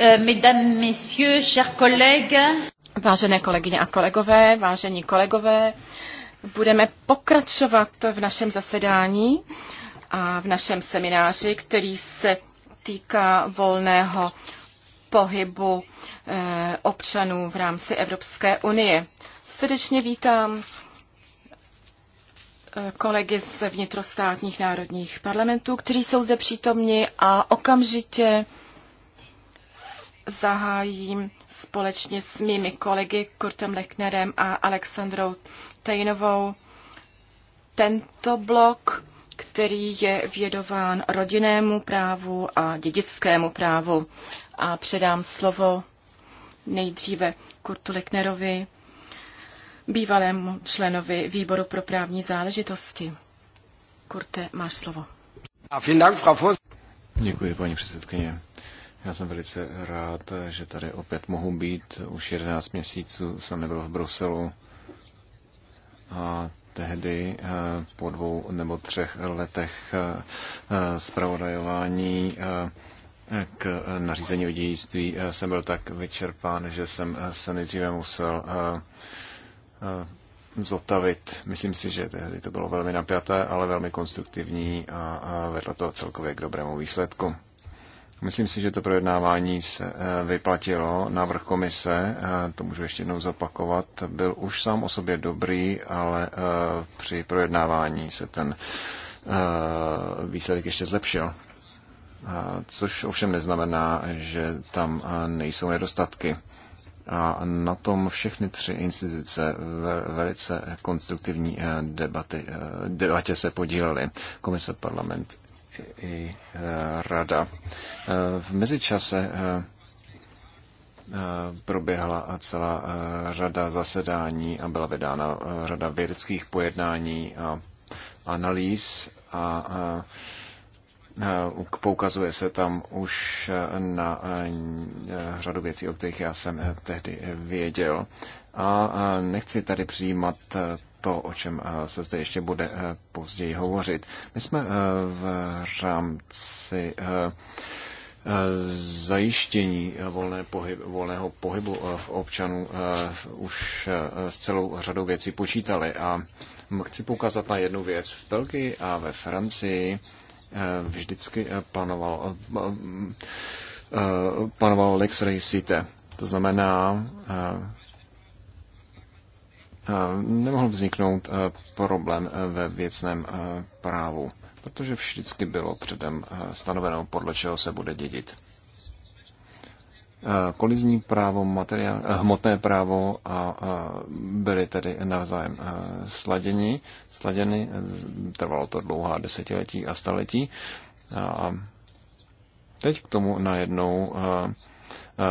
Euh, Vážené kolegyně a kolegové, vážení kolegové, budeme pokračovat v našem zasedání a v našem semináři, který se týká volného pohybu eh, občanů v rámci Evropské unie. Srdečně vítám eh, kolegy z vnitrostátních národních parlamentů, kteří jsou zde přítomni a okamžitě zahájím společně s mými kolegy Kurtem Lechnerem a Alexandrou Tejnovou tento blok, který je vědován rodinnému právu a dědickému právu. A předám slovo nejdříve Kurtu Lechnerovi, bývalému členovi Výboru pro právní záležitosti. Kurte, máš slovo. Děkuji, paní předsedkyně. Já jsem velice rád, že tady opět mohu být. Už 11 měsíců jsem nebyl v Bruselu a tehdy eh, po dvou nebo třech letech eh, zpravodajování eh, k nařízení o dějství jsem byl tak vyčerpán, že jsem se nejdříve musel zotavit. Myslím si, že tehdy to bylo velmi napjaté, ale velmi konstruktivní a vedlo to celkově k dobrému výsledku. Myslím si, že to projednávání se eh, vyplatilo. Návrh komise, eh, to můžu ještě jednou zopakovat, byl už sám o sobě dobrý, ale eh, při projednávání se ten výsledek ještě zlepšil. Což ovšem neznamená, že tam nejsou nedostatky. A na tom všechny tři instituce v velice konstruktivní debaty, debatě se podílely. Komise, parlament i e, rada. E, v mezičase e, proběhla celá řada zasedání a byla vydána řada vědeckých pojednání a analýz a poukazuje se tam už na řadu věcí, o kterých já jsem tehdy věděl. A nechci tady přijímat to, o čem eh, se zde ještě bude eh, později hovořit. My jsme eh, v rámci zajištění volné pohyb, volného pohybu v občanů už s celou řadou věcí počítali. A chci poukázat na jednu věc. V Belgii a ve Francii vždycky panoval, panoval lex reisite. To znamená Eh, nemohl vzniknout eh, problém eh, ve věcném právu, protože vždycky bylo předem stanoveno, podle čeho se bude dědit. Kolizní právo, materiál, hmotné právo a byly tedy navzájem sladěni, sladěny. Trvalo to dlouhá desetiletí a staletí. A teď k tomu najednou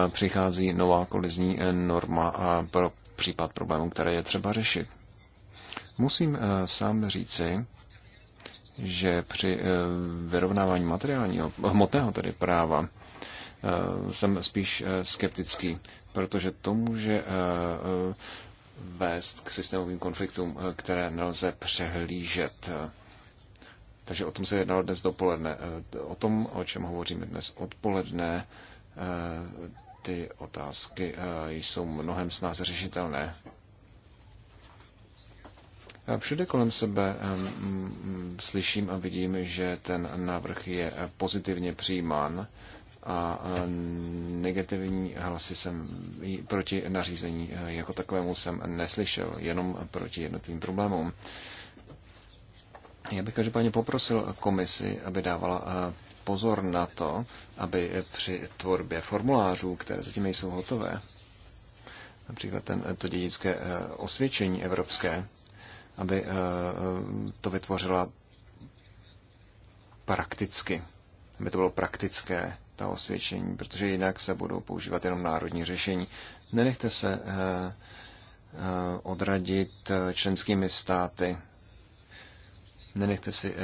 přichází nová kolizní norma pro případ problému, které je třeba řešit. Musím eh, sám říci, že při eh, vyrovnávání materiálního, hmotného tedy práva, eh, jsem spíš skeptický, protože to může vést k systémovým konfliktům, které nelze přehlížet. Takže o tom se jednalo dnes dopoledne. O tom, o čem hovoříme dnes odpoledne, ty otázky eh, jsou mnohem snáze řešitelné. Eh, všude kolem sebe eh, slyším a vidím, že ten návrh je pozitivně přijímán a negativní hlasy jsem proti nařízení jako takovému jsem neslyšel, jenom proti jednotlivým problémům. Já bych každopádně poprosil komisi, aby dávala pozor na to, aby při tvorbě formulářů, které zatím nejsou hotové, například ten, to dědické eh, osvědčení evropské, aby eh, to vytvořila prakticky, aby to bylo praktické, ta osvědčení, protože jinak se budou používat jenom národní řešení. Nenechte se eh, odradit členskými státy. Nenechte si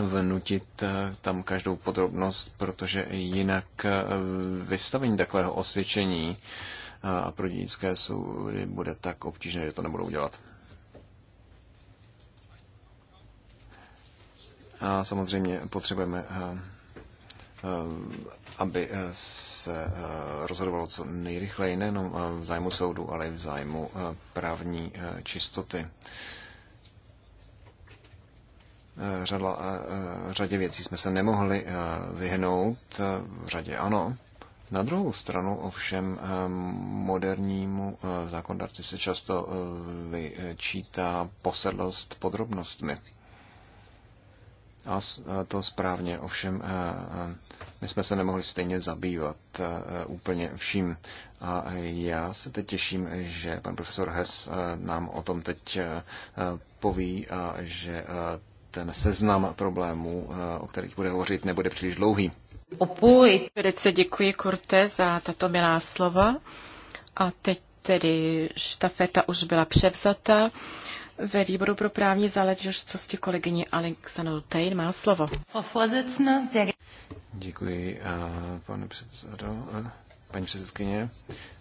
vnutit eh, tam každou podrobnost, protože jinak eh, vystavení takového osvědčení eh, a pro dětské soudy bude tak obtížné, že to nebudou dělat. A samozřejmě potřebujeme, aby se rozhodovalo co nejrychleji, nejenom v zájmu soudu, ale i v zájmu právní čistoty. Eh, řadla, eh, eh, řadě věcí jsme se nemohli vyhnout, v řadě ano. Na druhou stranu ovšem modernímu zákondarci se často vyčítá posedlost podrobnostmi. A to správně, ovšem my jsme se nemohli stejně zabývat úplně vším. A já se teď těším, že pan profesor Hess nám o tom teď poví a že ten seznam problémů, eh, o kterých bude hovořit, nebude příliš dlouhý. Opůj. Velice děkuji, Kurte, za tato milá slova. A teď tedy štafeta už byla převzata. Ve výboru pro právní záležitosti kolegyně Alexandru Tejn má slovo. Děkuji, eh, pane předsedo, eh, paní předsedkyně,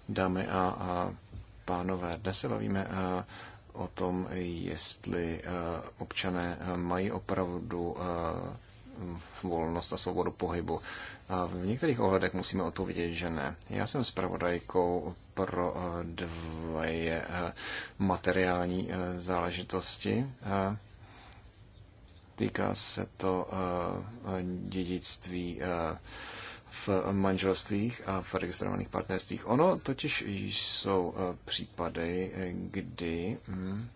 dámy a, a pánové. Dnes se bavíme o tom, jestli eh, občané eh, mají opravdu eh, volnost a svobodu pohybu. A v některých ohledech musíme odpovědět, že ne. Já jsem zpravodajkou pro dvě materiální záležitosti. Týká se to dědictví v manželstvích a v registrovaných partnerstvích. Ono totiž jsou eh, případy, eh, kdy hm,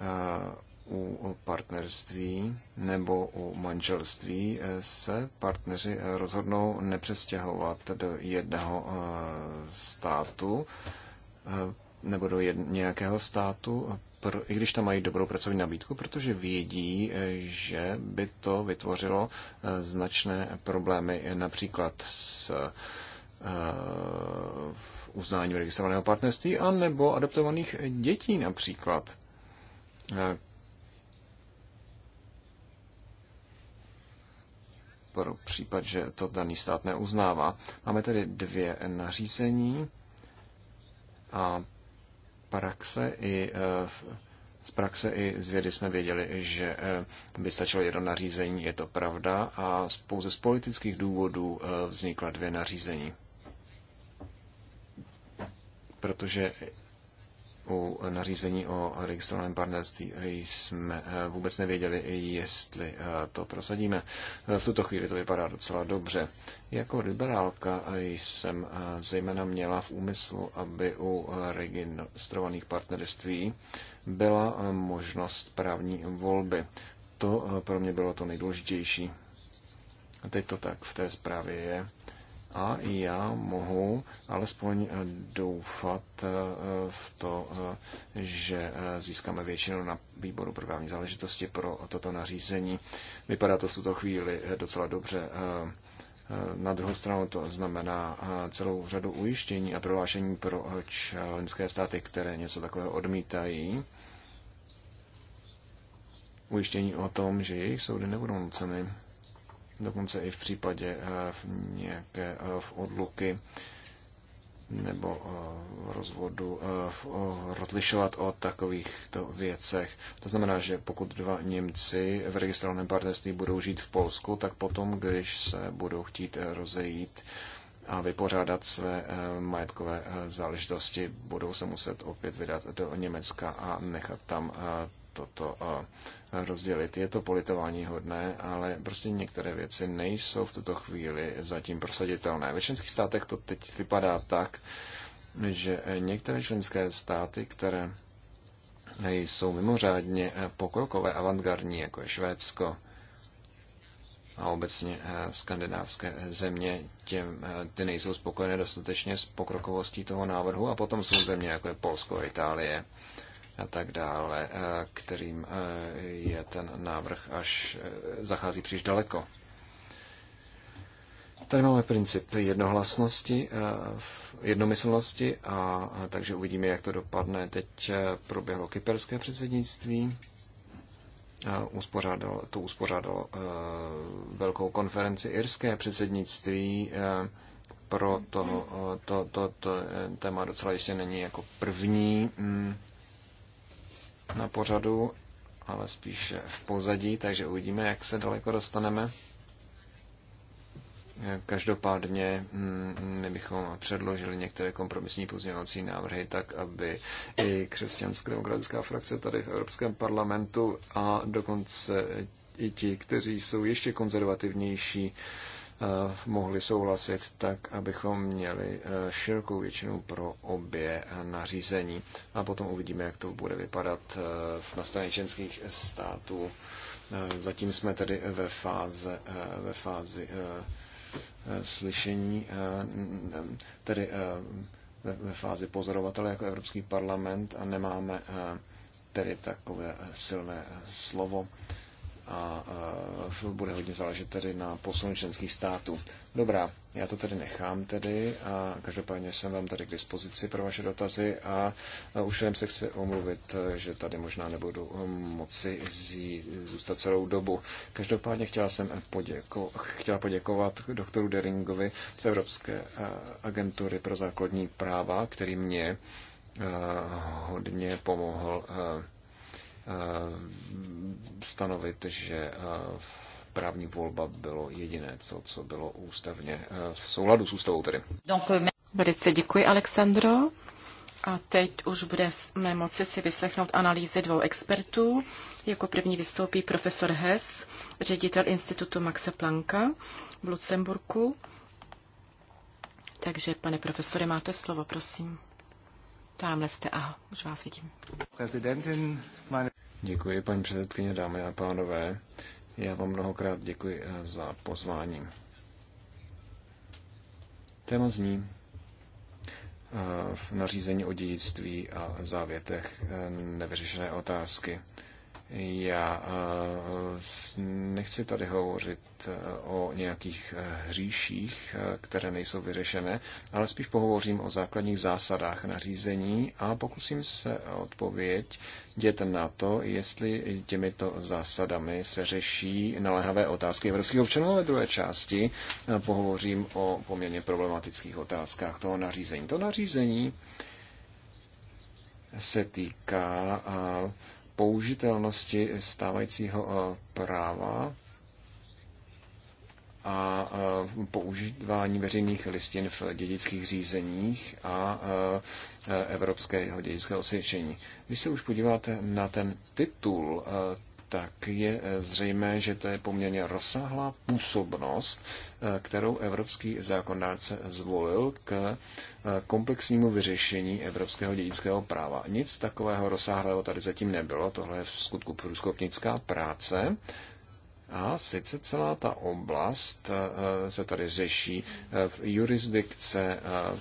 eh, u partnerství nebo u manželství se partneři rozhodnou nepřestěhovat do jednoho státu nebo do jed, nějakého státu, pro, i když tam mají dobrou pracovní nabídku, protože vědí, eh, že by to vytvořilo eh, značné problémy eh, například s v uznání registrovaného partnerství a nebo adoptovaných dětí například. Pro případ, že to daný stát neuznává. Máme tedy dvě nařízení a praxe i e, z praxe i z vědy jsme věděli, že e, by stačilo jedno nařízení, je to pravda, a pouze z politických důvodů e, vznikla dvě nařízení. Protože u nařízení o registrovaném partnerství jsme eh, vůbec nevěděli, jestli eh, to prosadíme. Eh, v tuto chvíli to vypadá docela dobře. Jako liberálka jsem zejména měla v úmyslu, aby u registrovaných partnerství byla možnost právní volby. To pro mě bylo to nejdůležitější. A teď to tak v té zprávě je a i já mohu alespoň eh, doufat eh, v to, eh, že získáme většinu na výboru pro právní záležitosti pro toto nařízení. Vypadá to v tuto chvíli docela dobře. Na druhou stranu to znamená celou řadu ujištění a prohlášení pro členské státy, které něco takového odmítají. Ujištění o tom, že jejich soudy nebudou nuceny dokonce i v případě eh, v nějaké eh, v odluky nebo eh, v rozvodu v rozlišovat o takovýchto věcech. To znamená, že pokud dva Němci v registrovaném partnerství budou žít v Polsku, tak potom, když se budou chtít rozejít a vypořádat své majetkové záležitosti, budou se muset opět vydat do Německa a nechat tam toto rozdělit. Je to politování hodné, ale prostě některé věci nejsou v tuto chvíli zatím prosaditelné. Ve členských státech to teď vypadá tak, že některé členské státy, které jsou mimořádně e, pokrokové, avantgardní, jako je Švédsko a obecně e, skandinávské země, těm, e, ty nejsou spokojené dostatečně s pokrokovostí toho návrhu a potom jsou země, jako je Polsko a Itálie, a tak dále, eh, kterým eh, je ten návrh až eh, zachází příliš daleko. Tady máme princip jednohlasnosti, jednomyslnosti, a, takže uvidíme, jak to dopadne. Teď proběhlo kyperské předsednictví, uspořádalo, to uspořádalo velkou konferenci irské předsednictví, pro to, to, to, to téma docela jistě není jako první. Mm, na pořadu, ale spíš v pozadí, takže uvidíme, jak se daleko dostaneme. Každopádně mm, my bychom předložili některé kompromisní pozměňovací návrhy tak, aby i křesťansko-demokratická frakce tady v Evropském parlamentu a dokonce i ti, kteří jsou ještě konzervativnější, Eh, mohli souhlasit tak, abychom měli eh, širokou většinu pro obě eh, nařízení. A potom uvidíme, jak to bude vypadat na straně členských států. Zatím jsme tedy ve, fáze, ve fázi slyšení, tedy ve fázi pozorovatele jako Evropský parlament a nemáme tedy takové silné slovo a e, bude hodně záležet tedy na posunu členských států. Dobrá, já to tedy nechám tedy a každopádně jsem vám tady k dispozici pro vaše dotazy a e, už jenom se chci omluvit, e, že tady možná nebudu moci zůstat celou dobu. Každopádně chtěla jsem poděko, chtěla poděkovat doktoru Deringovi z Evropské agentury pro základní práva, který mě hodně pomohl Eh, stanovit, že eh, právní volba bylo jediné, co, co bylo ústavně eh, v souladu s ústavou tedy. Velice děkuji, Alexandro. A teď už budeme moci si vyslechnout analýzy dvou expertů. Jako první vystoupí profesor Hess, ředitel Institutu Maxe Plancka v Lucemburku. Takže, pane profesore, máte slovo, prosím. Tamhle jste, aha, už vás vidím. Děkuji, paní předsedkyně, dámy a pánové. Já vám mnohokrát děkuji eh, za pozvání. Téma zní eh, v nařízení o dědictví a závětech eh, nevyřešené otázky. Já eh, nechci tady hovořit eh, o nějakých eh, hříších, které nejsou vyřešené, ale spíš pohovořím o základních zásadách nařízení a pokusím se odpověď dět na to, jestli těmito zásadami se řeší naléhavé otázky evropských občanů. Ve druhé části pohovořím o poměrně problematických otázkách toho nařízení. To nařízení se týká použitelnosti stávajícího eh, práva a eh, používání veřejných listin v dědických řízeních a eh, evropského dědického osvědčení. Když se už podíváte na ten titul tak je eh, zřejmé, že to je poměrně rozsáhlá působnost, eh, kterou evropský zákonodárce zvolil k eh, komplexnímu vyřešení evropského dědického práva. Nic takového rozsáhlého tady zatím nebylo, tohle je v skutku průzkopnická práce. A sice celá ta oblast se tady řeší v jurisdikce a,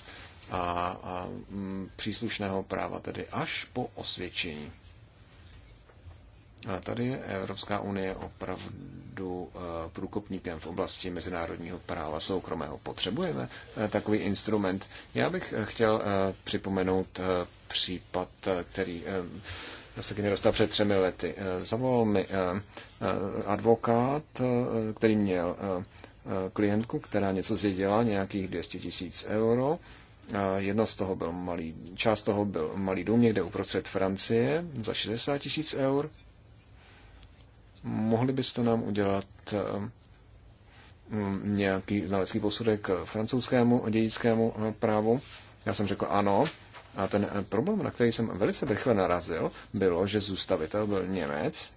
a mm, příslušného práva, tedy až po osvědčení tady je Evropská unie opravdu eh, průkopníkem v oblasti mezinárodního práva soukromého. Potřebujeme eh, takový instrument. Já bych eh, chtěl připomenout případ, který se ke dostal před třemi lety. Zavolal mi advokát, který měl klientku, která něco zjedila, nějakých 200 tisíc euro. Jedno z toho byl malý, část toho byl malý dům někde uprostřed Francie za 60 tisíc eur Mohli byste nám udělat eh, mm, nějaký znalecký posudek francouzskému dědickému eh, právu? Já jsem řekl ano. A ten eh, problém, na který jsem velice rychle narazil, bylo, že zůstavitel byl Němec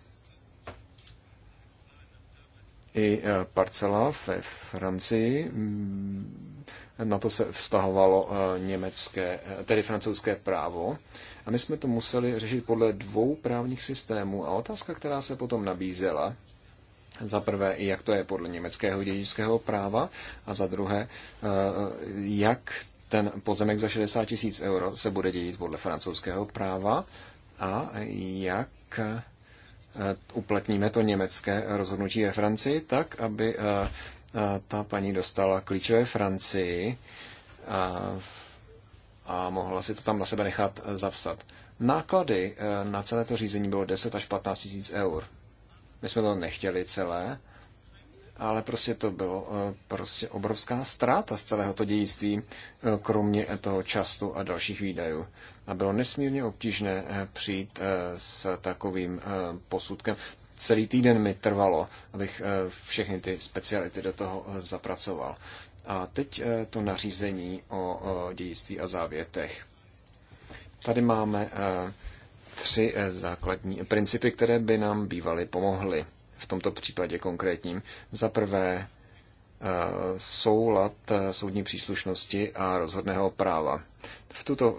i parcela ve Francii. Mm, na to se vztahovalo německé, tedy francouzské právo. A my jsme to museli řešit podle dvou právních systémů. A otázka, která se potom nabízela, za prvé, jak to je podle německého dědického práva, a za druhé, eh, jak ten pozemek za 60 tisíc euro se bude dědit podle francouzského práva a jak eh, uplatníme to německé rozhodnutí ve Francii tak, aby eh, ta paní dostala klíčové Francii v a mohla si to tam na sebe nechat eh, zapsat. Náklady eh, na celé to řízení bylo 10 až 15 tisíc eur. My jsme to nechtěli celé, ale prostě to bylo eh, prostě obrovská ztráta z celého to dějství, kromě toho času a dalších výdajů. A bylo nesmírně obtížné přijít s takovým posudkem. Celý týden mi trvalo, abych všechny ty speciality do toho zapracoval. A teď eh, to nařízení o eh, dějství a závětech. Tady máme eh, tři základní principy, které by nám bývaly pomohly v tomto případě konkrétním. Za prvé soulad soudní příslušnosti a rozhodného práva. V tuto,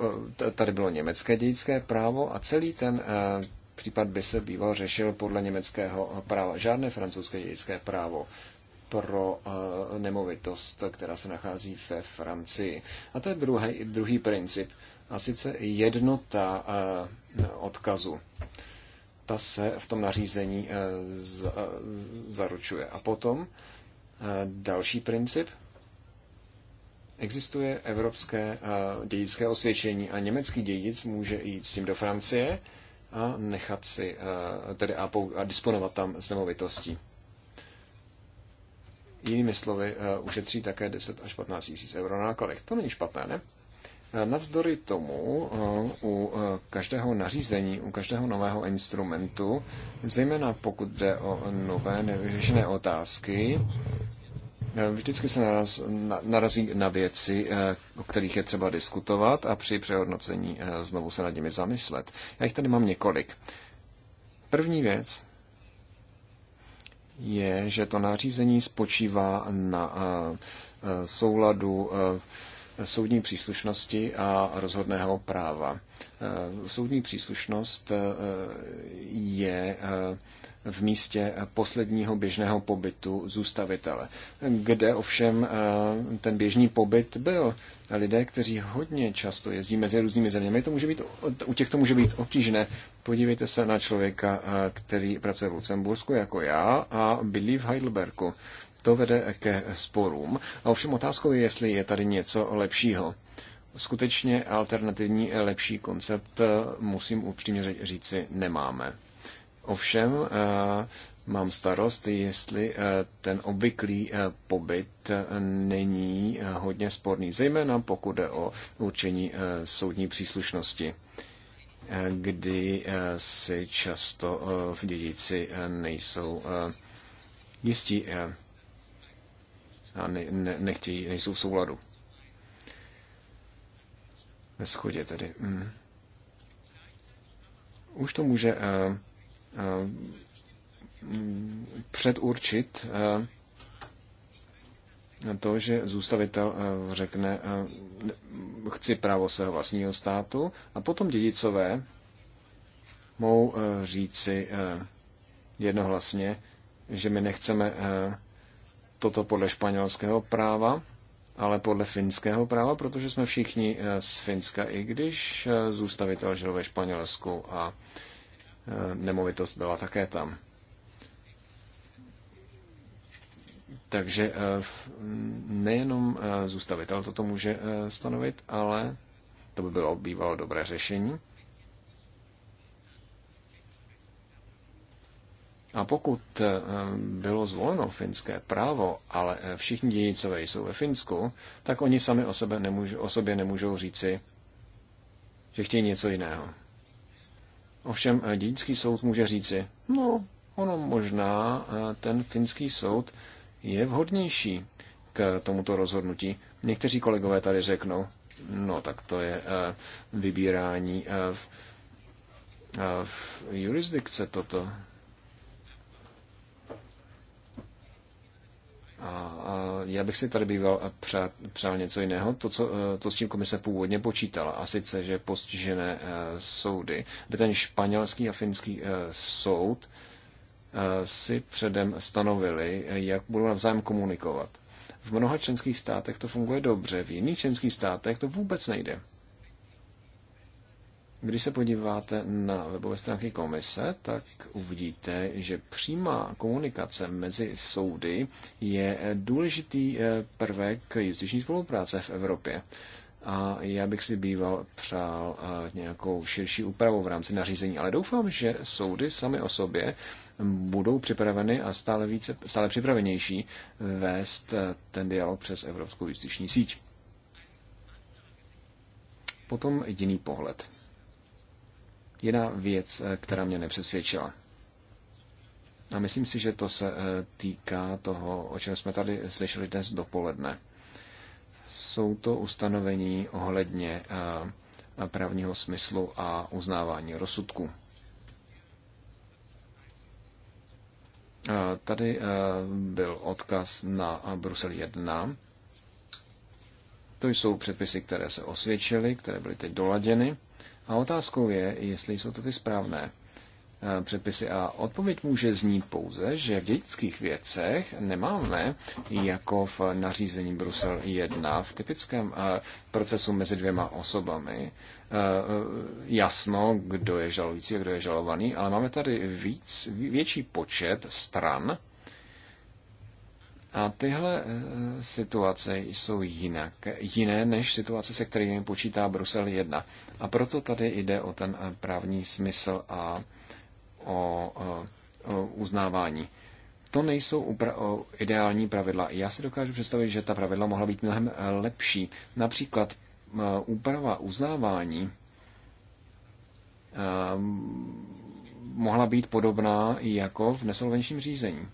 tady bylo německé dědické právo a celý ten případ by se býval řešil podle německého práva. Žádné francouzské dědické právo pro eh, nemovitost, která se nachází ve Francii. A to je druhý, druhý princip, a sice jednota eh, odkazu. Ta se v tom nařízení eh, zaručuje. A potom další princip. Existuje evropské dědické osvědčení a německý dědic může jít s tím do Francie a nechat si, tedy a, a disponovat tam s nemovitostí. Jinými slovy, eh, ušetří také 10 až 15 tisíc euro na nákladech. To není špatné, ne? Eh, navzdory tomu eh, u každého nařízení, u každého nového instrumentu, zejména pokud jde o nové nevyřešené otázky, vždycky se naraz, narazí na věci, o kterých je třeba diskutovat a při přehodnocení znovu se nad nimi zamyslet. Já jich tady mám několik. První věc, je, že to nařízení spočívá na eh, eh, souladu eh, soudní příslušnosti a rozhodného práva. Soudní příslušnost je v místě posledního běžného pobytu zůstavitele, kde ovšem eh, ten běžný pobyt byl. Lidé, kteří hodně často jezdí mezi různými zeměmi, to může být, u těch to může být obtížné. Podívejte se na člověka, eh, který pracuje v Lucembursku jako já a bydlí v Heidelbergu. To vede ke sporům. A ovšem otázkou je, jestli je tady něco lepšího skutečně alternativní lepší koncept, eh, musím upřímně říci, nemáme. Ovšem eh, mám starost, jestli eh, ten obvyklý eh, pobyt není hodně sporný, zejména pokud jde o určení soudní příslušnosti kdy si často v dědici nejsou jistí a ne, ne, nechtějí, nejsou v souladu. Ve schodě tedy. Mm. Už to může Eh, předurčit eh, to, že zůstavitel eh, řekne, chci právo svého vlastního státu a potom dědicové mohou říci jednohlasně, že my nechceme toto podle španělského práva, ale podle finského práva, protože jsme všichni z Finska, i když zůstavitel žil ve Španělsku a Eh, nemovitost byla také tam. Takže eh, nejenom eh, zůstavitel toto může stanovit, ale to by bylo bývalo dobré řešení. A pokud bylo zvoleno finské právo, ale všichni dějicové jsou ve Finsku, tak oni sami o, sebe nemůžou, o sobě nemůžou říci, že chtějí něco jiného. Ovšem eh, dědický soud může říci, no, ono možná eh, ten finský soud je vhodnější k tomuto rozhodnutí. Někteří kolegové tady řeknou, no tak to je eh, vybírání v, v jurisdikce toto. a já bych si tady býval přál, přál něco jiného, to, co, eh, to, s čím komise původně počítala, a sice, že postižené eh, soudy, by ten španělský a finský eh, soud si předem stanovili, jak budou navzájem komunikovat. V mnoha členských státech to funguje dobře, v jiných členských státech to vůbec nejde. Když se podíváte na webové stránky komise, tak uvidíte, že přímá komunikace mezi soudy je důležitý eh, prvek justiční spolupráce v Evropě. A já bych si býval přál eh, nějakou širší úpravu v rámci nařízení, ale doufám, že soudy sami o sobě budou připraveny a stále, více, stále připravenější vést eh, ten dialog přes Evropskou justiční síť. Potom jiný pohled Jedna věc, eh, která mě nepřesvědčila. A myslím si, že to se eh, týká toho, o čem jsme tady slyšeli dnes dopoledne. Jsou to ustanovení ohledně eh, právního smyslu a uznávání rozsudku. Tady byl odkaz na Brusel 1. To jsou předpisy, které se osvědčily, které byly teď doladěny. A otázkou je, jestli jsou to ty správné eh, předpisy. A odpověď může znít pouze, že v dědických věcech nemáme, jako v nařízení Brusel 1, v typickém eh, procesu mezi dvěma osobami, eh, jasno, kdo je žalující a kdo je žalovaný, ale máme tady víc, větší počet stran, a tyhle eh, situace jsou jinak, jiné než situace, se kterými počítá Brusel 1. A proto tady jde o ten eh, právní smysl a o, eh, o uznávání. To nejsou ideální pravidla. Já si dokážu představit, že ta pravidla mohla být mnohem lepší. Například úprava uznávání mohla být podobná jako v nesolvenčním řízení.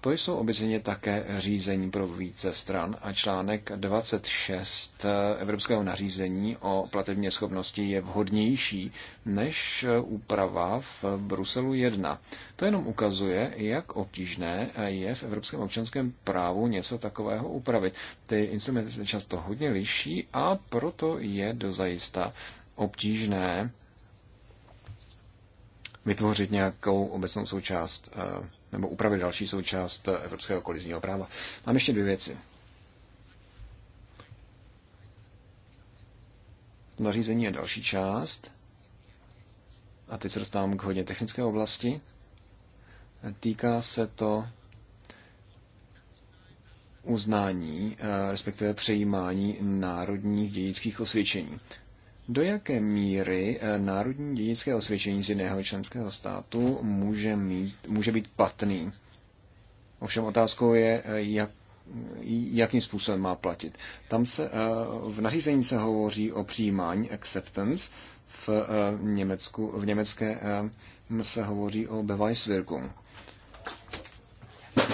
To jsou obyčejně také řízení pro více stran a článek 26 Evropského nařízení o platební schopnosti je vhodnější než úprava v Bruselu 1. To jenom ukazuje, jak obtížné je v evropském občanském právu něco takového upravit. Ty instrumenty se často hodně liší a proto je dozajista obtížné vytvořit nějakou obecnou součást eh, nebo upravit další součást evropského kolizního práva. Mám ještě dvě věci. Nařízení je další část. A teď se dostávám k hodně technické oblasti. Týká se to uznání, eh, respektive přejímání národních dědických osvědčení. Do jaké míry eh, národní dědické osvědčení z jiného členského státu může, mít, může být platný? Ovšem otázkou je, eh, jak jakým způsobem má platit. Tam se, eh, v nařízení se hovoří o přijímání acceptance, v, Německu, v německé se hovoří o Beweiswirkung.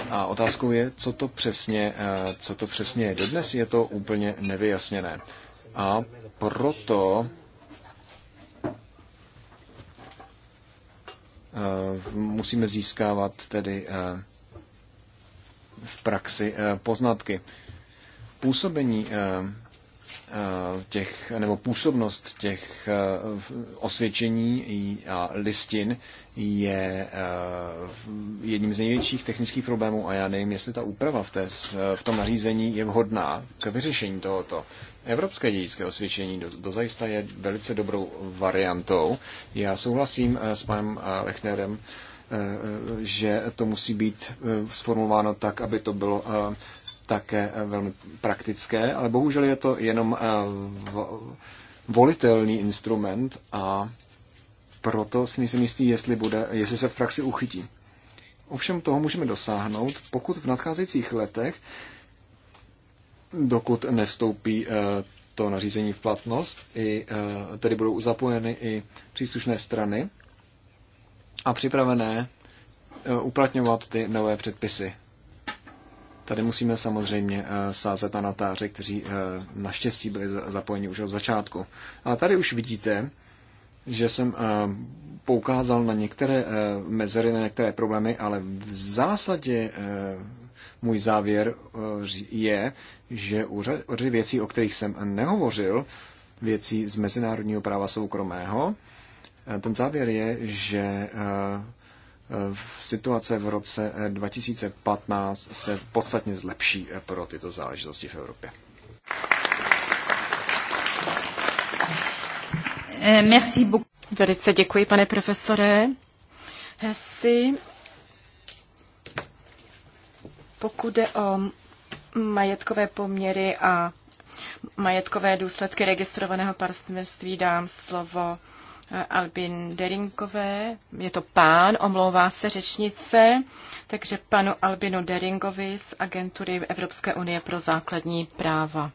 A otázkou je, co to přesně, co to přesně je. Dodnes je to úplně nevyjasněné. A proto eh, musíme získávat tedy eh, v praxi eh, poznatky. Působení těch, nebo působnost těch osvědčení a listin je jedním z největších technických problémů a já nevím, jestli ta úprava v, té, v tom nařízení je vhodná k vyřešení tohoto. Evropské dědické osvědčení dozajista je velice dobrou variantou. Já souhlasím eh, s panem eh, Lechnerem, eh, že to musí být sformulováno tak, aby to bylo také velmi praktické, ale bohužel je to jenom volitelný instrument a proto si nejsem jistý, jestli, bude, jestli se v praxi uchytí. Ovšem toho můžeme dosáhnout, pokud v nadcházejících letech dokud nevstoupí eh, to nařízení v platnost, i, eh, tedy budou zapojeny i příslušné strany a připravené eh, uplatňovat ty nové předpisy. Tady musíme samozřejmě sázet na natáře, kteří naštěstí byli zapojeni už od začátku. Ale tady už vidíte, že jsem poukázal na některé mezery, na některé problémy, ale v zásadě můj závěr eh, je, že u řady věcí, o kterých jsem nehovořil, věcí z mezinárodního práva soukromého, eh, ten závěr je, že eh, v situace v roce 2015 se podstatně zlepší pro tyto záležitosti v Evropě. Merci beaucoup. Velice děkuji, pane profesore. Hesi, pokud jde o majetkové poměry a majetkové důsledky registrovaného partnerství, dám slovo eh, Albin Derinkové. Je to pán, omlouvá se řečnice, takže panu Albinu Deringovi z agentury Evropské unie pro základní práva.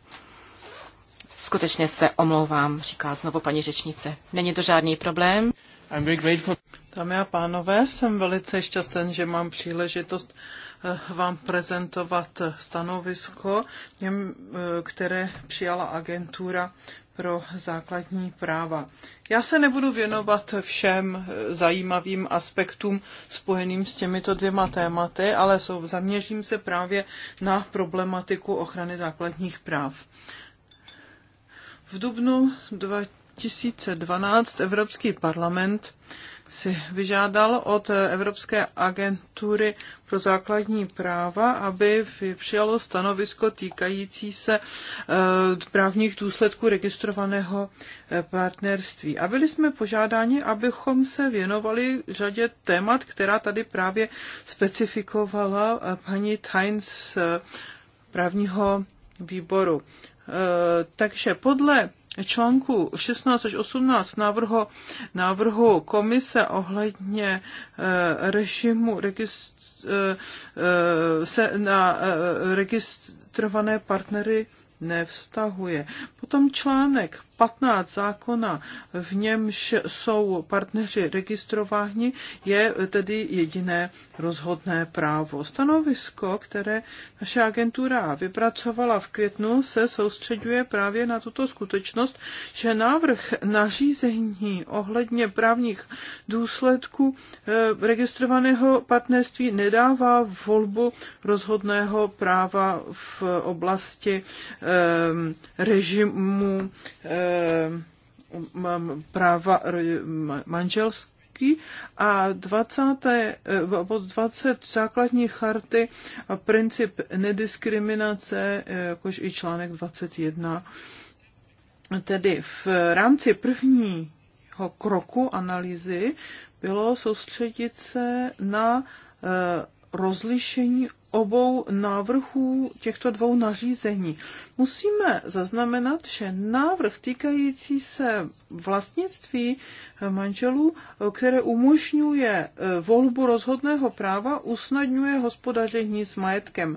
Skutečně se omlouvám, říká znovu paní řečnice. Není to žádný problém. Dámy a pánové, jsem velice šťastný, že mám příležitost Eh, vám prezentovat stanovisko, eh, které přijala agentura pro základní práva. Já se nebudu věnovat všem eh, zajímavým aspektům spojeným s těmito dvěma tématy, ale jsou, zaměřím se právě na problematiku ochrany základních práv. V dubnu 2012 Evropský parlament si vyžádal od Evropské agentury pro základní práva, aby přijalo stanovisko týkající se eh, právních důsledků registrovaného eh, partnerství. A byli jsme požádáni, abychom se věnovali řadě témat, která tady právě specifikovala eh, paní Tynes z právního výboru. Takže podle článku 16 až 18 návrhu, návrhu komise ohledně eh, režimu registr, eh, eh, se na registrované partnery nevztahuje. Potom článek 15 zákona, v němž jsou partneři registrováni, je tedy jediné rozhodné právo. Stanovisko, které naše agentura vypracovala v květnu, se soustředuje právě na tuto skutečnost, že návrh nařízení ohledně právních důsledků eh, registrovaného partnerství nedává volbu rozhodného práva v oblasti eh, režimu eh, Eh, práva eh, manželství a 20, eh, bod 20 základní charty a princip nediskriminace, jakož i článek 21. Tedy v rámci prvního kroku analýzy bylo soustředit se na rozlišení obou návrhů těchto dvou nařízení. Musíme zaznamenat, že návrh týkající se vlastnictví manželů, které umožňuje eh, volbu rozhodného práva, usnadňuje hospodaření s majetkem.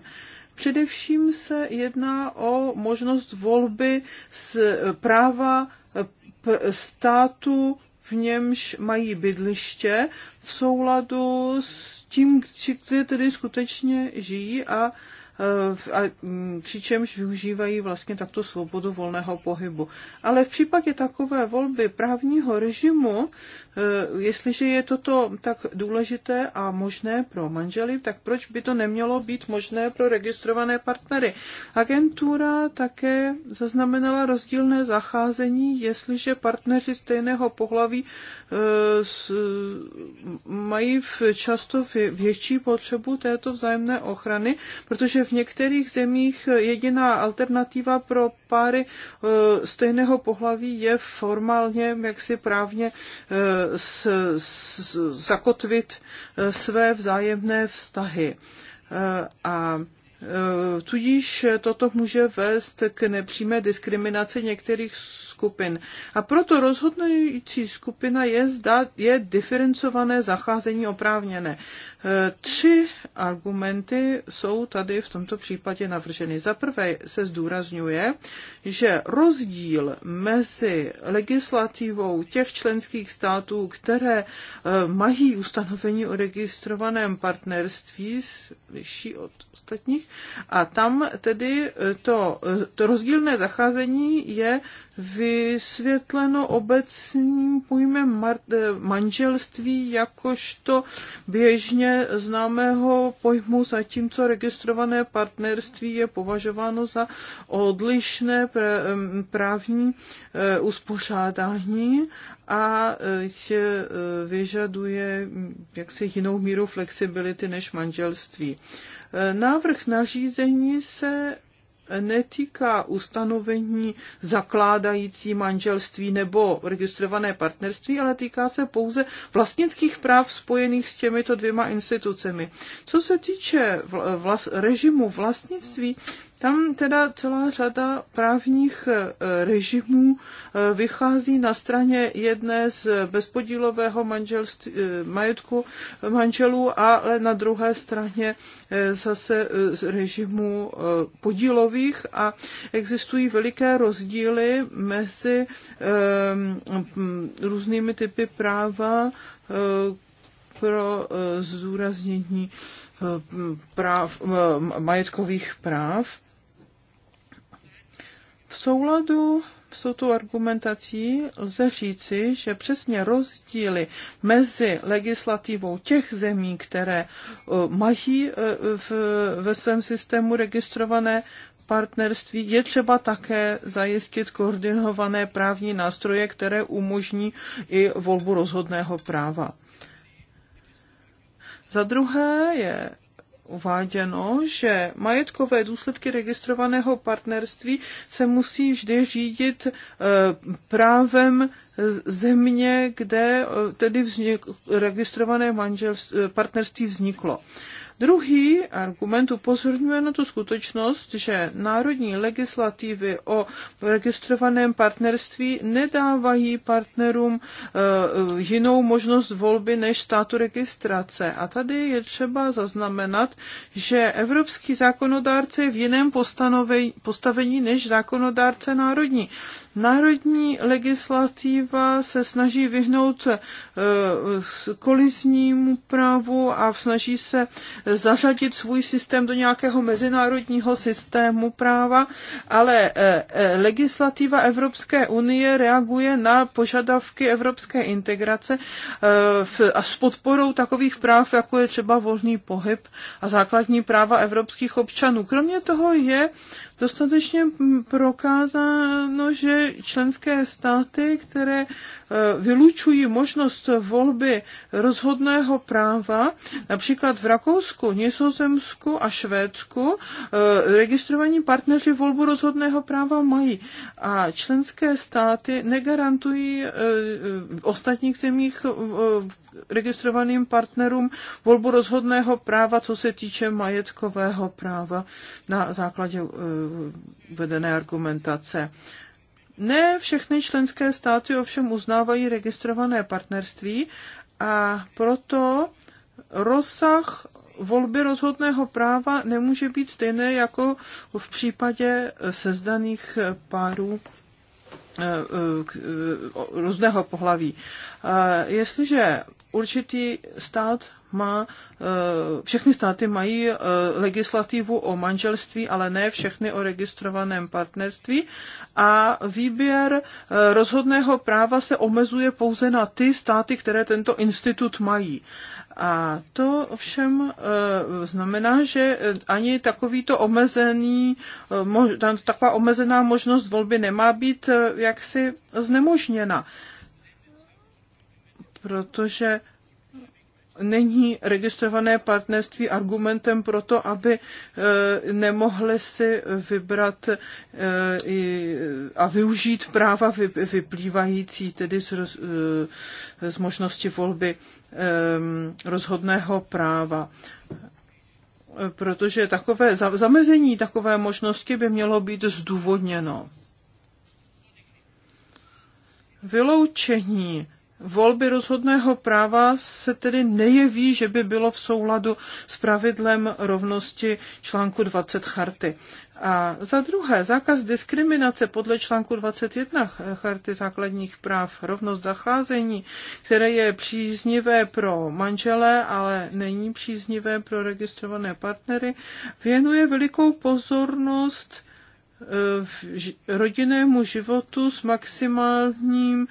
Především se jedná o možnost volby z eh, práva eh, státu v němž mají bydliště v souladu s tím, kde tedy skutečně žijí a Eh, a mm, přičemž využívají vlastně takto svobodu volného pohybu. Ale v případě takové volby právního režimu, eh, jestliže je toto tak důležité a možné pro manžely, tak proč by to nemělo být možné pro registrované partnery? Agentura také zaznamenala rozdílné zacházení, jestliže partneři stejného pohlaví eh, mají často větší potřebu této vzájemné ochrany, protože že v některých zemích jediná alternativa pro páry e, stejného pohlaví je formálně, si právně e, s, s, zakotvit e, své vzájemné vztahy. A Tudíž toto může vést k nepřímé diskriminaci některých skupin. A proto rozhodnující skupina je, zda je diferencované zacházení oprávněné. E, tři argumenty jsou tady v tomto případě navrženy. Za prvé se zdůrazňuje, že rozdíl mezi legislativou těch členských států, které e, mají ustanovení o registrovaném partnerství, vyšší od ostatních, a tam tedy to, to rozdílné zacházení je vy vysvětleno obecným pojmem eh, manželství jakožto běžně známého pojmu, zatímco registrované partnerství je považováno za odlišné právní eh, uspořádání a eh, vyžaduje mm, jaksi jinou míru flexibility než manželství. Návrh nařízení se netýká ustanovení zakládající manželství nebo registrované partnerství, ale týká se pouze vlastnických práv spojených s těmito dvěma institucemi. Co se týče vlas, režimu vlastnictví, tam teda celá řada právních e, režimů e, vychází na straně jedné z bezpodílového manželství, e, majetku manželů, ale na druhé straně zase z režimu podílových a existují veliké rozdíly mezi různými typy práva pro zúraznění práv, majetkových práv. V souladu s touto argumentací lze říci, že přesně rozdíly mezi legislativou těch zemí, které eh, mají eh, v, ve svém systému registrované partnerství je třeba také zajistit koordinované právní nástroje, které umožní i volbu rozhodného práva. Za druhé je uváděno, že majetkové důsledky registrovaného partnerství se musí vždy řídit eh, právem země, kde eh, tedy vznik, registrované manželství, eh, partnerství vzniklo. Druhý argument upozorňuje na tu skutečnost, že národní legislativy o registrovaném partnerství nedávají partnerům eh, jinou možnost volby než státu registrace. A tady je třeba zaznamenat, že evropský zákonodárce je v jiném postavení než zákonodárce národní. Národní legislativa se snaží vyhnout eh, koliznímu právu a snaží se zařadit svůj systém do nějakého mezinárodního systému práva, ale eh, eh, legislativa Evropské unie reaguje na požadavky evropské integrace a s podporou takových práv, jako je třeba volný pohyb a základní práva evropských občanů. Kromě toho je dostatečně prokázáno, že členské státy, které e, vylučují možnost volby rozhodného práva, například v Rakousku, Nizozemsku a Švédsku, e, registrovaní partneři volbu rozhodného práva mají. A členské státy negarantují e, v ostatních zemích registrovaným partnerům volbu rozhodného práva, co se týče majetkového práva na základě eh, vedené argumentace. Ne všechny členské státy ovšem uznávají registrované partnerství a proto rozsah volby rozhodného práva nemůže být stejné jako v případě sezdaných párů eh, eh, různého pohlaví. Jestliže určitý stát má, eh, všechny státy mají eh, legislativu o manželství, ale ne všechny o registrovaném partnerství a výběr eh, rozhodného práva se omezuje pouze na ty státy, které tento institut mají. A to ovšem znamená, že ani takovýto omezený, taková omezená možnost volby nemá být jaksi znemožněna protože není registrované partnerství argumentem pro to, aby eh, nemohli si vybrat eh, a využít práva vyplývající tedy z, roz, eh, z možnosti volby rozhodného práva protože takové zamezení takové možnosti by mělo být zdůvodněno. Vyloučení volby rozhodného práva se tedy nejeví, že by bylo v souladu s pravidlem rovnosti článku 20 charty. A za druhé, zákaz diskriminace podle článku 21 Charty základních práv, rovnost zacházení, které je příznivé pro manžele, ale není příznivé pro registrované partnery, věnuje velikou pozornost Eh, rodinnému životu s maximálním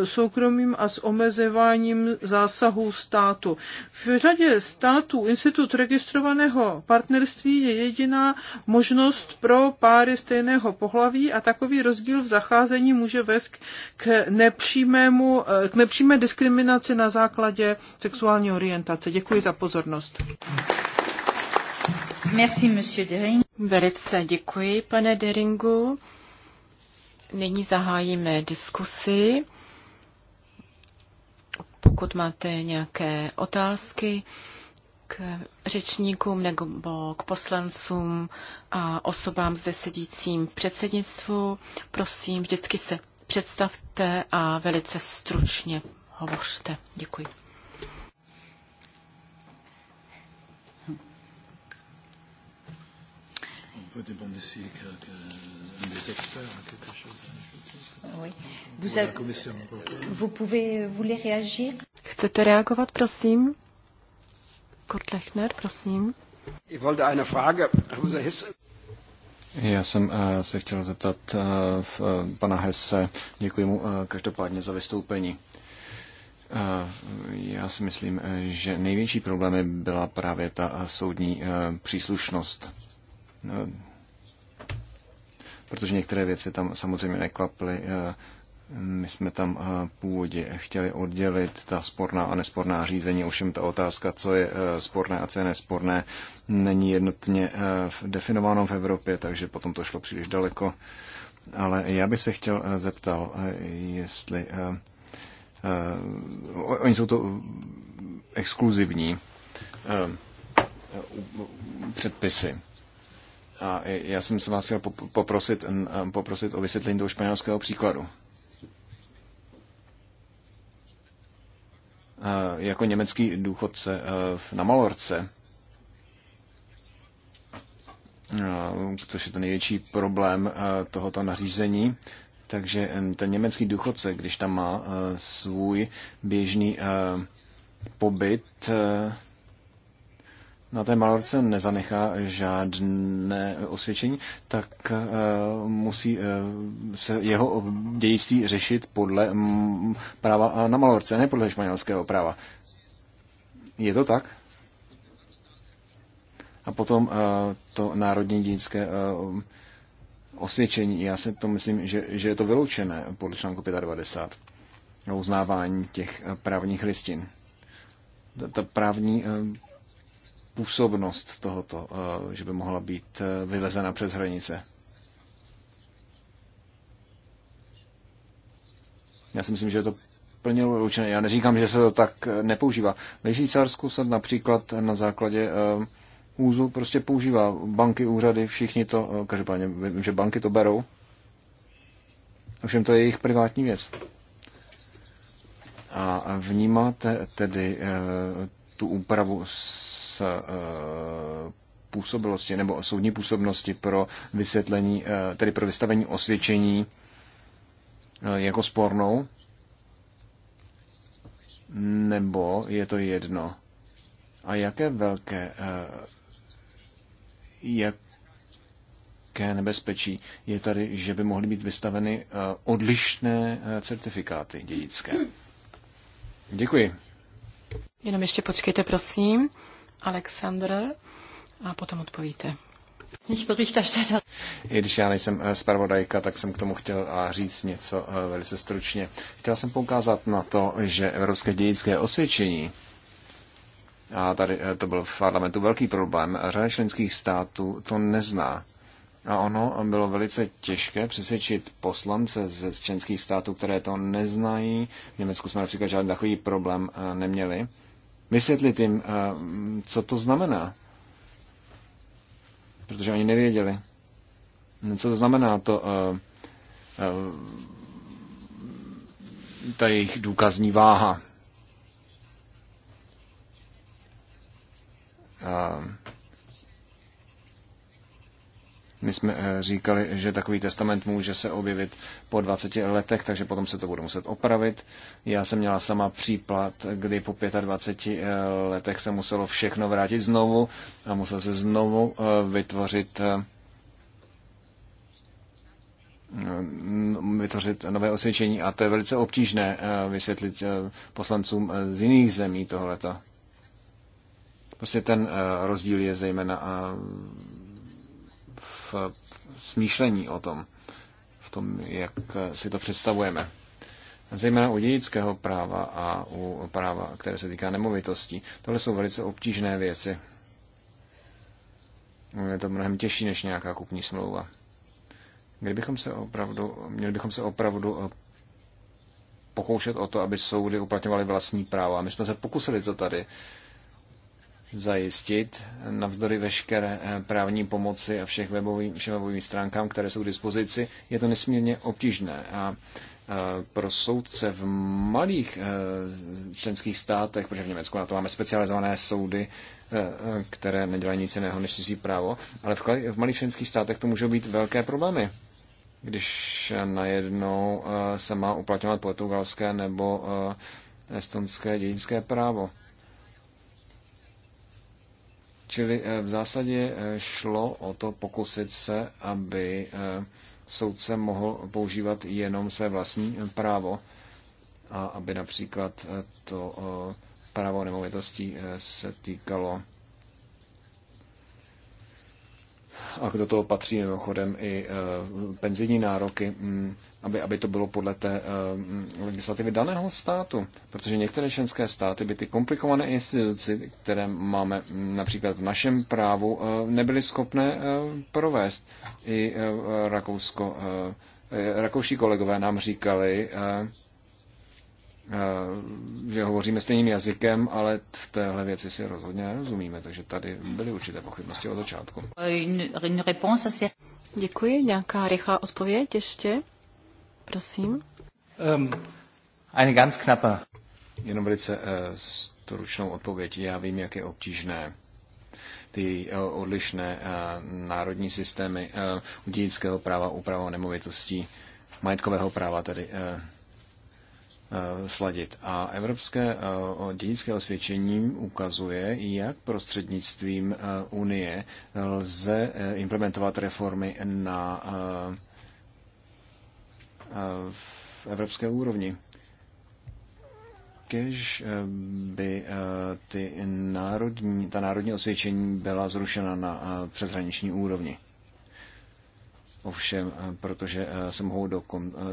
eh, soukromím a s omezováním zásahů státu. V řadě států institut registrovaného partnerství je jediná možnost pro páry stejného pohlaví a takový rozdíl v zacházení může vést k, nepřímému, eh, k nepřímé diskriminaci na základě sexuální orientace. Děkuji za pozornost. Merci, monsieur Dering. Velice děkuji, pane Deringu. Nyní zahájíme diskusi. Pokud máte nějaké otázky k řečníkům nebo k poslancům a osobám zde sedícím v předsednictvu, prosím, vždycky se představte a velice stručně hovořte. Děkuji. peut demander euh, des experts quelque chose Oui. Vous, avez, vous pouvez, euh, vous réagir? Chcete reagovat, prosím? Kurt Lechner, prosím. Já jsem eh, se chtěl zeptat eh, eh, pana Hesse. Děkuji mu každopádně za vystoupení. Já si myslím, že největší problémy byla právě ta soudní příslušnost protože některé věci tam samozřejmě neklaply. Eh, my jsme tam eh, původně chtěli oddělit ta sporná a nesporná řízení, ovšem ta otázka, co je eh, sporné a co je nesporné, není jednotně definováno v Evropě, takže potom to šlo příliš daleko. Ale já bych se chtěl zeptal, jestli... Oni jsou to exkluzivní předpisy. A já jsem se vás chtěl poprosit, poprosit o vysvětlení toho španělského příkladu. Jako německý důchodce e, na Malorce, e, což je to největší problém e, tohoto nařízení, takže ten německý důchodce, když tam má svůj běžný pobyt, na té malorce nezanechá žádné osvědčení, tak eh, musí eh, se jeho dějství řešit podle mm, práva eh, na malorce, ne podle španělského práva. Je to tak? A potom to národní dědické osvědčení. Já si to myslím, že, že je to vyloučené podle článku 25 uznávání těch právních listin. Ta, ta právní působnost tohoto, eh, že by mohla být eh, vyvezena přes hranice. Já si myslím, že je to plně určené. Já neříkám, že se to tak eh, nepoužívá. Ve Švýcarsku se například na základě úzu prostě používá banky, úřady, všichni to, každopádně vím, že banky to berou. Ovšem to je jejich privátní věc. A vnímáte tedy tu úpravu s eh, působnosti nebo soudní působnosti pro vysvětlení, eh, tedy pro vystavení osvědčení eh, jako spornou? Nebo je to jedno? A jaké velké, jaké nebezpečí je tady, že by mohly být vystaveny odlišné certifikáty dědické? Děkuji. Jenom ještě počkejte, prosím, Aleksandr, a potom odpovíte. I když já nejsem eh, zpravodajka, tak jsem k tomu chtěl eh, říct něco eh, velice stručně. Chtěl jsem poukázat na to, že Evropské dědické osvědčení, a tady to byl v parlamentu velký problém, řada členských států to nezná. A ono bylo velice těžké přesvědčit poslance ze členských států, které to neznají. V Německu jsme například žádný takový problém neměli vysvětlit jim, eh, co to znamená. Protože oni nevěděli, co to znamená to eh, eh, ta jejich důkazní váha. My jsme eh, říkali, že takový testament může se objevit po 20 letech, takže potom se to bude muset opravit. Já jsem měla sama případ, kdy po 25 eh, letech se muselo všechno vrátit znovu a musel se znovu eh, vytvořit vytvořit nové osvědčení a to je velice obtížné vysvětlit poslancům z jiných zemí tohleto. Prostě ten rozdíl je zejména Eh, smýšlení o tom, v tom, jak eh, si to představujeme. Zejména u dědického práva a u práva, které se týká nemovitostí. Tohle jsou velice obtížné věci. Je to mnohem těžší než nějaká kupní smlouva. Kdybychom se opravdu, měli bychom se opravdu eh, pokoušet o to, aby soudy uplatňovaly vlastní práva. My jsme se pokusili to tady zajistit navzdory veškeré eh, právní pomoci a všech webovým, všem webovým stránkám, které jsou k dispozici, je to nesmírně obtížné. A eh, pro soudce v malých eh, členských státech, protože v Německu na to máme specializované soudy, které nedělají nic jiného než cizí právo, ale v malých členských státech to můžou být velké problémy když najednou se má uplatňovat portugalské nebo estonské dědické právo. Čili eh, v zásadě eh, šlo o to pokusit se, aby eh, soudce mohl používat jenom své vlastní právo a aby například to právo nemovitostí se týkalo a do toho patří mimochodem i penzijní nároky, mm, aby, aby to bylo podle té uh, legislativy daného státu. Protože některé členské státy by ty komplikované instituci, které máme například v našem právu, uh, nebyly schopné uh, provést. I uh, Rakousko, uh, rakouští kolegové nám říkali, uh, že hovoříme stejným jazykem, ale v téhle věci si rozhodně nerozumíme, takže tady byly určité pochybnosti od začátku. Děkuji. Nějaká rychlá odpověď ještě? Prosím. Um, eine ganz knappe. Jenom velice uh, stručnou odpověď. Já vím, jak je obtížné ty uh, odlišné uh, národní systémy uh, dědického práva, úprava nemovitostí, majetkového práva tedy uh, sladit. A evropské dědické osvědčení ukazuje, jak prostřednictvím Unie lze implementovat reformy na v evropské úrovni. Kež eh, by eh, ty národní, ta národní osvědčení byla zrušena na eh, přeshraniční úrovni. Ovšem, protože se mohou do,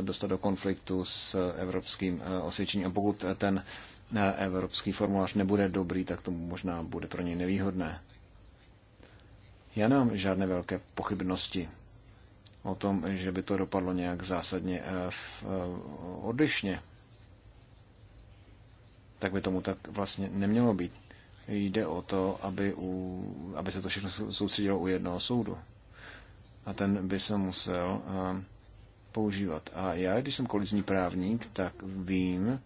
dostat do konfliktu s evropským osvědčením. A pokud ten evropský formulář nebude dobrý, tak to možná bude pro něj nevýhodné. Já nemám žádné velké pochybnosti o tom, že by to dopadlo nějak zásadně eh, v, eh, odlišně, tak by tomu tak vlastně nemělo být. Jde o to, aby, u, aby se to všechno soustředilo u jednoho soudu. A ten by se musel eh, používat. A já, když jsem kolizní právník, tak vím,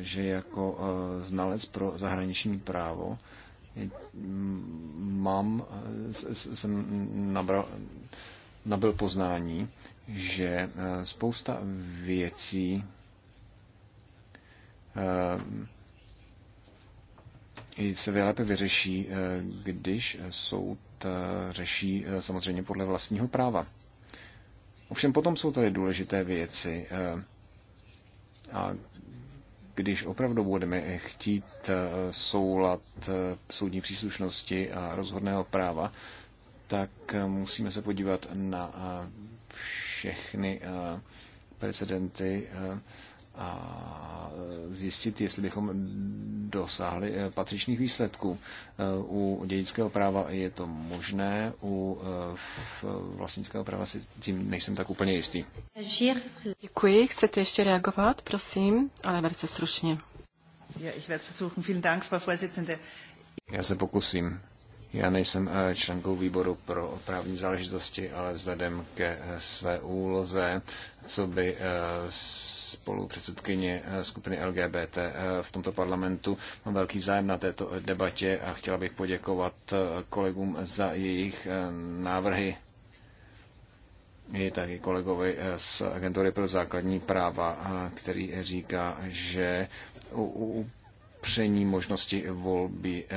že jako znalec pro zahraniční právo mám, jsem nabral, nabil poznání, že eh, spousta věcí eh, se lépe vyřeší, eh, když soud řeší samozřejmě podle vlastního práva. Ovšem potom jsou tady důležité věci, a když opravdu budeme chtít eh, soulad eh, soudní příslušnosti a rozhodného práva, tak eh, musíme se podívat na všechny precedenty, a zjistit, jestli bychom dosáhli eh, patřičných výsledků. Eh, u dědického práva je to možné, u eh, vlastnického práva si tím nejsem tak úplně jistý. Děkuji. Chcete ještě reagovat, prosím, ale velice stručně. Já se pokusím. Já nejsem eh, členkou výboru pro právní záležitosti, ale vzhledem ke eh, své úloze, co by eh, spolupředsedkyně skupiny LGBT v tomto parlamentu. Mám velký zájem na této debatě a chtěla bych poděkovat kolegům za jejich návrhy i taky kolegovi z Agentury pro základní práva, který říká, že u, popření možnosti volby eh,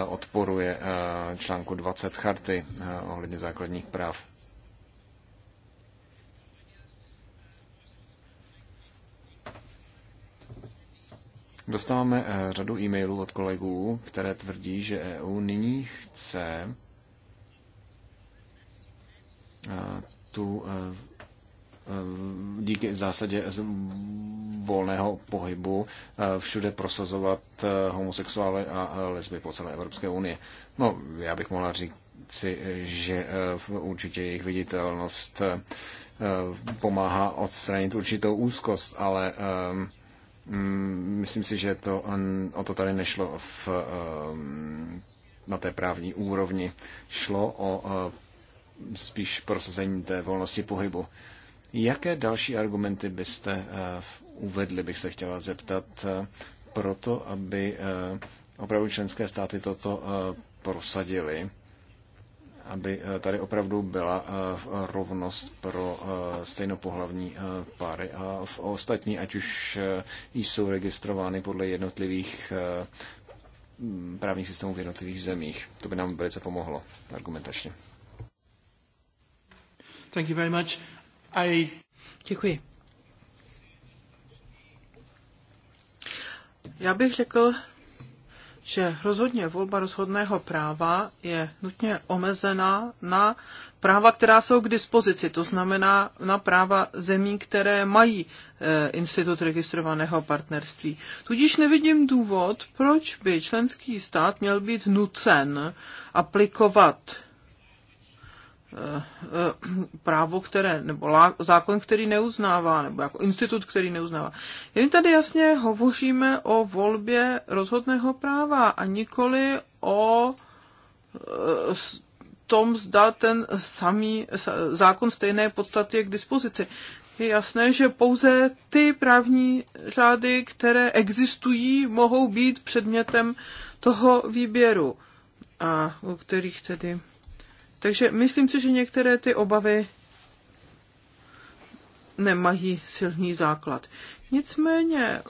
eh, odporuje eh, článku 20 charty ohledně základních práv. Dostáváme řadu e-mailů od kolegů, které tvrdí, že EU nyní chce tu Ehm, díky zásadě volného pohybu eh, všude prosazovat eh, homosexuály a eh, lesby po celé Evropské unii. No, já bych mohla říci, že určitě jejich viditelnost pomáhá odstranit určitou úzkost, ale ehm, mm, myslím si, že to, o to tady nešlo v, ehm, na té právní úrovni. Šlo o spíš prosazení té volnosti pohybu. Jaké další argumenty byste eh, uvedli, bych se chtěla zeptat, eh, proto, aby eh, opravdu členské státy toto prosadili, aby tady opravdu byla rovnost pro stejnopohlavní páry a v ostatní, ať už jsou registrovány podle jednotlivých právních systémů v jednotlivých zemích. To by nám velice pomohlo argumentačně. Thank you very much. Děkuji. Já bych řekl, že rozhodně volba rozhodného práva je nutně omezená na práva, která jsou k dispozici, to znamená na práva zemí, které mají e, institut registrovaného partnerství. Tudíž nevidím důvod, proč by členský stát měl být nucen aplikovat Eh, eh, právo, které, nebo zákon, který neuznává, nebo jako institut, který neuznává. Jen tady jasně hovoříme o volbě rozhodného práva a nikoli o eh, tom, zda ten samý zákon stejné podstaty je k dispozici. Je jasné, že pouze ty právní řády, které existují, mohou být předmětem toho výběru, a o kterých tedy takže myslím si, že některé ty obavy nemají silný základ. Nicméně,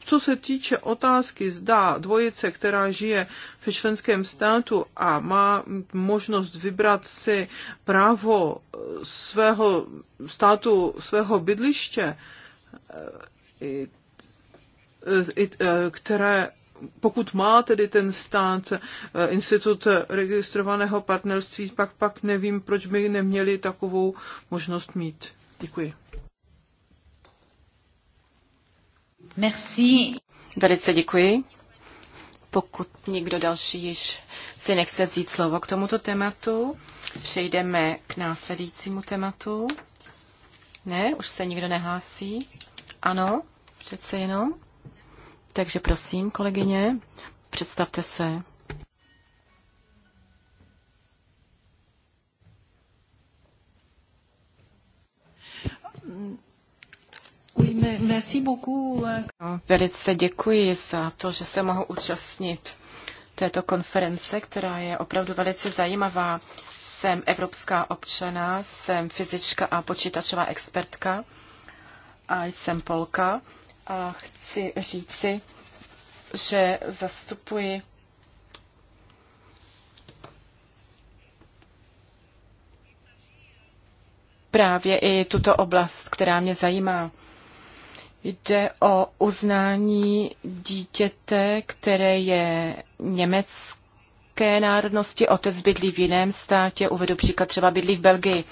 co se týče otázky, zda dvojice, která žije ve členském státu a má možnost vybrat si právo svého státu, svého bydliště, které pokud má tedy ten stát eh, institut registrovaného partnerství, pak pak nevím, proč by neměli takovou možnost mít. Děkuji. Merci. Velice děkuji. Pokud někdo další již si nechce vzít slovo k tomuto tématu, přejdeme k následujícímu tématu. Ne, už se nikdo nehlásí. Ano, přece jenom. Takže prosím, kolegyně, představte se. Euh, no, velice děkuji za to, že se mohu účastnit této konference, která je opravdu velice zajímavá. Jsem evropská občana, jsem fyzička a počítačová expertka a jsem Polka a chci říci, že zastupuji právě i tuto oblast, která mě zajímá. Jde o uznání dítěte, které je německé jaké národnosti otec bydlí v jiném státě, uvedu příklad třeba bydlí v Belgii.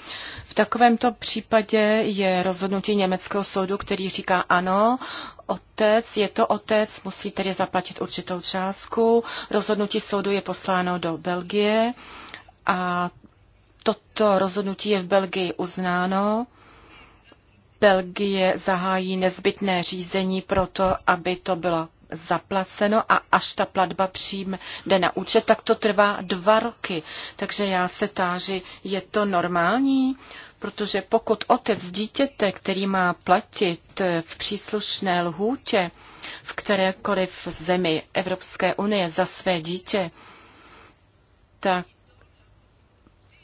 V takovémto případě je rozhodnutí německého soudu, který říká ano, otec, je to otec, musí tedy zaplatit určitou částku. Rozhodnutí soudu je posláno do Belgie a toto rozhodnutí je v Belgii uznáno. Belgie zahájí nezbytné řízení pro to, aby to bylo zaplaceno a až ta platba přijme jde na účet, tak to trvá dva roky. Takže já se táži, je to normální? Protože pokud otec dítěte, který má platit v příslušné lhůtě v kterékoliv zemi Evropské unie za své dítě, tak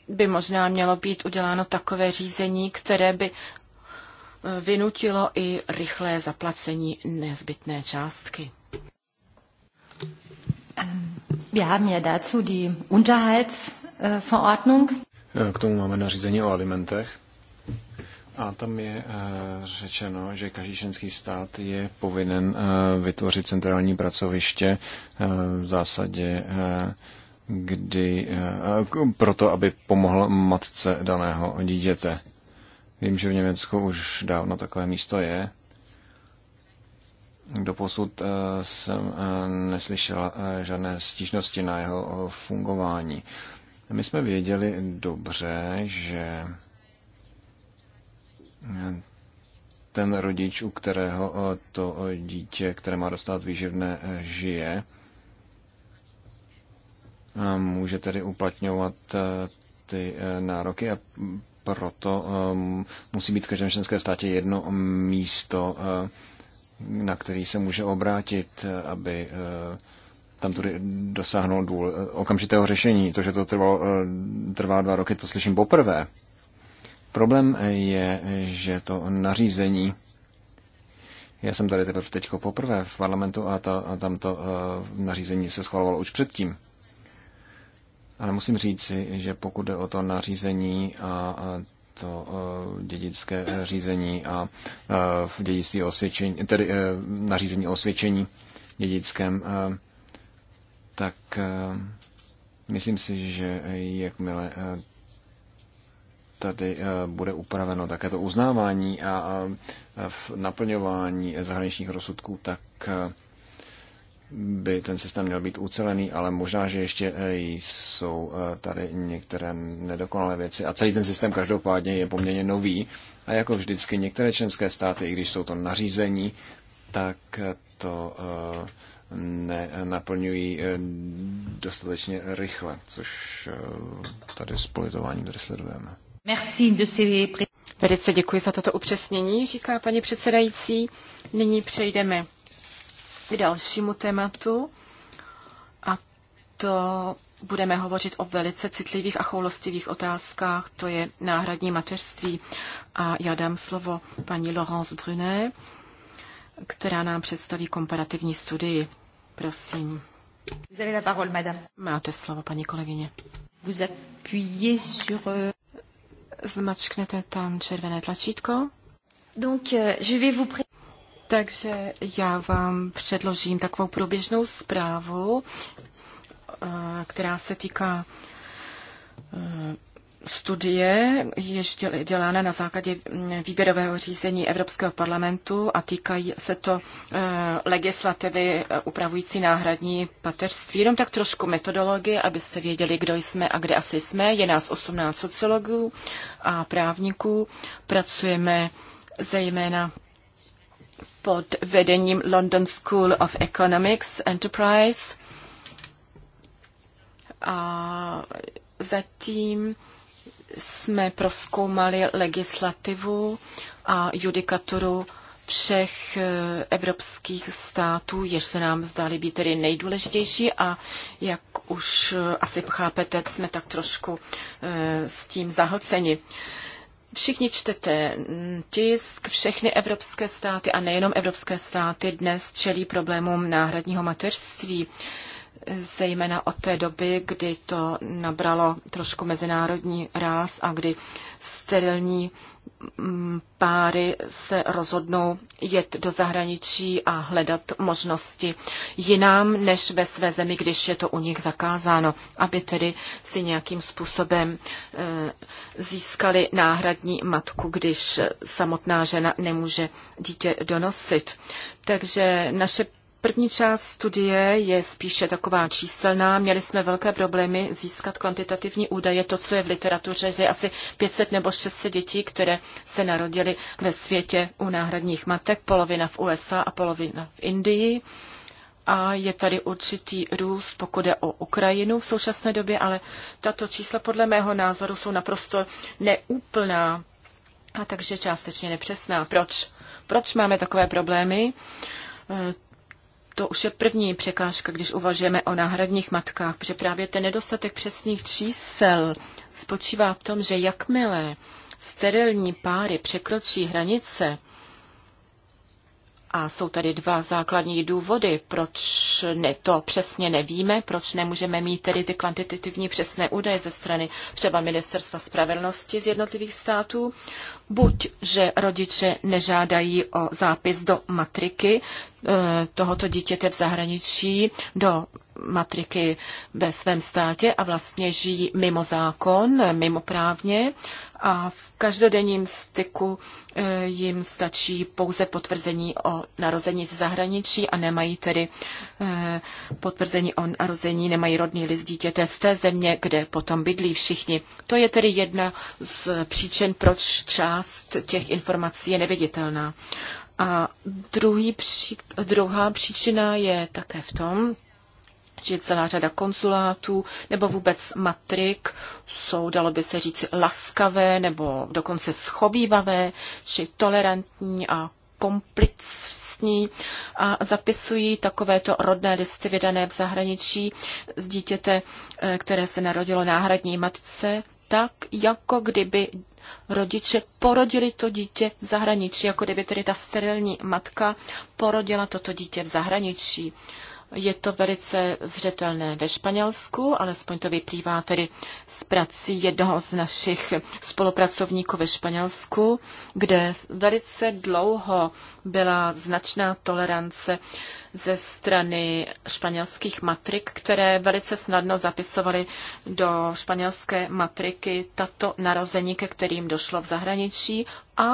by možná mělo být uděláno takové řízení, které by eh, vynutilo i rychlé zaplacení nezbytné částky. Wir haben ja dazu die Unterhaltsverordnung. Eh, k tomu máme nařízení o alimentech. A tam je eh, řečeno, že každý členský stát je povinen eh, vytvořit centrální pracoviště v zásadě kdy, proto, aby pomohl matce daného dítěte. Vím, že v Německu už dávno takové místo je Doposud eh, jsem eh, neslyšel eh, žádné stížnosti na jeho fungování. My jsme věděli dobře, že ten rodič, u kterého to dítě, které má dostat výživné, žije, může tedy uplatňovat ty nároky a proto musí být v každém členském státě jedno místo na který se může obrátit, aby eh, tam tudy dosáhnul důl eh, okamžitého řešení. To, že to trvalo, eh, trvá dva roky, to slyším poprvé. Problém je, že to nařízení, já jsem tady teprve teď poprvé v parlamentu a, ta, a tam to nařízení se schvalovalo už předtím. Ale musím říci, že pokud jde o to nařízení a to eh, dědické eh, řízení a eh, v dědictví osvědčení, tedy nařízení osvědčení dědickém, tak myslím si, že jakmile tady bude upraveno také to uznávání a naplňování zahraničních rozsudků, tak by ten systém měl být ucelený, ale možná, že ještě eh, jsou eh, tady některé nedokonalé věci. A celý ten systém každopádně je poměrně nový. A jako vždycky některé členské státy, i když jsou to nařízení, tak eh, to nenaplňují dostatečně rychle, což tady s politováním sledujeme. Merci de ces... Velice děkuji za toto upřesnění, říká paní předsedající. Nyní přejdeme k dalšímu tématu a to budeme hovořit o velice citlivých a choulostivých otázkách, to je náhradní mateřství. A já dám slovo paní Laurence Brunet, která nám představí komparativní studii. Prosím. Máte slovo, paní kolegyně. Euh, Zmačknete tam červené tlačítko. Donc, euh, je vais vous... Takže já vám předložím takovou průběžnou zprávu, eh, která se týká eh, studie, jež dělána na základě mm, výběrového řízení Evropského parlamentu a týkají se to eh, legislativy upravující náhradní pateřství. Jenom tak trošku metodologie, abyste věděli, kdo jsme a kde asi jsme. Je nás 18 sociologů a právníků. Pracujeme zejména pod vedením London School of Economics Enterprise. A zatím jsme proskoumali legislativu a judikaturu všech eh, evropských států, jež se nám zdály být tedy nejdůležitější a jak už eh, asi chápete, jsme tak trošku eh, s tím zahlceni. Všichni čtete tisk, všechny evropské státy a nejenom evropské státy dnes čelí problémům náhradního mateřství, zejména od té doby, kdy to nabralo trošku mezinárodní ráz a kdy sterilní Mm, páry se rozhodnou jet do zahraničí a hledat možnosti jinám než ve své zemi, když je to u nich zakázáno, aby tedy si nějakým způsobem eh, získali náhradní matku, když samotná žena nemůže dítě donosit. Takže naše První část studie je spíše taková číselná. Měli jsme velké problémy získat kvantitativní údaje. To, co je v literatuře, že je asi 500 nebo 600 dětí, které se narodily ve světě u náhradních matek, polovina v USA a polovina v Indii. A je tady určitý růst, pokud je o Ukrajinu v současné době, ale tato čísla podle mého názoru jsou naprosto neúplná a takže částečně nepřesná. Proč? Proč máme takové problémy? to už je první překážka, když uvažujeme o náhradních matkách, protože právě ten nedostatek přesných čísel spočívá v tom, že jakmile sterilní páry překročí hranice, a jsou tady dva základní důvody, proč ne, to přesně nevíme, proč nemůžeme mít tedy ty kvantitativní přesné údaje ze strany třeba Ministerstva spravedlnosti z jednotlivých států. Buď, že rodiče nežádají o zápis do matriky e, tohoto dítěte v zahraničí, do matriky ve svém státě a vlastně žijí mimo zákon, mimo právně, a v každodenním styku e, jim stačí pouze potvrzení o narození z zahraničí a nemají tedy e, potvrzení o narození, nemají rodný list dítěte z té země, kde potom bydlí všichni. To je tedy jedna z příčin, proč část těch informací je neviditelná. A druhý, druhá příčina je také v tom, že celá řada konzulátů nebo vůbec matrik jsou, dalo by se říct, laskavé nebo dokonce schovývavé či tolerantní a komplicní a zapisují takovéto rodné listy vydané v zahraničí z dítěte, eh, které se narodilo náhradní matce, tak jako kdyby rodiče porodili to dítě v zahraničí, jako kdyby tedy ta sterilní matka porodila toto dítě v zahraničí. Je to velice zřetelné ve Španělsku, alespoň to vyplývá tedy z prací jednoho z našich spolupracovníků ve Španělsku, kde velice dlouho byla značná tolerance ze strany španělských matrik, které velice snadno zapisovaly do španělské matriky tato narození, ke kterým došlo v zahraničí a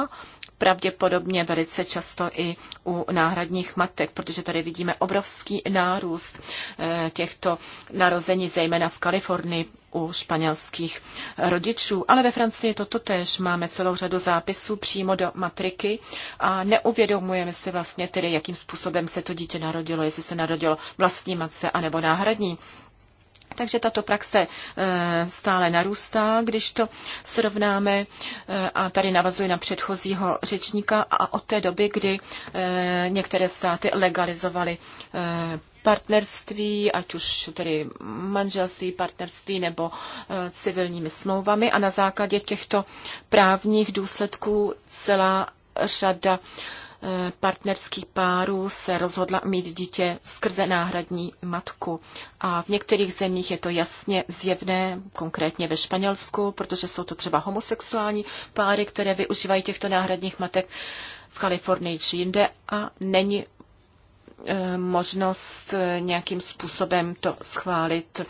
pravděpodobně velice často i u náhradních matek, protože tady vidíme obrovský nárůst eh, těchto narození, zejména v Kalifornii u španělských rodičů. Ale ve Francii toto tež máme celou řadu zápisů přímo do matriky a neuvědomujeme si vlastně tedy, jakým způsobem se to dítě narodilo, jestli se narodilo vlastní matce anebo náhradní takže tato praxe e, stále narůstá, když to srovnáme e, a tady navazuje na předchozího řečníka a od té doby, kdy e, některé státy legalizovaly partnerství, ať už tedy manželství, partnerství nebo civilními smlouvami a na základě těchto právních důsledků celá řada uh, partnerských párů se rozhodla mít dítě skrze náhradní matku. A v některých zemích je to jasně zjevné, konkrétně ve Španělsku, protože jsou to třeba homosexuální páry, které využívají těchto náhradních matek v Kalifornii či jinde a není eh, možnost eh, nějakým způsobem to schválit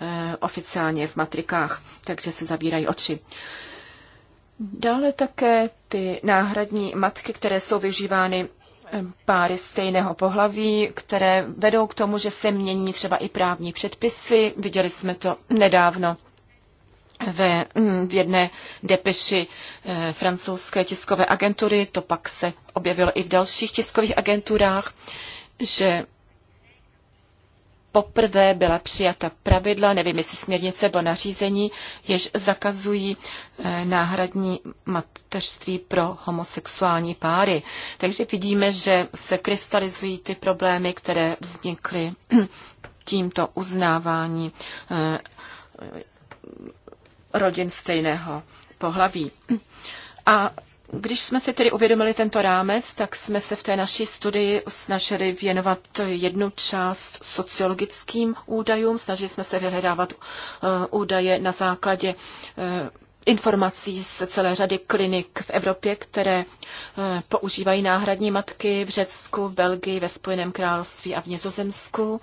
eh, oficiálně v matrikách, takže se zavírají oči. Dále také ty náhradní matky, které jsou vyžívány eh, páry stejného pohlaví, které vedou k tomu, že se mění třeba i právní předpisy. Viděli jsme to nedávno ve, mm, v jedné depeši eh, francouzské tiskové agentury, to pak se objevilo i v dalších tiskových agenturách, že poprvé byla přijata pravidla, nevím jestli směrnice nebo nařízení, jež zakazují eh, náhradní mateřství pro homosexuální páry. Takže vidíme, že se krystalizují ty problémy, které vznikly tímto uznávání eh, rodin stejného pohlaví. A když jsme si tedy uvědomili tento rámec, tak jsme se v té naší studii snažili věnovat jednu část sociologickým údajům, snažili jsme se vyhledávat eh, údaje na základě eh, informací z celé řady klinik v Evropě, které eh, používají náhradní matky v Řecku, v Belgii, ve Spojeném království a v Nizozemsku.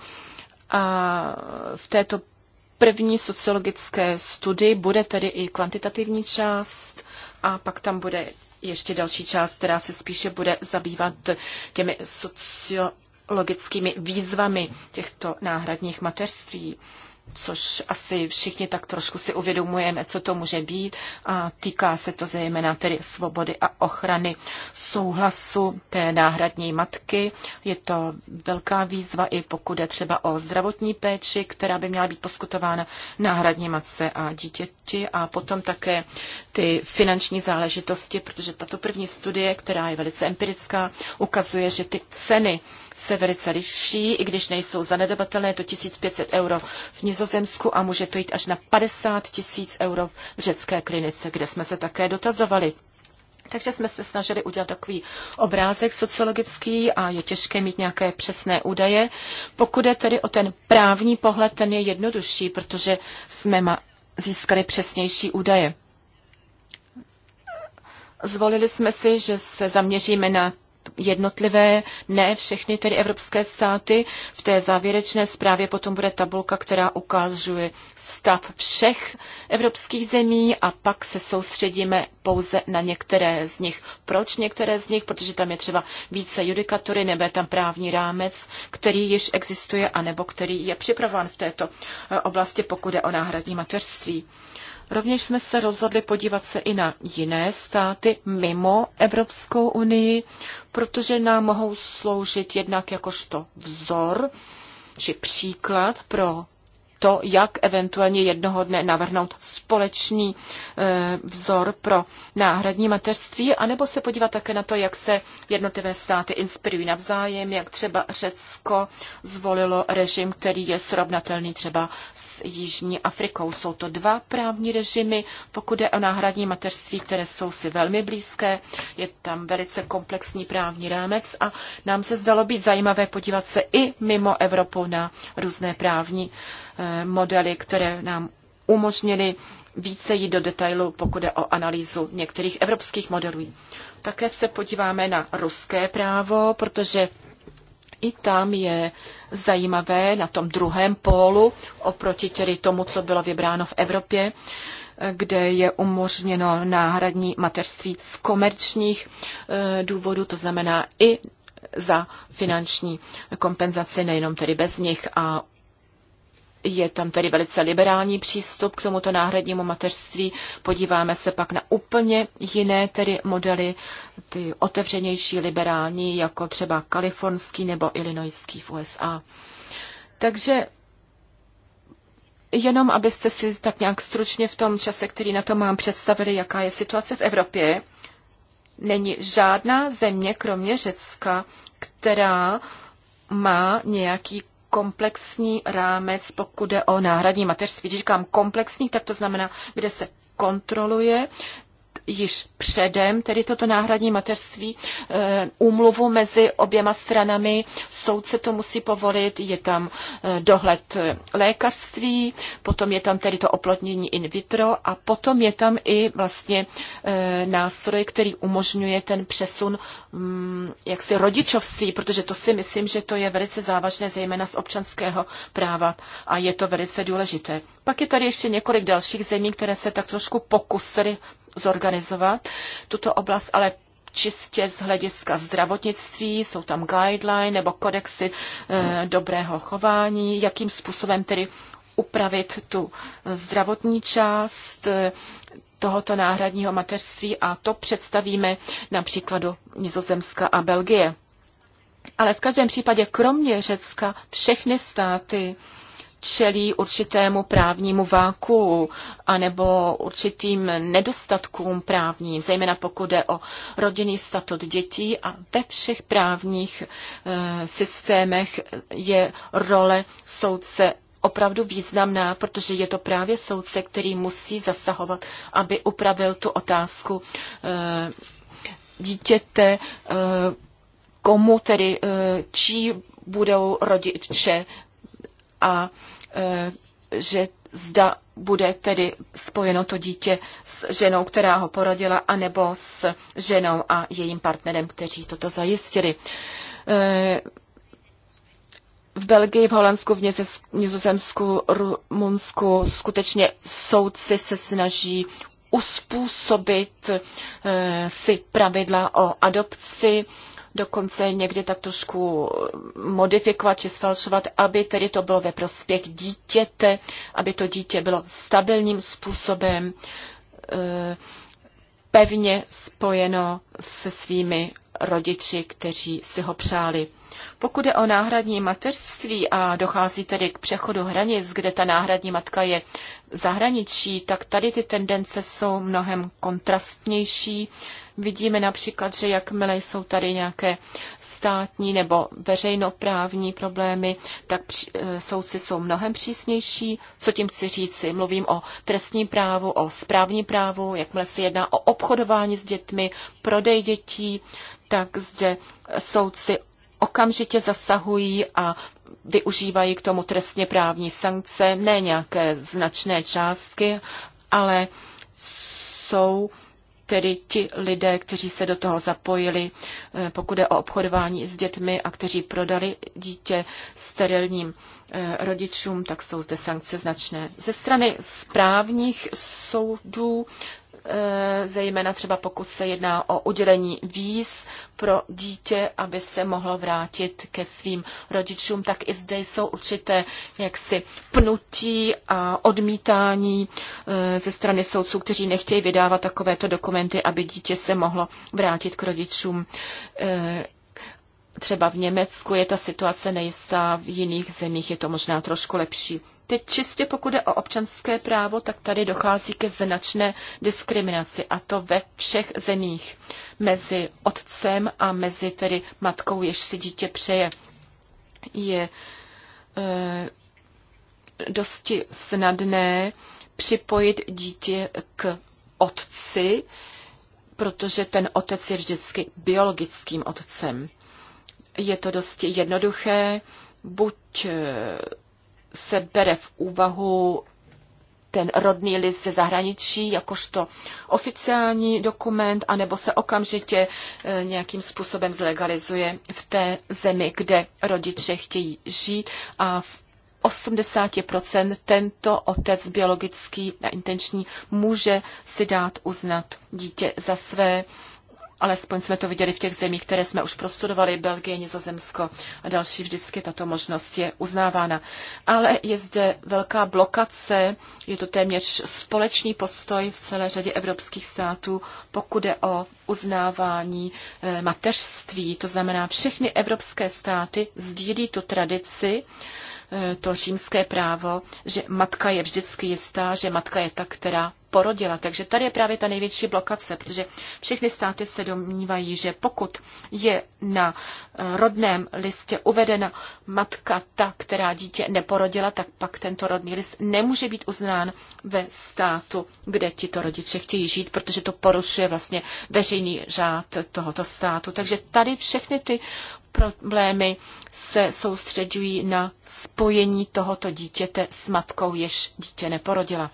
A v této první sociologické studii bude tedy i kvantitativní část a pak tam bude ještě další část, která se spíše bude zabývat těmi sociologickými výzvami těchto náhradních mateřství což asi všichni tak trošku si uvědomujeme, co to může být a týká se to zejména tedy svobody a ochrany souhlasu té náhradní matky. Je to velká výzva i pokud je třeba o zdravotní péči, která by měla být poskutována náhradní matce a dítěti a potom také ty finanční záležitosti, protože tato první studie, která je velice empirická, ukazuje, že ty ceny se velice liší, i když nejsou zanedbatelné, je to 1500 euro v Nizozemsku a může to jít až na 50 tisíc euro v řecké klinice, kde jsme se také dotazovali. Takže jsme se snažili udělat takový obrázek sociologický a je těžké mít nějaké přesné údaje. Pokud je tedy o ten právní pohled, ten je jednodušší, protože jsme získali přesnější údaje. Zvolili jsme si, že se zaměříme na jednotlivé, ne všechny tedy evropské státy. V té závěrečné zprávě potom bude tabulka, která ukazuje stav všech evropských zemí a pak se soustředíme pouze na některé z nich. Proč některé z nich? Protože tam je třeba více judikatory, nebo je tam právní rámec, který již existuje, anebo který je připravován v této eh, oblasti, pokud je o náhradní mateřství. Rovněž jsme se rozhodli podívat se i na jiné státy mimo Evropskou unii, protože nám mohou sloužit jednak jakožto vzor či příklad pro to, jak eventuálně jednoho dne navrhnout společný eh, vzor pro náhradní mateřství, anebo se podívat také na to, jak se jednotlivé státy inspirují navzájem, jak třeba Řecko zvolilo režim, který je srovnatelný třeba s Jižní Afrikou. Jsou to dva právní režimy, pokud je o náhradní mateřství, které jsou si velmi blízké. Je tam velice komplexní právní rámec a nám se zdalo být zajímavé podívat se i mimo Evropu na různé právní Eh, modely, které nám umožnily více jít do detailu, pokud je o analýzu některých evropských modelů. Také se podíváme na ruské právo, protože i tam je zajímavé na tom druhém pólu oproti tedy tomu, co bylo vybráno v Evropě, eh, kde je umožněno náhradní mateřství z komerčních eh, důvodů, to znamená i za finanční kompenzaci, nejenom tedy bez nich a je tam tedy velice liberální přístup k tomuto náhradnímu mateřství. Podíváme se pak na úplně jiné tedy modely, ty otevřenější liberální, jako třeba kalifornský nebo illinoiský v USA. Takže jenom abyste si tak nějak stručně v tom čase, který na to mám, představili, jaká je situace v Evropě. Není žádná země, kromě Řecka, která má nějaký komplexní rámec, pokud jde o náhradní mateřství. Když říkám komplexní, tak to znamená, kde se kontroluje již předem, tedy toto náhradní mateřství, eh, úmluvu mezi oběma stranami, soudce to musí povolit, je tam eh, dohled eh, lékařství, potom je tam tedy to oplodnění in vitro a potom je tam i vlastně nástroj, který umožňuje ten přesun mm, jaksi rodičovství, protože to si myslím, že to je velice závažné, zejména z občanského práva a je to velice důležité. Pak je tady ještě několik dalších zemí, které se tak trošku pokusily zorganizovat tuto oblast, ale čistě z hlediska zdravotnictví, jsou tam guideline nebo kodexy e, dobrého chování, jakým způsobem tedy upravit tu zdravotní část eh, tohoto náhradního mateřství a to představíme například do Nizozemska a Belgie. Ale v každém případě, kromě Řecka, všechny státy čelí určitému právnímu váku anebo určitým nedostatkům právním, zejména pokud jde o rodinný statut dětí a ve všech právních e, systémech je role soudce opravdu významná, protože je to právě soudce, který musí zasahovat, aby upravil tu otázku e, dítěte, e, komu tedy, e, čí budou rodiče a e, že zda bude tedy spojeno to dítě s ženou, která ho porodila, anebo s ženou a jejím partnerem, kteří toto zajistili. E, v Belgii, v Holandsku, v Nizozemsku, Rumunsku skutečně soudci se snaží uspůsobit e, si pravidla o adopci dokonce někdy tak trošku modifikovat či sfalšovat, aby tedy to bylo ve prospěch dítěte, aby to dítě bylo stabilním způsobem eh, pevně spojeno se svými rodiči, kteří si ho přáli. Pokud je o náhradní mateřství a dochází tedy k přechodu hranic, kde ta náhradní matka je zahraničí, tak tady ty tendence jsou mnohem kontrastnější. Vidíme například, že jakmile jsou tady nějaké státní nebo veřejnoprávní problémy, tak eh, soudci jsou mnohem přísnější. Co tím chci říci? Mluvím o trestním právu, o správní právu, jakmile se jedná o obchodování s dětmi, prodej dětí, tak zde soudci okamžitě zasahují a využívají k tomu trestně právní sankce, ne nějaké značné částky, ale jsou tedy ti lidé, kteří se do toho zapojili, eh, pokud je o obchodování s dětmi a kteří prodali dítě sterilním eh, rodičům, tak jsou zde sankce značné. Ze strany správních soudů Eh, zejména třeba pokud se jedná o udělení víz pro dítě, aby se mohlo vrátit ke svým rodičům, tak i zde jsou určité jaksi pnutí a odmítání eh, ze strany soudců, kteří nechtějí vydávat takovéto dokumenty, aby dítě se mohlo vrátit k rodičům eh, třeba v Německu je ta situace nejistá, v jiných zemích je to možná trošku lepší. Teď čistě pokud je o občanské právo, tak tady dochází ke značné diskriminaci a to ve všech zemích. Mezi otcem a mezi tedy matkou, jež si dítě přeje. Je e, dosti snadné připojit dítě k otci, protože ten otec je vždycky biologickým otcem. Je to dosti jednoduché, buď eh, se bere v úvahu ten rodný list ze zahraničí jakožto oficiální dokument, anebo se okamžitě e, nějakým způsobem zlegalizuje v té zemi, kde rodiče chtějí žít a v 80% tento otec biologický a intenční může si dát uznat dítě za své alespoň jsme to viděli v těch zemích, které jsme už prostudovali, Belgie, Nizozemsko a další, vždycky tato možnost je uznávána. Ale je zde velká blokace, je to téměř společný postoj v celé řadě evropských států, pokud je o uznávání eh, mateřství. To znamená, všechny evropské státy sdílí tu tradici, eh, to římské právo, že matka je vždycky jistá, že matka je ta, která porodila. Takže tady je právě ta největší blokace, protože všechny státy se domnívají, že pokud je na eh, rodném listě uvedena matka, ta, která dítě neporodila, tak pak tento rodný list nemůže být uznán ve státu, kde tito rodiče chtějí žít, protože to porušuje vlastně veřejný řád tohoto státu. Takže tady všechny ty problémy se soustředují na spojení tohoto dítěte s matkou, jež dítě neporodila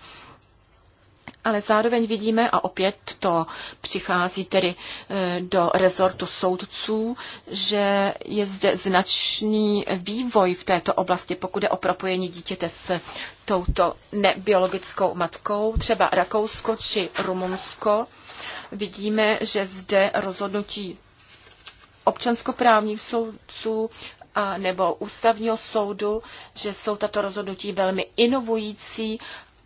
ale zároveň vidíme, a opět to přichází tedy e, do rezortu soudců, že je zde značný vývoj v této oblasti, pokud je o propojení dítěte s touto nebiologickou matkou, třeba Rakousko či Rumunsko. Vidíme, že zde rozhodnutí občanskoprávních soudců a nebo ústavního soudu, že jsou tato rozhodnutí velmi inovující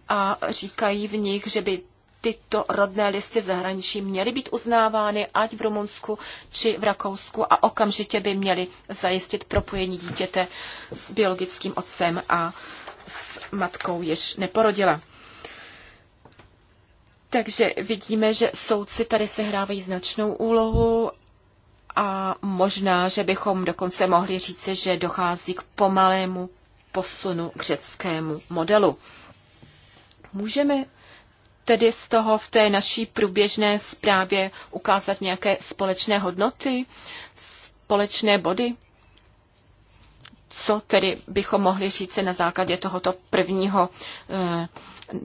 a říkají v nich, že by tyto rodné listy zahraničí měly být uznávány, ať v Rumunsku či v Rakousku a okamžitě by měly zajistit propojení dítěte s biologickým otcem a s matkou, jež neporodila. Takže vidíme, že soudci tady sehrávají značnou úlohu a možná, že bychom dokonce mohli říci, že dochází k pomalému posunu k řeckému modelu. Můžeme tedy z toho v té naší průběžné zprávě ukázat nějaké společné hodnoty, společné body? Co tedy bychom mohli říct na základě tohoto prvního e,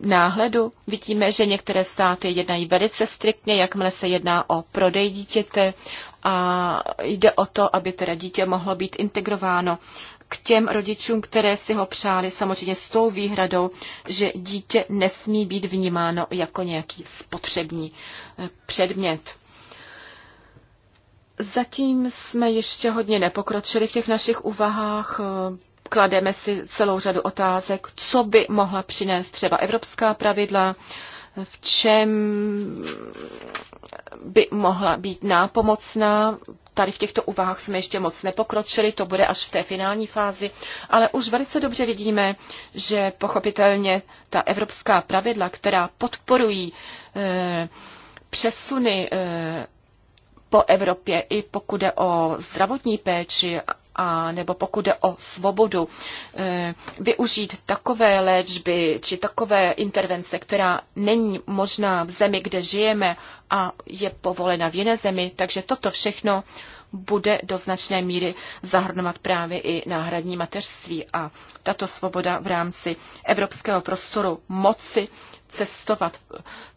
náhledu? Vidíme, že některé státy jednají velice striktně, jakmile se jedná o prodej dítěte a jde o to, aby teda dítě mohlo být integrováno k těm rodičům, které si ho přáli, samozřejmě s tou výhradou, že dítě nesmí být vnímáno jako nějaký spotřební eh, předmět. Zatím jsme ještě hodně nepokročili v těch našich úvahách. Eh, klademe si celou řadu otázek, co by mohla přinést třeba evropská pravidla, v čem by mohla být nápomocná tady v těchto úvahách jsme ještě moc nepokročili, to bude až v té finální fázi, ale už velice dobře vidíme, že pochopitelně ta evropská pravidla, která podporují e, přesuny e, po Evropě, i pokud jde o zdravotní péči a nebo pokud jde o svobodu, eh, využít takové léčby či takové intervence, která není možná v zemi, kde žijeme a je povolena v jiné zemi. Takže toto všechno bude do značné míry zahrnovat právě i náhradní mateřství a tato svoboda v rámci evropského prostoru moci cestovat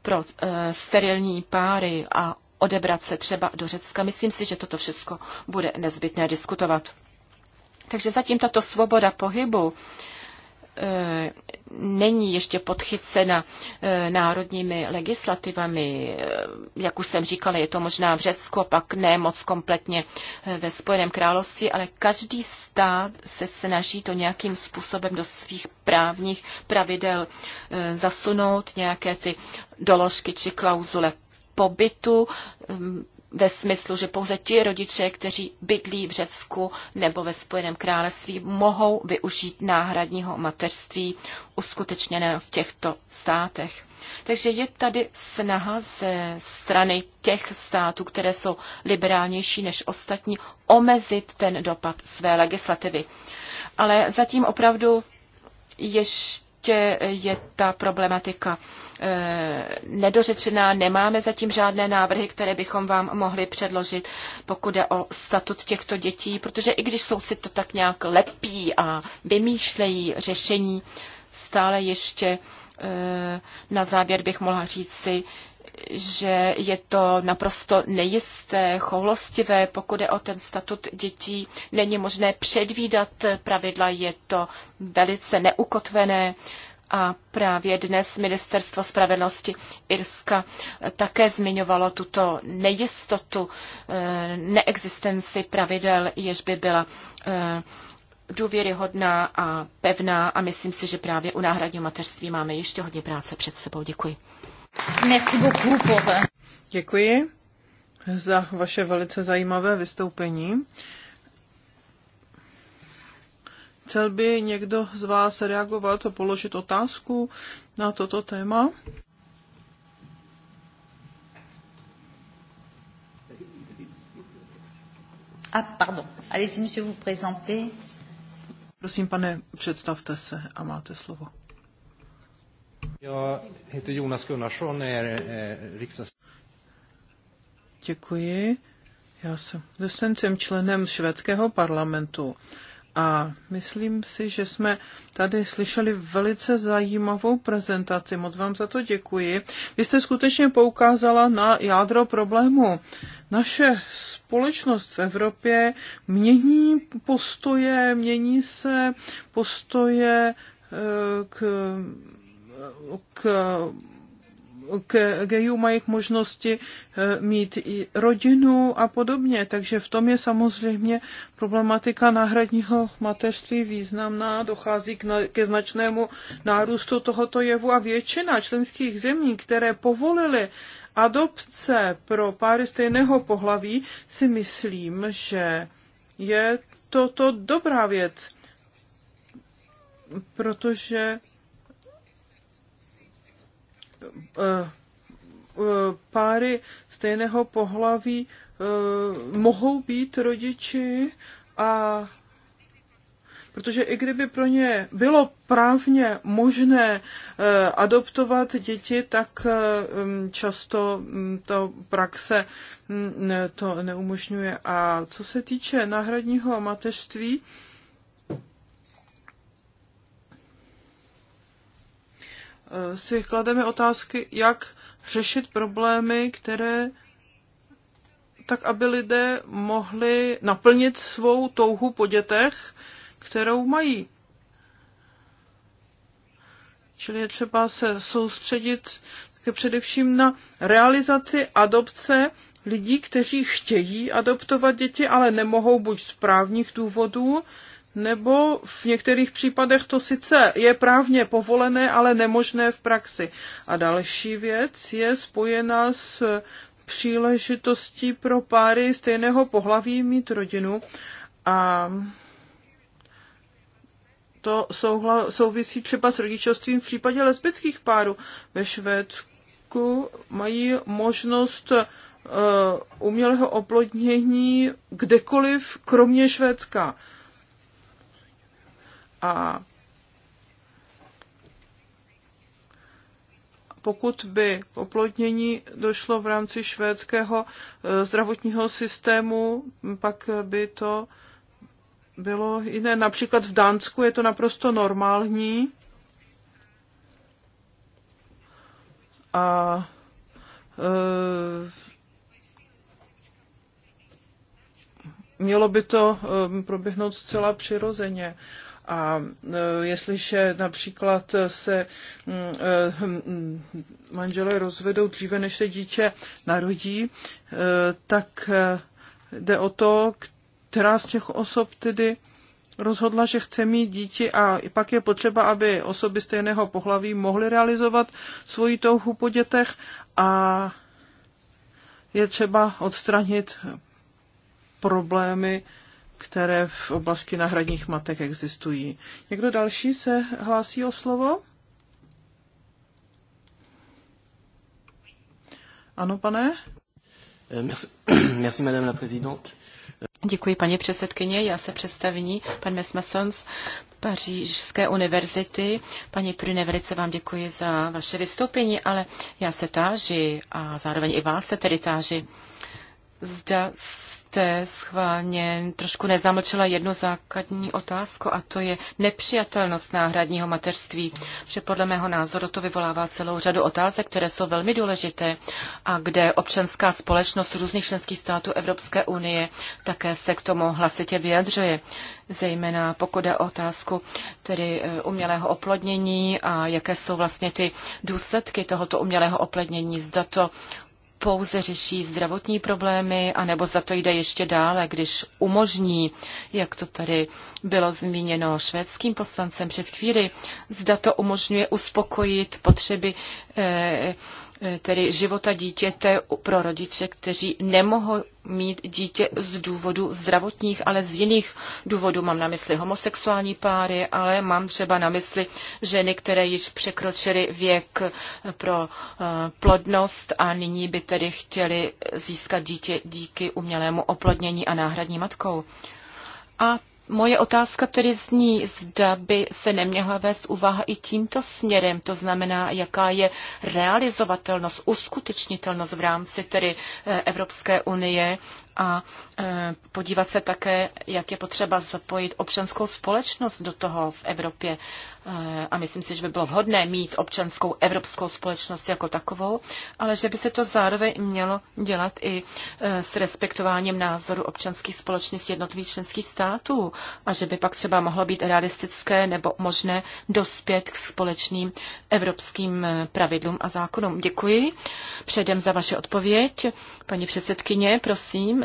pro eh, sterilní páry a odebrat se třeba do Řecka. Myslím si, že toto všechno bude nezbytné diskutovat. Takže zatím tato svoboda pohybu e, není ještě podchycena e, národními legislativami. E, jak už jsem říkala, je to možná v Řecku, a pak ne moc kompletně ve Spojeném království, ale každý stát se snaží to nějakým způsobem do svých právních pravidel zasunout, nějaké ty doložky či klauzule pobytu, ve smyslu, že pouze ti rodiče, kteří bydlí v Řecku nebo ve Spojeném království, mohou využít náhradního mateřství uskutečněné v těchto státech. Takže je tady snaha ze strany těch států, které jsou liberálnější než ostatní, omezit ten dopad své legislativy. Ale zatím opravdu ještě je ta problematika Eh, nedořečená. Nemáme zatím žádné návrhy, které bychom vám mohli předložit, pokud je o statut těchto dětí, protože i když soudci to tak nějak lepí a vymýšlejí řešení, stále ještě eh, na závěr bych mohla říct si, že je to naprosto nejisté, choulostivé, pokud je o ten statut dětí. Není možné předvídat pravidla, je to velice neukotvené a právě dnes Ministerstvo spravedlnosti Irska také zmiňovalo tuto nejistotu, eh, neexistenci pravidel, jež by byla eh, důvěryhodná a pevná a myslím si, že právě u náhradního mateřství máme ještě hodně práce před sebou. Děkuji. Merci beaucoup eh. Děkuji za vaše velice zajímavé vystoupení. Chcel by někdo z vás reagovat a položit otázku na toto téma? Ah, pardon. Allez-y, monsieur, vous présentez. Prosím, pane, představte se a máte slovo. Já jsem Jonas Gunnarsson, je eh, riksdags... Děkuji. Já jsem, jsem, jsem členem švédského parlamentu a myslím si, že jsme tady slyšeli velice zajímavou prezentaci. Moc vám za to děkuji. Vy jste skutečně poukázala na jádro problému. Naše společnost v Evropě mění postoje, mění se postoje eh, k, k k gejů mají k možnosti eh, mít i rodinu a podobně. Takže v tom je samozřejmě problematika náhradního mateřství významná. Dochází k na, ke značnému nárůstu tohoto jevu a většina členských zemí, které povolily adopce pro páry stejného pohlaví, si myslím, že je toto dobrá věc, protože Eh, eh, páry stejného pohlaví eh, mohou být rodiči a protože i kdyby pro ně bylo právně možné adoptovat děti, tak mm, často mm, ta praxe mm, to neumožňuje. A co se týče náhradního mateřství, Eh, si klademe otázky, jak řešit problémy, které tak, aby lidé mohli naplnit svou touhu po dětech, kterou mají. Čili je třeba se soustředit také především na realizaci adopce lidí, kteří chtějí adoptovat děti, ale nemohou buď z právních důvodů, nebo v některých případech to sice je právně povolené, ale nemožné v praxi. A další věc je spojena s příležitostí pro páry stejného pohlaví mít rodinu. A to souhla, souvisí třeba s rodičovstvím v případě lesbických párů. Ve Švédsku mají možnost uh, umělého oplodnění kdekoliv, kromě Švédska. A pokud by k oplodnění došlo v rámci švédského eh, zdravotního systému, pak by to bylo jiné. Například v Dánsku je to naprosto normální. A eh, mělo by to eh, proběhnout zcela přirozeně. A e, jestliže například se mm, e, manželé rozvedou dříve, než se dítě narodí, e, tak jde o to, která z těch osob tedy rozhodla, že chce mít dítě a pak je potřeba, aby osoby stejného pohlaví mohly realizovat svoji touhu po dětech a je třeba odstranit problémy které v oblasti náhradních matek existují. Někdo další se hlásí o slovo? Ano, pane? Eh, merci, madame la présidente. Děkuji, paní předsedkyně. Já se představní, pan Mesmasons, Pařížské univerzity. Paní Prune, velice vám děkuji za vaše vystoupení, ale já se táži a zároveň i vás se tedy táži. Zda jste schválně trošku nezamlčela jednu základní otázku a to je nepřijatelnost náhradního mateřství, protože podle mého názoru to vyvolává celou řadu otázek, které jsou velmi důležité a kde občanská společnost různých členských států Evropské unie také se k tomu hlasitě vyjadřuje, zejména pokud je o otázku tedy e, umělého oplodnění a jaké jsou vlastně ty důsledky tohoto umělého oplodnění, zda to pouze řeší zdravotní problémy, anebo za to jde ještě dále, když umožní, jak to tady bylo zmíněno švédským poslancem před chvíli, zda to umožňuje uspokojit potřeby eh, tedy života dítěte pro rodiče, kteří nemohou mít dítě z důvodu zdravotních, ale z jiných důvodů. Mám na mysli homosexuální páry, ale mám třeba na mysli ženy, které již překročily věk pro eh, plodnost a nyní by tedy chtěli získat dítě díky umělému oplodnění a náhradní matkou. A Moje otázka tedy zní, zda by se neměla vést úvaha i tímto směrem, to znamená, jaká je realizovatelnost, uskutečnitelnost v rámci tedy eh, Evropské unie a eh, podívat se také, jak je potřeba zapojit občanskou společnost do toho v Evropě. Eh, a myslím si, že by bylo vhodné mít občanskou evropskou společnost jako takovou, ale že by se to zároveň mělo dělat i eh, s respektováním názoru občanských společností jednotlivých členských států a že by pak třeba mohlo být realistické nebo možné dospět k společným evropským eh, pravidlům a zákonům. Děkuji předem za vaše odpověď. Paní předsedkyně, prosím,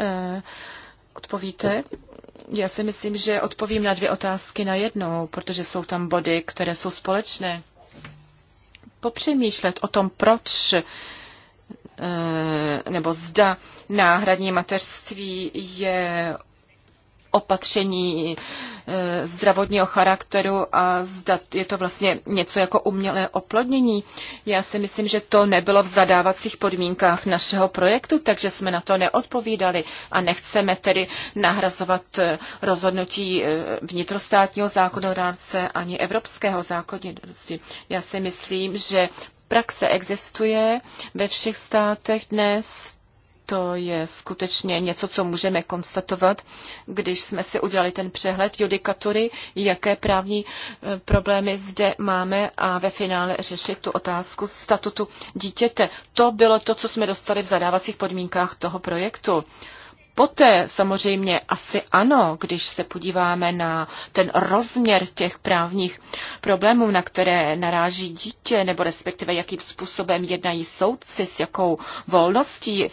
odpovíte. Já si myslím, že odpovím na dvě otázky na jednou, protože jsou tam body, které jsou společné. Popřemýšlet o tom, proč eh, nebo zda náhradní mateřství je opatření eh, zdravotního charakteru a zda je to vlastně něco jako umělé oplodnění. Já si myslím, že to nebylo v zadávacích podmínkách našeho projektu, takže jsme na to neodpovídali a nechceme tedy nahrazovat eh, rozhodnutí eh, vnitrostátního zákonodárce ani evropského zákonodárce. Já si myslím, že praxe existuje ve všech státech dnes, to je skutečně něco, co můžeme konstatovat, když jsme si udělali ten přehled judikatury, jaké právní e, problémy zde máme a ve finále řešit tu otázku statutu dítěte. To bylo to, co jsme dostali v zadávacích podmínkách toho projektu. Poté samozřejmě asi ano, když se podíváme na ten rozměr těch právních problémů, na které naráží dítě, nebo respektive jakým způsobem jednají soudci, s jakou volností, eh,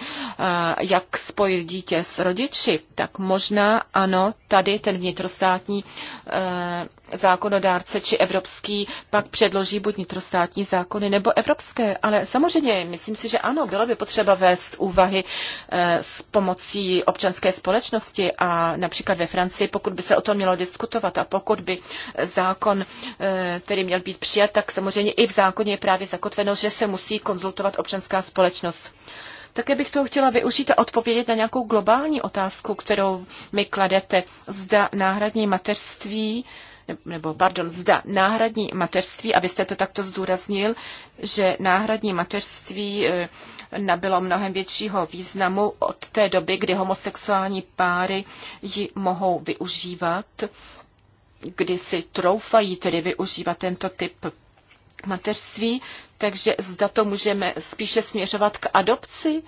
jak spojit dítě s rodiči, tak možná ano, tady ten vnitrostátní eh, zákonodárce či evropský pak předloží buď vnitrostátní zákony nebo evropské. Ale samozřejmě, myslím si, že ano, bylo by potřeba vést úvahy eh, s pomocí občanské společnosti a například ve Francii, pokud by se o tom mělo diskutovat a pokud by eh, zákon, který eh, měl být přijat, tak samozřejmě i v zákoně je právě zakotveno, že se musí konzultovat občanská společnost. Také bych to chtěla využít a odpovědět na nějakou globální otázku, kterou mi kladete. Zda náhradní mateřství nebo pardon, zda náhradní mateřství, abyste to takto zdůraznil, že náhradní mateřství eh, nabylo mnohem většího významu od té doby, kdy homosexuální páry ji mohou využívat, kdy si troufají tedy využívat tento typ mateřství, takže zda to můžeme spíše směřovat k adopci,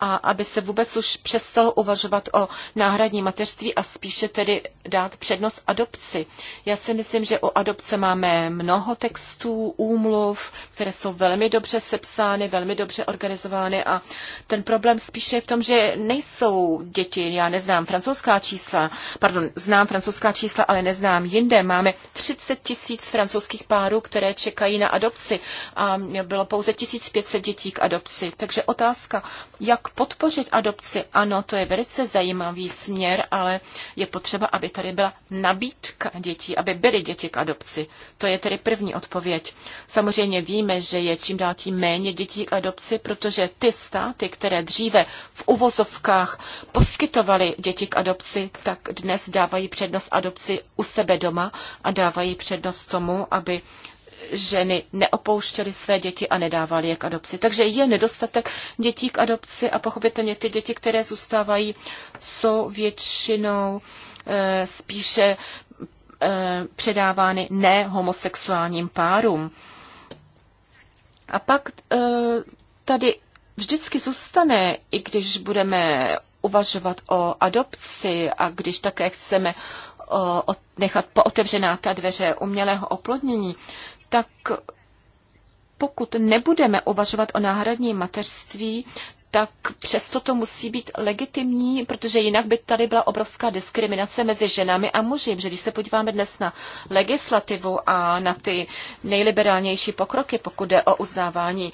a aby se vůbec už přestalo uvažovat o náhradní mateřství a spíše tedy dát přednost adopci. Já si myslím, že o adopce máme mnoho textů, úmluv, které jsou velmi dobře sepsány, velmi dobře organizovány a ten problém spíše je v tom, že nejsou děti, já neznám francouzská čísla, pardon, znám francouzská čísla, ale neznám jinde. Máme 30 tisíc francouzských párů, které čekají na adopci a bylo pouze 1500 dětí k adopci. Takže otázka, jak podpořit adopci? Ano, to je velice zajímavý směr, ale je potřeba, aby tady byla nabídka dětí, aby byly děti k adopci. To je tedy první odpověď. Samozřejmě víme, že je čím dál tím méně dětí k adopci, protože ty státy, které dříve v uvozovkách poskytovaly děti k adopci, tak dnes dávají přednost adopci u sebe doma a dávají přednost tomu, aby ženy neopouštěly své děti a nedávaly je k adopci. Takže je nedostatek dětí k adopci a pochopitelně ty děti, které zůstávají, jsou většinou eh, spíše eh, předávány nehomosexuálním párům. A pak eh, tady vždycky zůstane, i když budeme uvažovat o adopci a když také chceme nechat pootevřená ta dveře umělého oplodnění, tak pokud nebudeme uvažovat o náhradním mateřství, tak přesto to musí být legitimní, protože jinak by tady byla obrovská diskriminace mezi ženami a muži. Že když se podíváme dnes na legislativu a na ty nejliberálnější pokroky, pokud jde o uznávání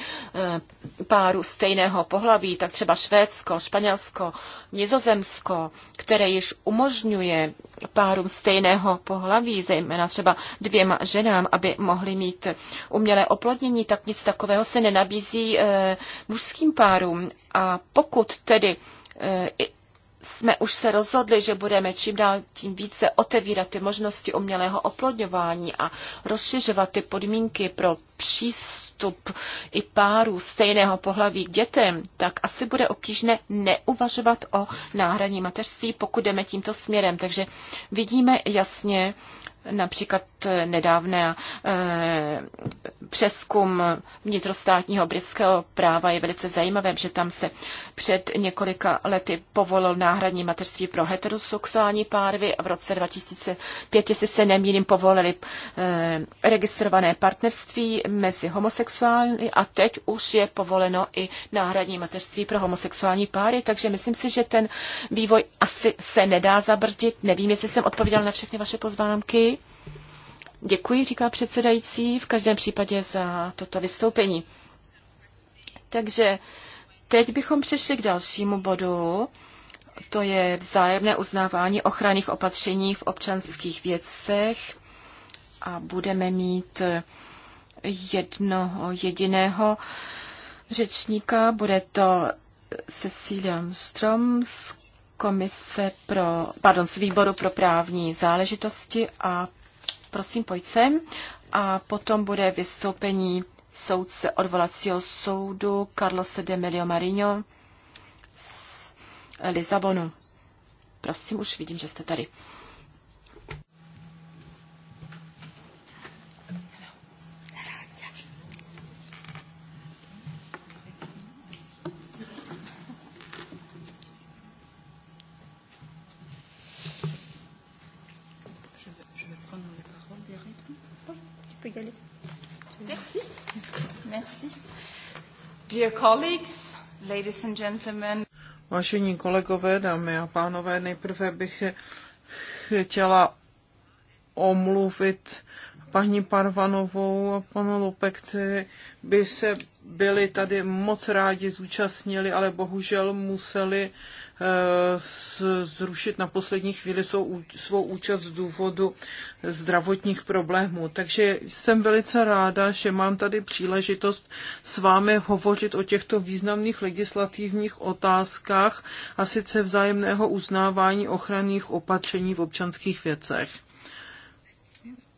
eh, párů stejného pohlaví, tak třeba Švédsko, Španělsko, Nizozemsko, které již umožňuje párům stejného pohlaví, zejména třeba dvěma ženám, aby mohly mít umělé oplodnění, tak nic takového se nenabízí e, mužským párům. A pokud tedy e, jsme už se rozhodli, že budeme čím dál tím více otevírat ty možnosti umělého oplodňování a rozšiřovat ty podmínky pro přístup, přístup i párů stejného pohlaví k dětem, tak asi bude obtížné neuvažovat o náhradní mateřství, pokud jdeme tímto směrem. Takže vidíme jasně, například nedávné eh, přeskum vnitrostátního britského práva je velice zajímavé, že tam se před několika lety povolil náhradní mateřství pro heterosexuální párvy a v roce 2005, si se nemýlím, povolili eh, registrované partnerství mezi homosexuály a teď už je povoleno i náhradní mateřství pro homosexuální páry, takže myslím si, že ten vývoj asi se nedá zabrzdit. Nevím, jestli jsem odpověděl na všechny vaše pozvánky. Děkuji, říká předsedající, v každém případě za toto vystoupení. Takže teď bychom přešli k dalšímu bodu. To je vzájemné uznávání ochranných opatření v občanských věcech a budeme mít jednoho jediného řečníka. Bude to Cecilia Strom z komise pro, pardon, z výboru pro právní záležitosti a prosím, pojď sem. A potom bude vystoupení soudce odvolacího soudu Carlos de Melio Marino z Lisabonu. Prosím, už vidím, že jste tady. Dear colleagues, ladies and gentlemen. Vážení kolegové, dámy a pánové, nejprve bych chtěla omluvit paní Parvanovou a pana Lupe, kteří by se byli tady moc rádi zúčastnili, ale bohužel museli Eh, zrušit na poslední chvíli svou, svou účast z důvodu zdravotních problémů. Takže jsem velice ráda, že mám tady příležitost s vámi hovořit o těchto významných legislativních otázkách a sice vzájemného uznávání ochranných opatření v občanských věcech.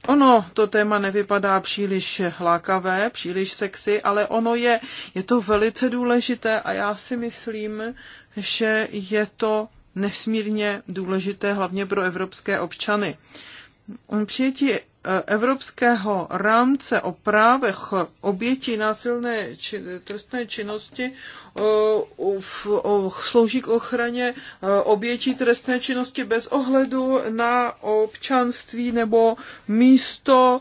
Ono to téma nevypadá příliš lákavé, příliš sexy, ale ono je, je to velice důležité a já si myslím, že je to nesmírně důležité hlavně pro evropské občany. Přijetí Evropského rámce o právech obětí násilné či, trestné činnosti o, o, slouží k ochraně e, obětí trestné činnosti bez ohledu na občanství nebo místo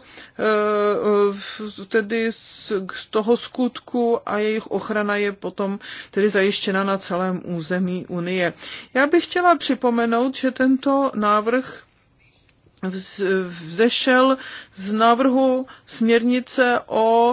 e, tedy z, z toho skutku a jejich ochrana je potom tedy zajištěna na celém území Unie. Já bych chtěla připomenout, že tento návrh vzešel z návrhu směrnice o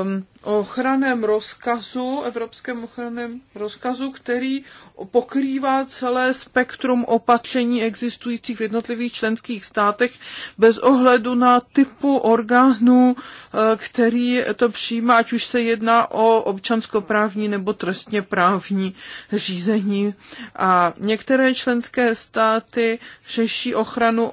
um, ehm, ochraném rozkazu, evropském ochranném rozkazu, který pokrývá celé spektrum opatření existujících v jednotlivých členských státech bez ohledu na typu orgánu, eh, který to přijímá, ať už se jedná o občanskoprávní nebo trestněprávní řízení. A některé členské státy řeší ochranu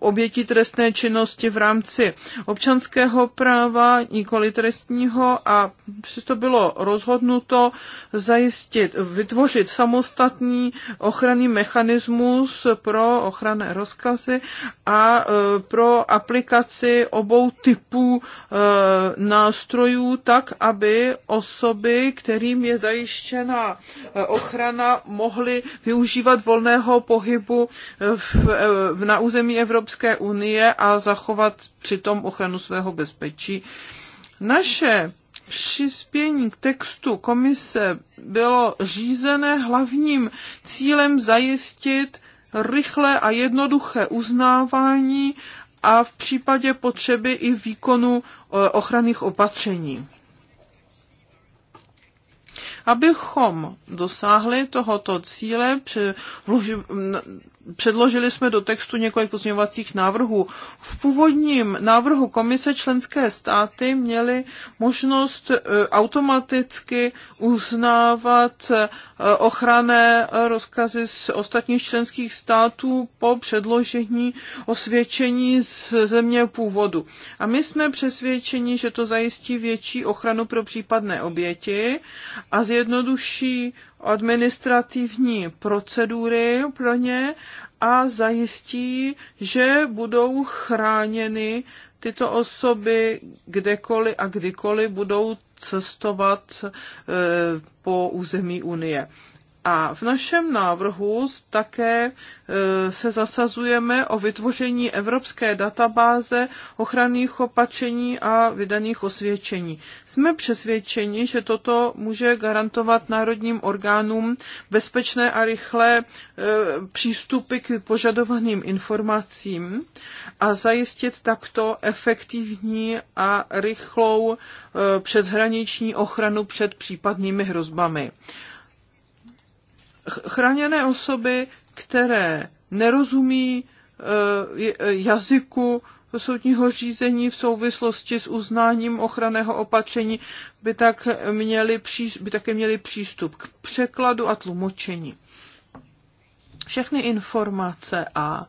oběti trestné činnosti v rámci občanského práva, nikoli trestního a přesto bylo rozhodnuto zajistit, vytvořit samostatný ochranný mechanismus pro ochranné rozkazy a e, pro aplikaci obou typů e, nástrojů tak, aby osoby, kterým je zajištěna e, ochrana, mohly využívat volného pohybu v, na území Evropské unie a zachovat přitom ochranu svého bezpečí. Naše přispění k textu komise bylo řízené hlavním cílem zajistit rychlé a jednoduché uznávání a v případě potřeby i výkonu eh, ochranných opatření. Abychom dosáhli tohoto cíle, Předložili jsme do textu několik pozměňovacích návrhů. V původním návrhu komise členské státy měly možnost e, automaticky uznávat e, ochranné rozkazy z ostatních členských států po předložení osvědčení z země původu. A my jsme přesvědčeni, že to zajistí větší ochranu pro případné oběti a zjednoduší administrativní procedury pro ně a zajistí, že budou chráněny tyto osoby kdekoliv a kdykoliv budou cestovat eh, po území Unie. A v našem návrhu také e, se zasazujeme o vytvoření evropské databáze ochranných opatření a vydaných osvědčení. Jsme přesvědčeni, že toto může garantovat národním orgánům bezpečné a rychlé e, přístupy k požadovaným informacím a zajistit takto efektivní a rychlou e, přeshraniční ochranu před případnými hrozbami chráněné osoby, které nerozumí eh, eh, jazyku soudního řízení v souvislosti s uznáním ochranného opatření by, tak měli, by také měli přístup k překladu a tlumočení. Všechny informace a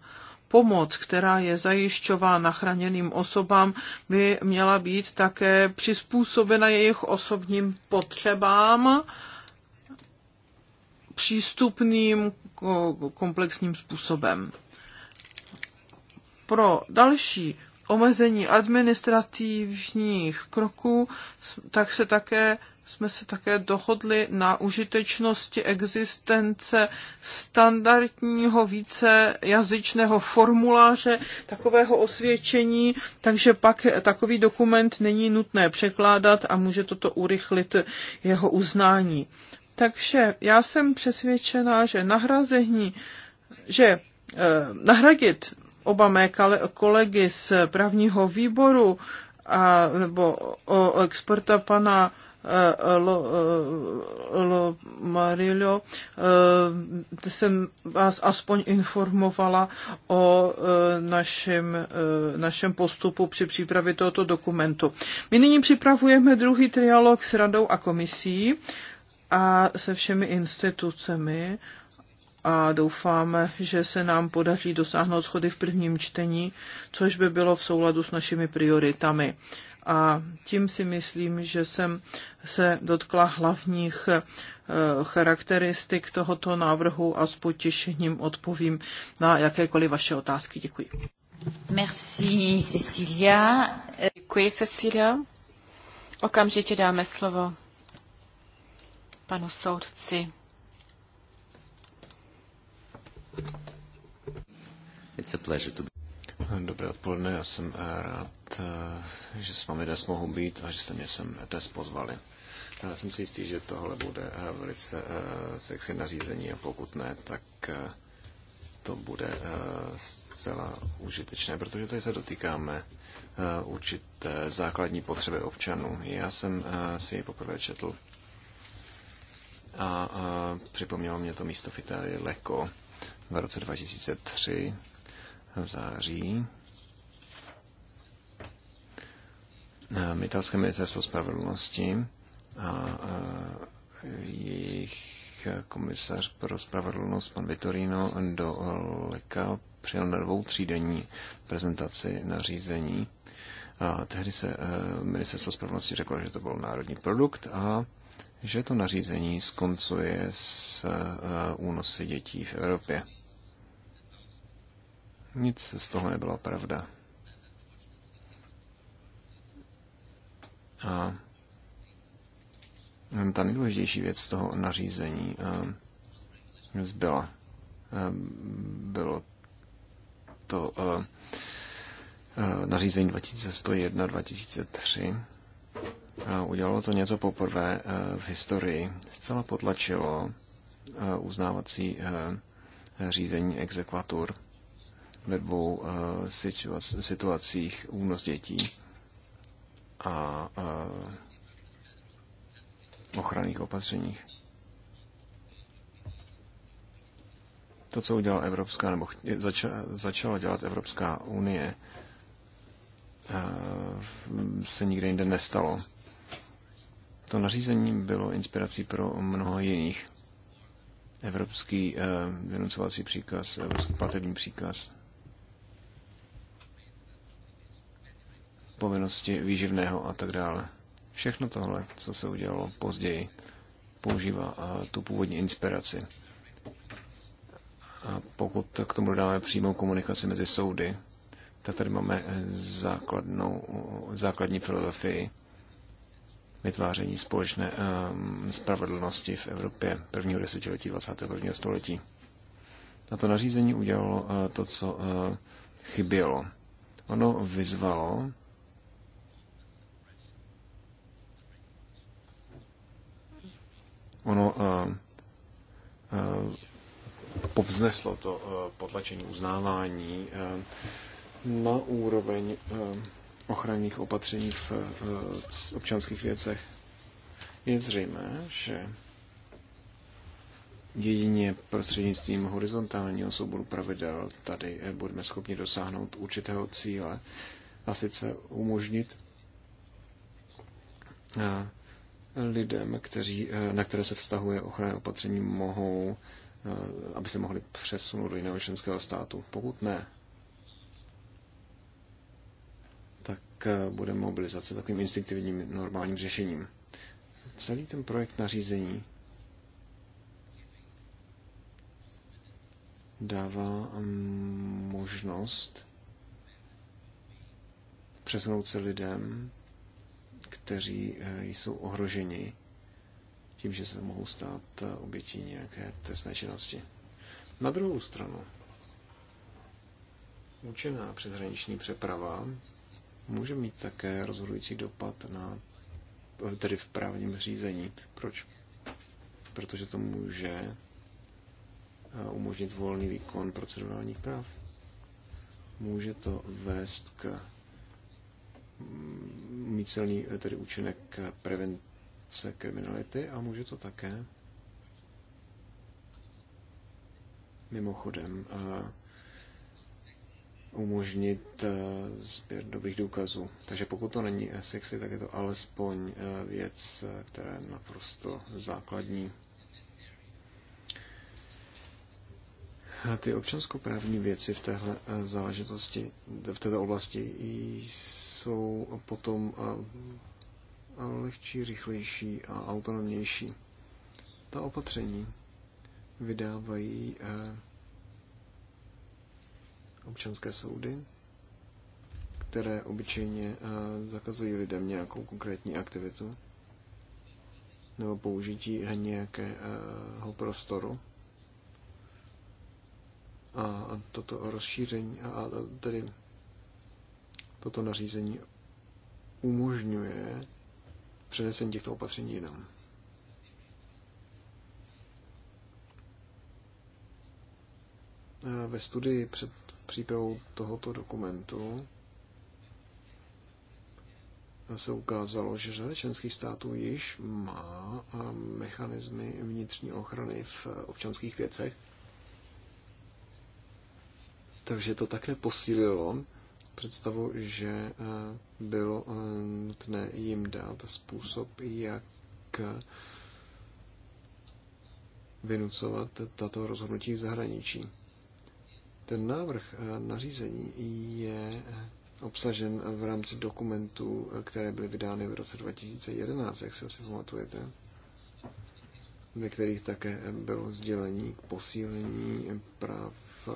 pomoc, která je zajišťována chraněným osobám, by měla být také přizpůsobena jejich osobním potřebám přístupným komplexním způsobem. Pro další omezení administrativních kroků, tak se také, jsme se také dohodli na užitečnosti existence standardního vícejazyčného formuláře takového osvědčení, takže pak takový dokument není nutné překládat a může toto urychlit jeho uznání. Takže já jsem přesvědčená, že nahrazení, že eh, nahradit oba mé kolegy z právního výboru a, nebo o, o exporta pana eh, Lo, eh, Lo eh, jsem vás aspoň informovala o eh, našem, našem postupu při přípravě tohoto dokumentu. My nyní připravujeme druhý trialog s radou a komisí a se všemi institucemi a doufáme, že se nám podaří dosáhnout schody v prvním čtení, což by bylo v souladu s našimi prioritami. A tím si myslím, že jsem se dotkla hlavních eh, charakteristik tohoto návrhu a s potěšením odpovím na jakékoliv vaše otázky. Děkuji. Merci, Cecilia. Děkuji, Cecilia. Okamžitě dáme slovo panu soudci. It's a pleasure to be. Dobré odpoledne, já jsem eh, rád, eh, že s vámi dnes mohu být a že jste mě sem dnes pozvali. Já jsem si jistý, že tohle bude eh, velice sexy nařízení a pokud ne, tak to bude zcela užitečné, protože tady se dotýkáme určité základní potřeby občanů. Já jsem si ji poprvé četl a, a připomnělo mě to místo v Itálii Leko v roce 2003 v září. Italské ministerstvo spravedlnosti a, a jejich komisař pro spravedlnost pan Vitorino do Leka přijel na dvou třídenní prezentaci nařízení. A tehdy se eh, ministerstvo spravedlnosti řeklo, že to byl národní produkt a že to nařízení skoncuje s eh, únosy dětí v Evropě. Nic z toho nebyla pravda. A ta nejdůležitější věc z toho nařízení eh, zbyla. Eh, bylo to nařízení 2101-2003 udělalo to něco poprvé eh, v historii. Zcela potlačilo eh, uznávací eh, řízení exekvatur ve dvou situacích únos dětí a ochranných opatřeních. To, co udělala Evropská, nebo začala dělat Evropská unie, se nikde jinde nestalo. To nařízení bylo inspirací pro mnoho jiných. Evropský eh, vynucovací příkaz, evropský platební příkaz, povinnosti výživného a tak dále. Všechno tohle, co se udělalo později, používá eh, tu původní inspiraci. A pokud k tomu dáme přímou komunikaci mezi soudy, tak tady máme eh, základnou, základní filozofii vytváření společné ehm, spravedlnosti v Evropě prvního desetiletí 21. století. Tato to nařízení udělalo eh, to, co eh, chybělo. Ono vyzvalo ono eh, povzneslo to potlačení uznávání na úroveň ochranných opatření v eh, občanských věcech, je zřejmé, že jedině prostřednictvím horizontálního souboru pravidel tady eh, budeme schopni dosáhnout určitého cíle a sice umožnit eh, lidem, kteří, na které se vztahuje ochranné opatření, mohou, aby se mohli přesunout do jiného členského státu. Pokud ne, tak eh, bude mobilizace takovým instinktivním normálním řešením. Celý ten projekt nařízení dává mm, možnost přesunout se lidem, kteří eh, jsou ohroženi tím, že se mohou stát eh, obětí nějaké trestné činnosti. Na druhou stranu, Učená přeshraniční přeprava může mít také rozhodující dopad na, tedy v právním řízení. Proč? Protože to může eh, umožnit volný výkon procedurálních práv. Může to vést k mm, mít silný eh, tedy účinek prevence kriminality a může to také mimochodem a eh, umožnit eh, sběr dobrých důkazů. Takže pokud to není sexy, tak je to alespoň eh, věc, eh, která je naprosto základní. A ty občanskoprávní věci v téhle záležitosti, v této oblasti jsou potom lehčí, rychlejší a autonomnější. Ta opatření vydávají občanské soudy, které obyčejně eh, zakazují lidem nějakou konkrétní aktivitu nebo použití nějakého prostoru. A toto rozšíření, a tedy toto nařízení umožňuje přenesení těchto opatření jinam. Eh, ve studii před přípravou tohoto dokumentu se ukázalo, že řada členských států již má mechanismy vnitřní ochrany v občanských věcech. Takže to také posílilo představu, že bylo nutné jim dát způsob, jak vynucovat tato rozhodnutí v zahraničí. Ten návrh eh, nařízení je obsažen v rámci dokumentů, eh, které byly vydány v roce 2011, jak se asi pamatujete, ve kterých také bylo sdělení k posílení práv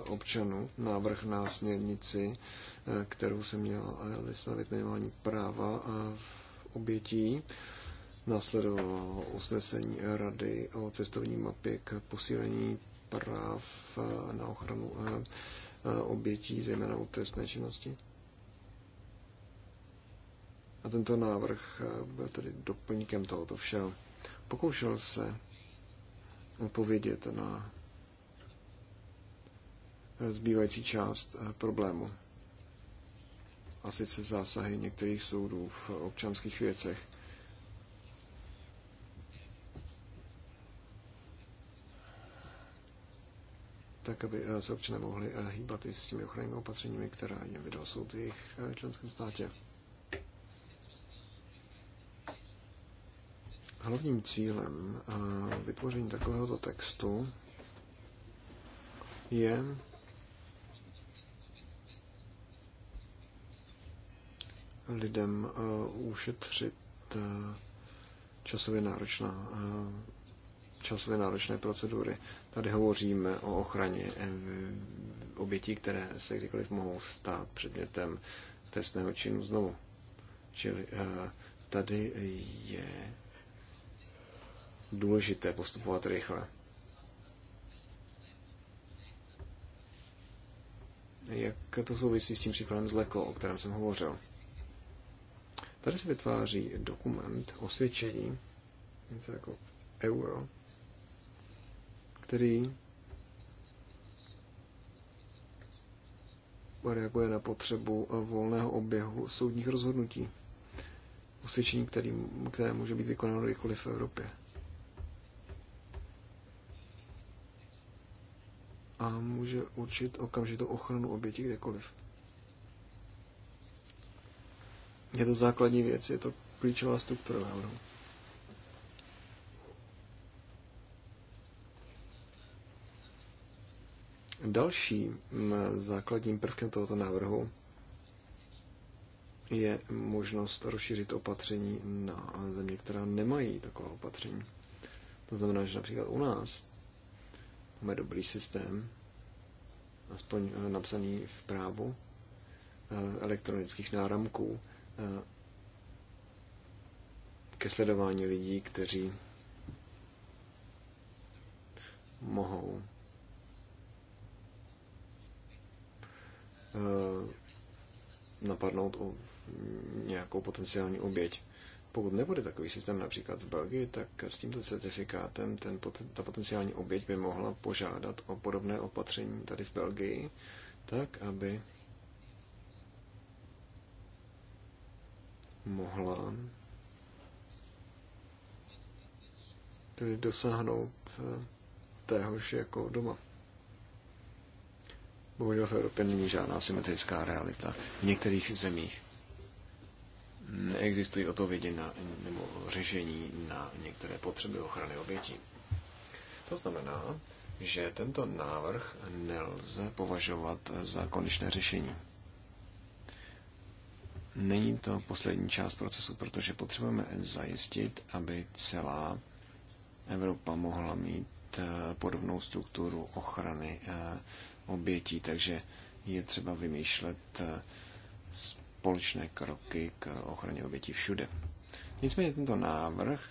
občanů, návrh na směrnici, eh, kterou se měla stanovit minimální práva v obětí. Následovalo usnesení Rady o cestovní mapě k posílení práv eh, na ochranu eh, obětí, zejména u trestné činnosti. A tento návrh eh, byl tedy doplňkem tohoto všeho. Pokoušel se odpovědět na zbývající část problému. A sice zásahy některých soudů v občanských věcech tak aby eh, se občané mohli eh, hýbat i s těmi ochrannými opatřeními, která jim vydal soud v jejich eh, členském státě. Hlavním cílem vytvoření takovéhoto textu je lidem ušetřit časově náročná časově náročné procedury. Tady hovoříme o ochraně eh, obětí, které se kdykoliv mohou stát předmětem trestného činu znovu. Čili eh, tady je důležité postupovat rychle. Jak to souvisí s tím příkladem z Leko, o kterém jsem hovořil? Tady se vytváří dokument, osvědčení, něco jako euro, který reaguje na potřebu eh, volného oběhu soudních rozhodnutí. Usvědčení, který, které může být vykonáno kdykoliv v Evropě. A může určit okamžitou ochranu oběti kdekoliv. Je to základní věc, je to klíčová struktura návrhu. Dalším eh, základním prvkem tohoto návrhu je možnost rozšířit opatření na země, která nemají taková opatření. To znamená, že například u nás máme dobrý systém, aspoň eh, napsaný v právu, eh, elektronických náramků ke sledování lidí, kteří mohou Eh, napadnout o nějakou potenciální oběť. Pokud nebude takový systém například v Belgii, tak s tímto certifikátem ten, ta potenciální oběť by mohla požádat o podobné opatření tady v Belgii, tak aby mohla tedy dosáhnout eh, téhož jako doma. Bohužel v Evropě není žádná symetrická realita. V některých zemích neexistují odpovědi na, nebo řešení na některé potřeby ochrany obětí. To znamená, že tento návrh nelze považovat za konečné řešení. Není to poslední část procesu, protože potřebujeme zajistit, aby celá Evropa mohla mít eh, podobnou strukturu ochrany eh, obětí, takže je třeba vymýšlet eh, společné kroky k ochraně obětí všude. Nicméně tento návrh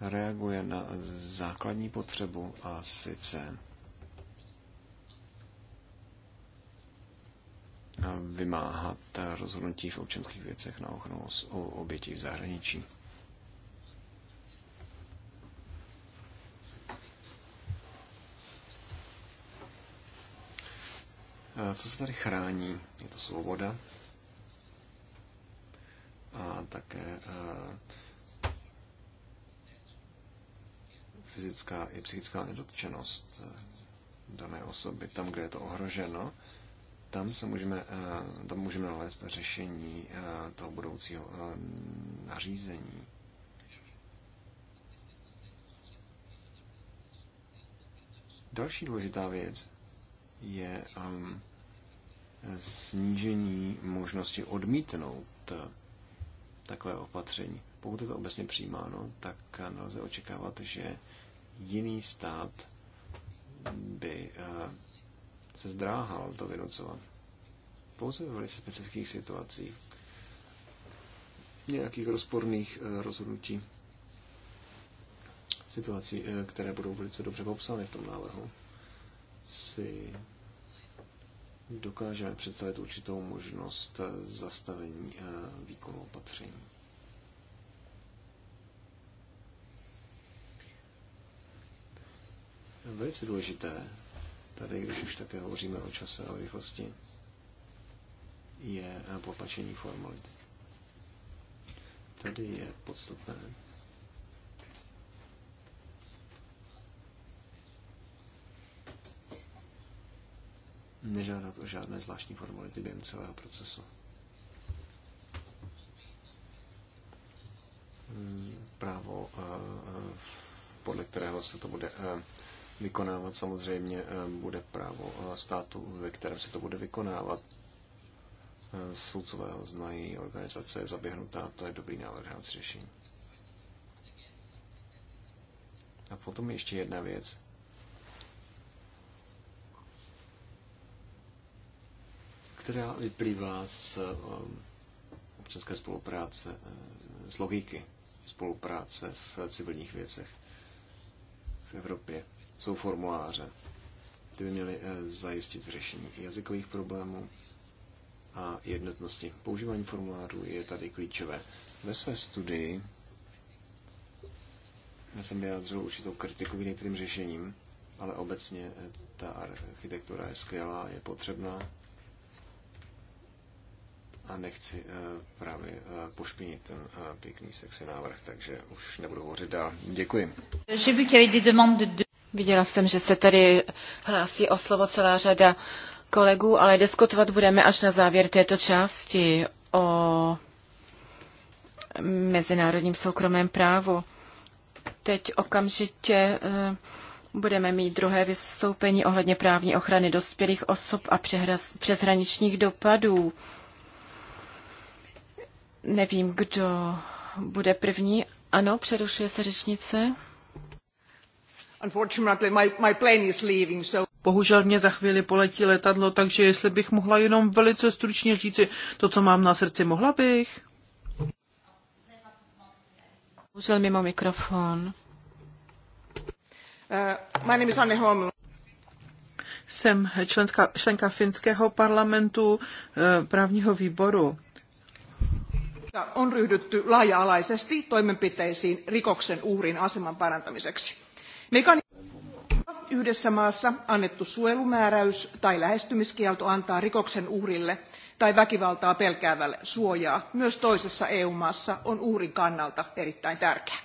reaguje na základní potřebu a sice vymáhat rozhodnutí v občanských věcech na ochranu obětí v zahraničí. Eh, co se tady chrání? Je to svoboda a také eh, fyzická i psychická nedotčenost eh, dané osoby. Tam, kde je to ohroženo, tam, se můžeme, tam můžeme nalézt řešení toho budoucího nařízení. Další důležitá věc je um, snížení možnosti odmítnout takové opatření. Pokud je to obecně přijímáno, tak nelze očekávat, že jiný stát by eh, se zdráhal to vynucovat. Pouze ve velice specifických situacích, nějakých rozporných eh, rozhodnutí, situací, eh, které budou velice dobře popsány v tom návrhu, si dokážeme představit určitou možnost eh, zastavení eh, výkonu opatření. Velice důležité, tady když už také hovoříme o čase a o rychlosti, je eh, potlačení formality. Tady je podstatné, nežádat o žádné zvláštní formality během celého procesu. Právo, eh, eh, podle kterého se to bude eh, vykonávat, samozřejmě bude právo státu, ve kterém se to bude vykonávat. Soudcového znají organizace je zaběhnutá, to je dobrý návrh na řešení. A potom ještě jedna věc která vyplývá z um, občanské spolupráce, eh, z logiky spolupráce v civilních věcech v Evropě. Jsou formuláře, ty by měly eh, zajistit řešení jazykových problémů a jednotnosti. Používání formulářů je tady klíčové. Ve své studii já jsem vyjádřil určitou kritiku k některým řešením, ale obecně eh, ta architektura je skvělá, je potřebná a nechci eh, právě eh, pošpinit ten eh, pěkný sexy návrh, takže už nebudu hovořit dál. Děkuji. Viděla jsem, že se tady hlásí o slovo celá řada kolegů, ale diskutovat budeme až na závěr této části o mezinárodním soukromém právu. Teď okamžitě budeme mít druhé vystoupení ohledně právní ochrany dospělých osob a přeshraničních dopadů. Nevím, kdo bude první. Ano, přerušuje se řečnice. Bohužel mě za chvíli poletí letadlo, takže jestli bych mohla jenom velice stručně říci to, co mám na srdci, mohla bych? Bohužel mimo mikrofon. Uh, my name is Anne Holmlund. Jsem členka členka finského parlamentu eh, právního výboru On ryhdytty laaja-alaisesti toimenpiteisiin rikoksen uhrin aseman parantamiseksi. Mekani yhdessä maassa annettu suojelumääräys tai lähestymiskielto antaa rikoksen uhrille tai väkivaltaa pelkäävälle suojaa myös toisessa EU-maassa on uhrin kannalta erittäin tärkeä.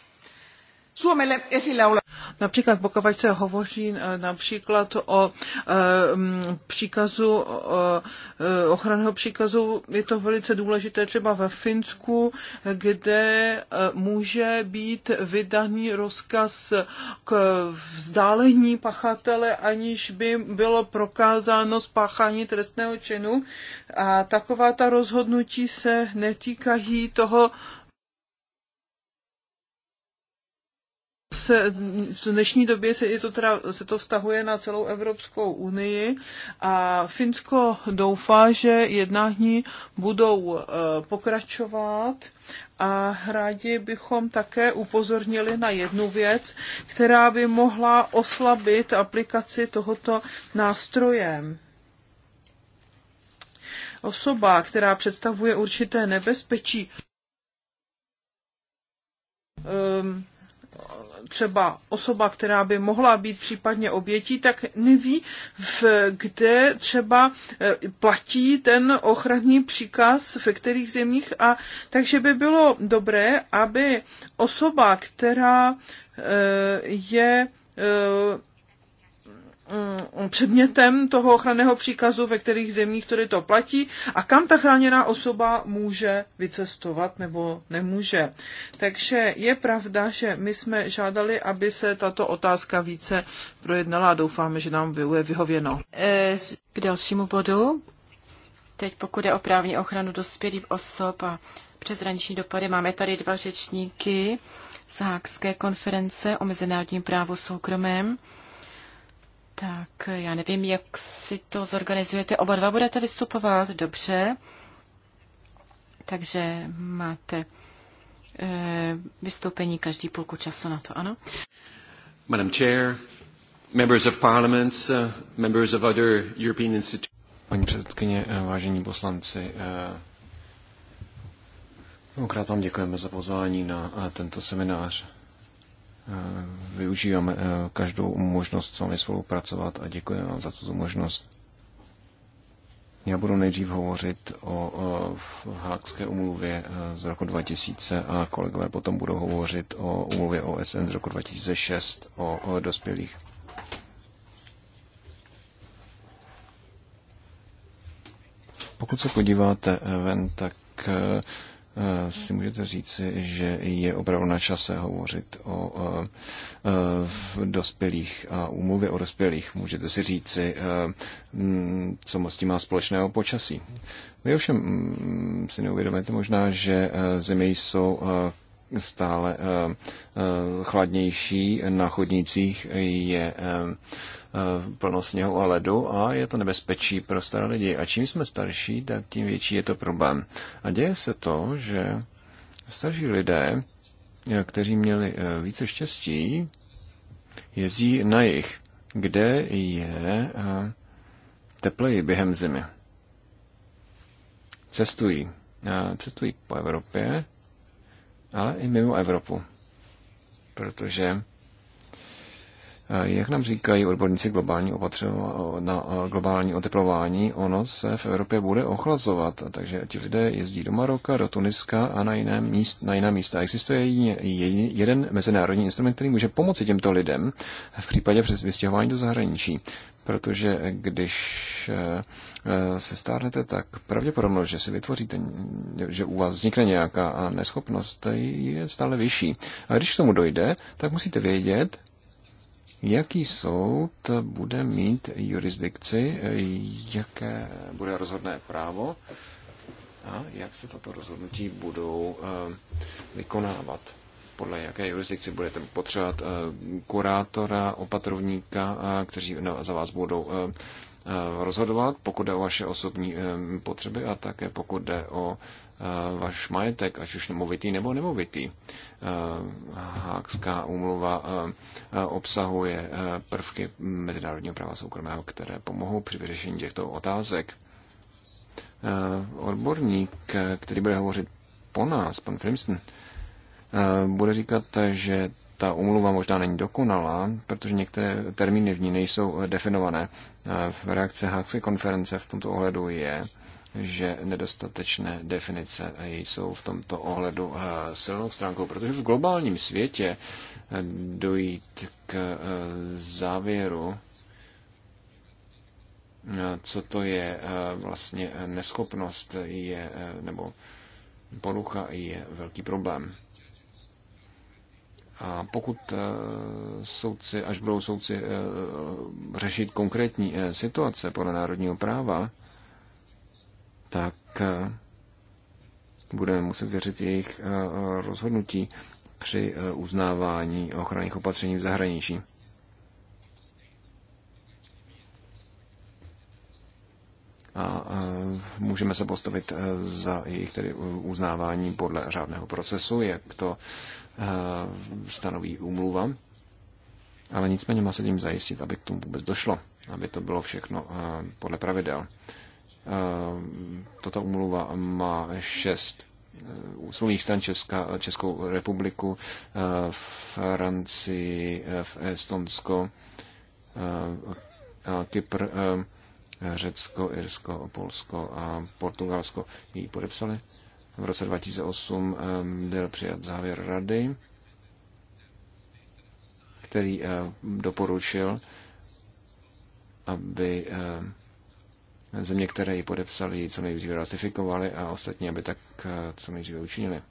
Suomelle esillä ole. Například pokud se hovoří eh, například o e, příkazu, o, e, ochranného příkazu, je to velice důležité třeba ve Finsku, kde e, může být vydaný rozkaz k vzdálení pachatele, aniž by bylo prokázáno spáchání trestného činu. A taková ta rozhodnutí se netýkají toho se, v dnešní době se, je to teda, se to vztahuje na celou Evropskou unii a Finsko doufá, že jednání budou eh, pokračovat a rádi bychom také upozornili na jednu věc, která by mohla oslabit aplikaci tohoto nástroje osoba, která představuje určité nebezpečí, um, třeba osoba, která by mohla být případně obětí, tak neví, v, kde třeba eh, platí ten ochranný příkaz, ve kterých zemích. A, takže by bylo dobré, aby osoba, která eh, je eh, Mm, předmětem toho ochranného příkazu, ve kterých zemích tedy to platí a kam ta chráněná osoba může vycestovat nebo nemůže. Takže je pravda, že my jsme žádali, aby se tato otázka více projednala a doufáme, že nám bylo vyhověno. K dalšímu bodu. Teď pokud je o právní ochranu dospělých osob a přeshraniční dopady, máme tady dva řečníky z Hákské konference o mezinárodním právu soukromém. Tak já nevím, jak si to zorganizujete. Oba dva budete vystupovat, dobře. Takže máte e, vystoupení každý půlku času na to, ano? Madam Chair, members of parliaments, uh, members of other European institutions. Paní předsedkyně, eh, vážení poslanci, mnohokrát vám děkujeme za pozvání na tento seminář. Eh, využíváme eh, každou možnost s vámi spolupracovat a děkuji vám za tuto možnost. Já budu nejdřív hovořit o, eh, Hákské umluvě z roku 2000 a kolegové potom budou hovořit o umluvě OSN z roku 2006 o, o dospělých. Pokud se podíváte ven, tak Eh, si můžete říci, že je opravdu na čase hovořit o eh, dospělých a umluvě o dospělých. Můžete si říci, eh, hm, co s tím má společného počasí. Vy ovšem hm, si neuvědomujete možná, že země jsou stále chladnější, na chodnicích je Eh, plno sněhu a ledu a je to nebezpečí pro staré lidi. A čím jsme starší, tak tím větší je to problém. A děje se to, že starší lidé, eh, kteří měli eh, více štěstí, jezdí na jich, kde je tepleji během zimy. Cestují. Cestují po Evropě, ale i mimo Evropu. Protože jak nám říkají odborníci globální na eh, globální oteplování, ono se v Evropě bude ochlazovat, takže ti lidé jezdí do Maroka, do Tuniska a na jiné, míst, na jiné místa. Existuje jeden mezinárodní instrument, který může pomoci těmto lidem v případě přes vystěhování do zahraničí. Protože když eh, eh, se stárnete, tak pravděpodobnost, že si vytvoříte, že u vás vznikne nějaká neschopnost, je stále vyšší. A když k tomu dojde, tak musíte vědět, Jaký soud bude mít jurisdikci, jaké bude rozhodné právo a jak se tato rozhodnutí budou eh, vykonávat? Podle jaké jurisdikci budete potřebovat eh, kurátora, opatrovníka, eh, kteří za vás budou rozhodovat, pokud jde o vaše osobní potřeby a také pokud jde o váš majetek, ať už nemovitý nebo nemovitý. Eh, Hákská úmluva eh, eh, obsahuje prvky mezinárodního práva soukromého, které pomohou při vyřešení těchto otázek. Odborník, který bude hovořit po nás, pan Frimsten, bude říkat, že ta umluva možná není dokonalá, protože některé termíny v ní nejsou definované. V reakce Hákské konference v tomto ohledu je, že nedostatečné definice jsou v tomto ohledu eh, silnou stránkou, protože v globálním světě eh, dojít k eh, závěru, co to je vlastně neschopnost je, nebo porucha je velký problém. A pokud soudci, až budou soudci řešit konkrétní situace podle národního práva, tak eh, budeme muset věřit jejich eh, rozhodnutí při eh, uznávání ochranných opatření v zahraničí. A můžeme se postavit za jejich tedy uznávání podle řádného procesu, jak to stanoví úmluva. Ale nicméně má se tím zajistit, aby k tomu vůbec došlo, aby to bylo všechno podle pravidel. Ehm, tato umluva má šest eh, smluvních stran Česka, Českou republiku, eh, Francii, eh, v Estonsko, Kypr, Řecko, Irsko, Polsko a Portugalsko ji podepsali. V roce 2008 ehm, byl přijat závěr rady, který doporučil, aby země, které ji podepsali, co nejdříve ratifikovali a ostatní, aby tak eh, co nejdříve učinili.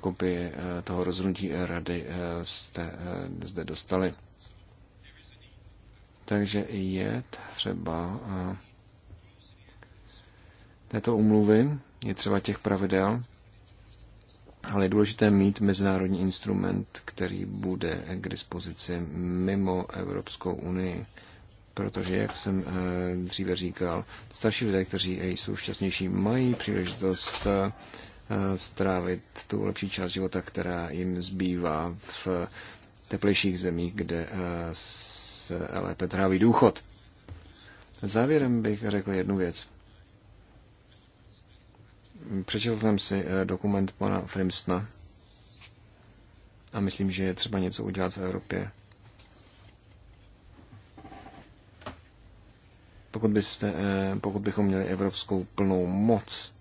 Kopie eh, toho rozhodnutí rady eh, jste zde dostali. Takže je třeba této umluvy, je třeba těch pravidel, ale je důležité mít mezinárodní instrument, který bude k dispozici mimo Evropskou unii protože, jak jsem eh, dříve říkal, starší lidé, kteří jsou šťastnější, mají příležitost eh, strávit tu lepší část života, která jim zbývá v teplejších zemích, kde eh, se lépe tráví důchod. Závěrem bych řekl jednu věc. Přečetl jsem si dokument pana Frimstna a myslím, že je třeba něco udělat v Evropě Pokud, byste, eh, pokud bychom měli evropskou plnou moc,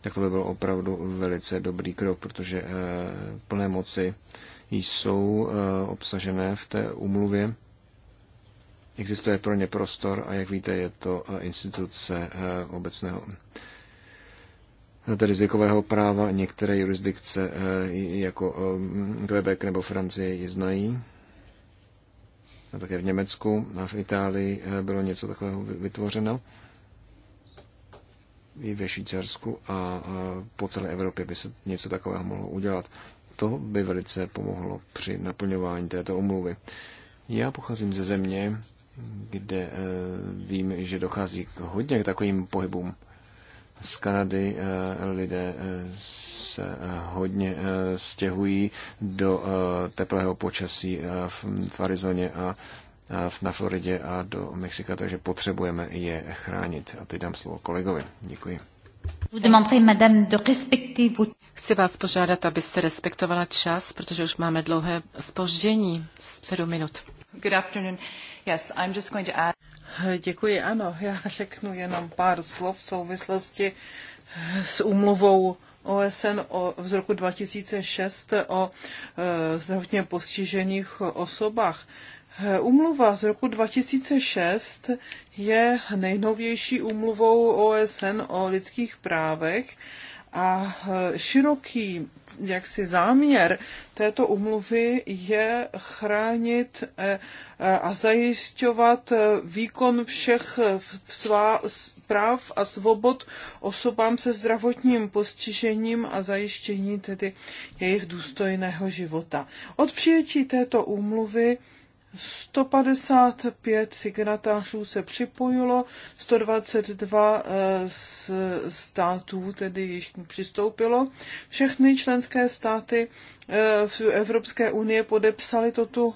tak to by byl opravdu velice dobrý krok, protože eh, plné moci jsou eh, obsažené v té umluvě. Existuje pro ně prostor a jak víte, je to instituce obecného tedy zvykového práva. Některé jurisdikce jako Quebec nebo Francie ji znají a také v Německu a v Itálii eh, bylo něco takového vytvořeno i ve Švýcarsku a po celé Evropě by se něco takového mohlo udělat. To by velice pomohlo při naplňování této umluvy. Já pocházím ze země, kde eh, vím, že dochází k hodně k takovým pohybům z Kanady eh, lidé eh, se eh, hodně stěhují do teplého počasí v Arizoně a na Floridě a do Mexika, takže potřebujeme je chránit. A teď dám slovo kolegovi. Děkuji. Chci vás požádat, abyste respektovala čas, protože už máme dlouhé spoždění, 7 minut. Good afternoon. Yes, I'm just going to add... Děkuji, ano, já řeknu jenom pár slov v souvislosti s úmluvou OSN z roku 2006 o e, zdravotně postižených osobách. Umluva z roku 2006 je nejnovější umluvou OSN o lidských právech a eh, široký jaksi záměr této umluvy je chránit eh, eh, a zajišťovat výkon všech svá práv a svobod osobám se zdravotním postižením a zajištění tedy jejich důstojného života. Od přijetí této úmluvy 155 signatářů se připojilo, 122 z eh, států tedy již přistoupilo. Všechny členské státy eh, v Evropské unie podepsaly toto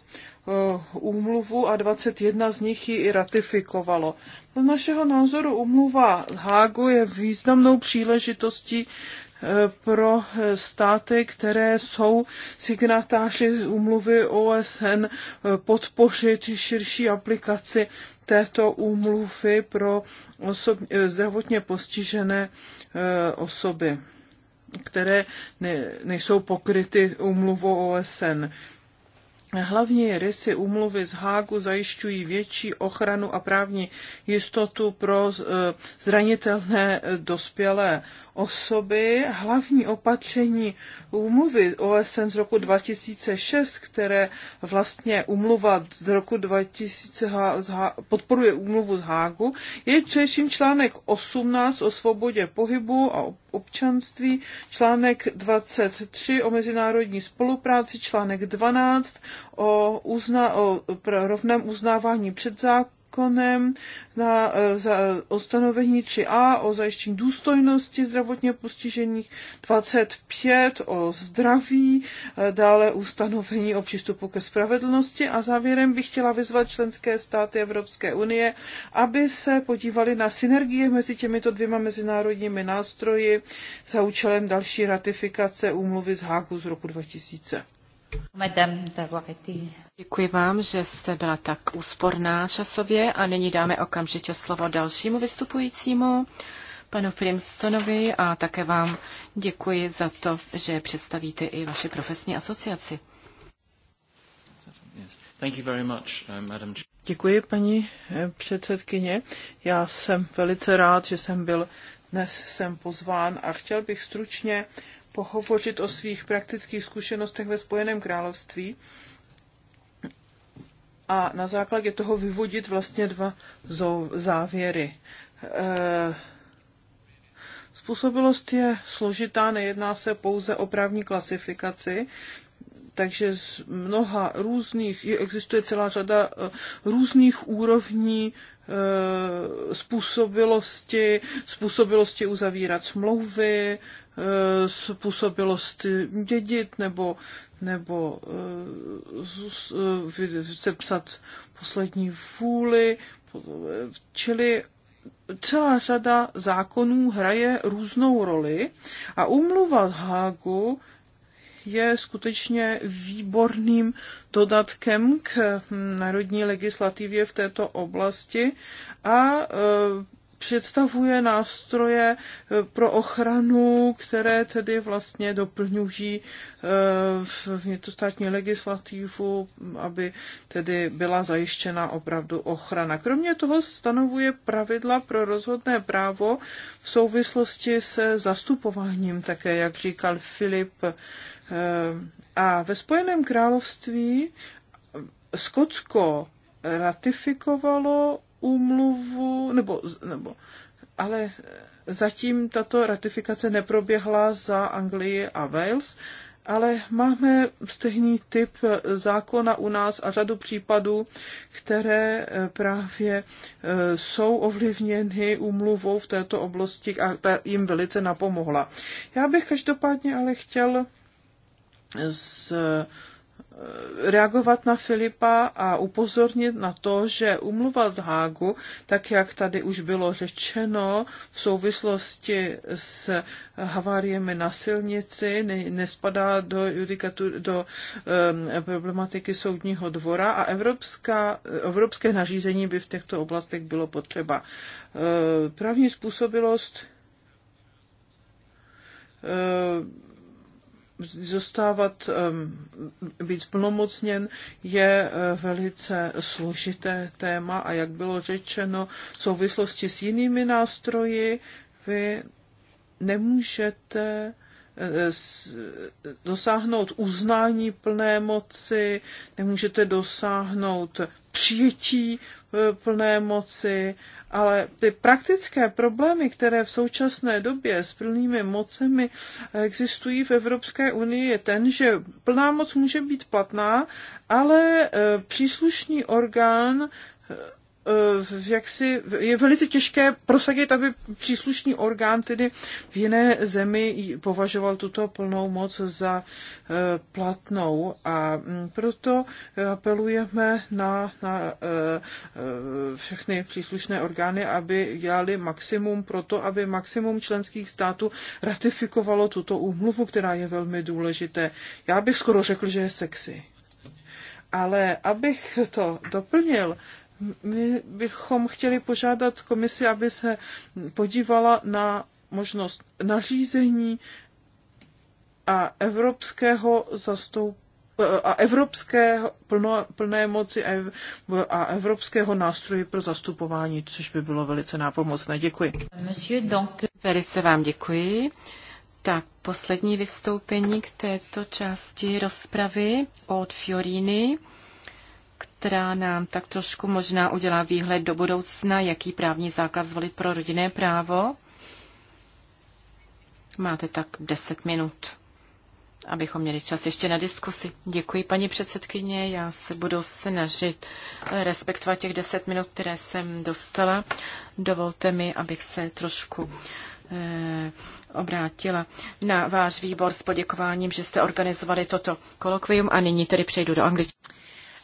eh, úmluvu a 21 z nich ji i ratifikovalo. Podle našeho názoru umluva Hágu je významnou příležitostí pro státy, které jsou signatáři úmluvy OSN, podpořit širší aplikaci této úmluvy pro osob, zdravotně postižené e, osoby, které nejsou pokryty úmluvou OSN. Hlavní rysy úmluvy z Hágu zajišťují větší ochranu a právní jistotu pro eh, zranitelné eh, dospělé osoby. Hlavní opatření úmluvy OSN z roku 2006, které vlastně umluva z roku 2000 podporuje úmluvu z Hágu, je především článek 18 o svobodě pohybu a občanství, článek 23 o mezinárodní spolupráci, článek 12 o, uzna, o rovném uznávání před zákonem, na e, za ustanovení 3a o zajištění důstojnosti zdravotně postižených, 25 o zdraví, e, dále ustanovení o přístupu ke spravedlnosti a závěrem bych chtěla vyzvat členské státy Evropské unie, aby se podívali na synergie mezi těmito dvěma mezinárodními nástroji za účelem další ratifikace úmluvy z Háku z roku 2000. Děkuji vám, že jste byla tak úsporná časově a nyní dáme okamžitě slovo dalšímu vystupujícímu, panu Frimstonovi a také vám děkuji za to, že představíte i vaši profesní asociaci. Uh, děkuji, paní eh, předsedkyně. Já jsem velice rád, že jsem byl dnes jsem pozván a chtěl bych stručně pohovořit o svých praktických zkušenostech ve Spojeném království a na základě toho vyvodit vlastně dva závěry. Eh, způsobilost je složitá, nejedná se pouze o právní klasifikaci, takže z mnoha různých, existuje celá řada eh, různých úrovní Eh, způsobilosti, způsobilosti uzavírat smlouvy, eh, způsobilost dědit nebo, nebo sepsat eh, poslední vůli, čili celá řada zákonů hraje různou roli a umluva z Hágu je skutečně výborným dodatkem k národní legislativě v této oblasti a představuje nástroje eh, pro ochranu, které tedy vlastně doplňují eh, vnitrostátní legislativu, aby tedy byla zajištěna opravdu ochrana. Kromě toho stanovuje pravidla pro rozhodné právo v souvislosti se zastupováním, také jak říkal Filip. Eh, a ve Spojeném království Skotsko ratifikovalo úmluvu, nebo, nebo ale zatím tato ratifikace neproběhla za Anglii a Wales, ale máme stejný typ zákona u nás a řadu případů, které právě e, jsou ovlivněny úmluvou v této oblasti a ta jim velice napomohla. Já bych každopádně ale chtěl z reagovat na Filipa a upozornit na to, že umluva z Hágu, tak jak tady už bylo řečeno v souvislosti s haváriemi na silnici, ne, nespadá do, judikatu, do um, problematiky soudního dvora a evropská, evropské nařízení by v těchto oblastech bylo potřeba. Uh, právní způsobilost e, zůstávat, být splnomocněn je eh, velice složité téma a jak bylo řečeno v souvislosti s jinými nástroji, vy nemůžete eh, dosáhnout uznání plné moci, nemůžete dosáhnout přijetí E, plné moci, ale ty praktické problémy, které v současné době s plnými mocemi existují v Evropské unii, je ten, že plná moc může být platná, ale e, příslušný orgán e, Eh, jak si je velice těžké prosadit, aby příslušný orgán tedy v jiné zemi považoval tuto plnou moc za eh, platnou a mm, proto apelujeme na, na eh, všechny příslušné orgány, aby dělali maximum pro to, aby maximum členských států ratifikovalo tuto úmluvu, která je velmi důležité. Já bych skoro řekl, že je sexy. Ale abych to doplnil, my bychom chtěli požádat komisi, aby se podívala na možnost nařízení a evropského zastoupení a evropské plno, plné moci a, a evropského nástroje pro zastupování, což by bylo velice nápomocné. Děkuji. Monsieur, donc... Velice vám děkuji. Tak, poslední vystoupení k této části rozpravy od Fioríny která nám tak trošku možná udělá výhled do budoucna, jaký právní základ zvolit pro rodinné právo. Máte tak 10 minut, abychom měli čas ještě na diskusi. Děkuji, paní předsedkyně. Já se budu snažit respektovat těch 10 minut, které jsem dostala. Dovolte mi, abych se trošku eh, obrátila na váš výbor s poděkováním, že jste organizovali toto kolokvium a nyní tedy přejdu do angličtiny.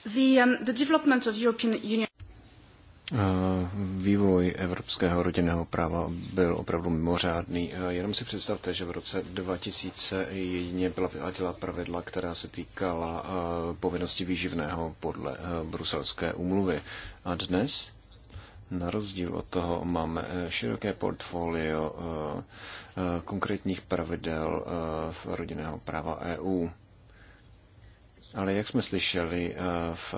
The, um, the development of European Union eh, Vývoj evropského rodinného práva byl opravdu mimořádný. Eh, jenom si představte, že v roce 2000 jedině byla vyhladila pravidla, která se týkala eh, povinnosti výživného podle bruselské úmluvy. A dnes, na rozdíl od toho, máme široké portfolio konkrétních pravidel rodinného práva EU. Ale jak jsme slyšeli eh, v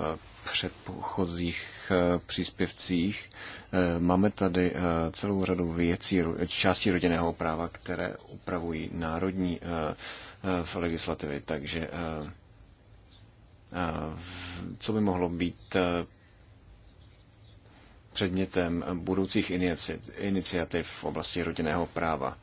předchozích eh, příspěvcích, eh, máme tady celou řadu věcí, části rodinného práva, které upravují národní legislativy. Takže co by mohlo být předmětem budoucích iniciativ v oblasti rodinného práva?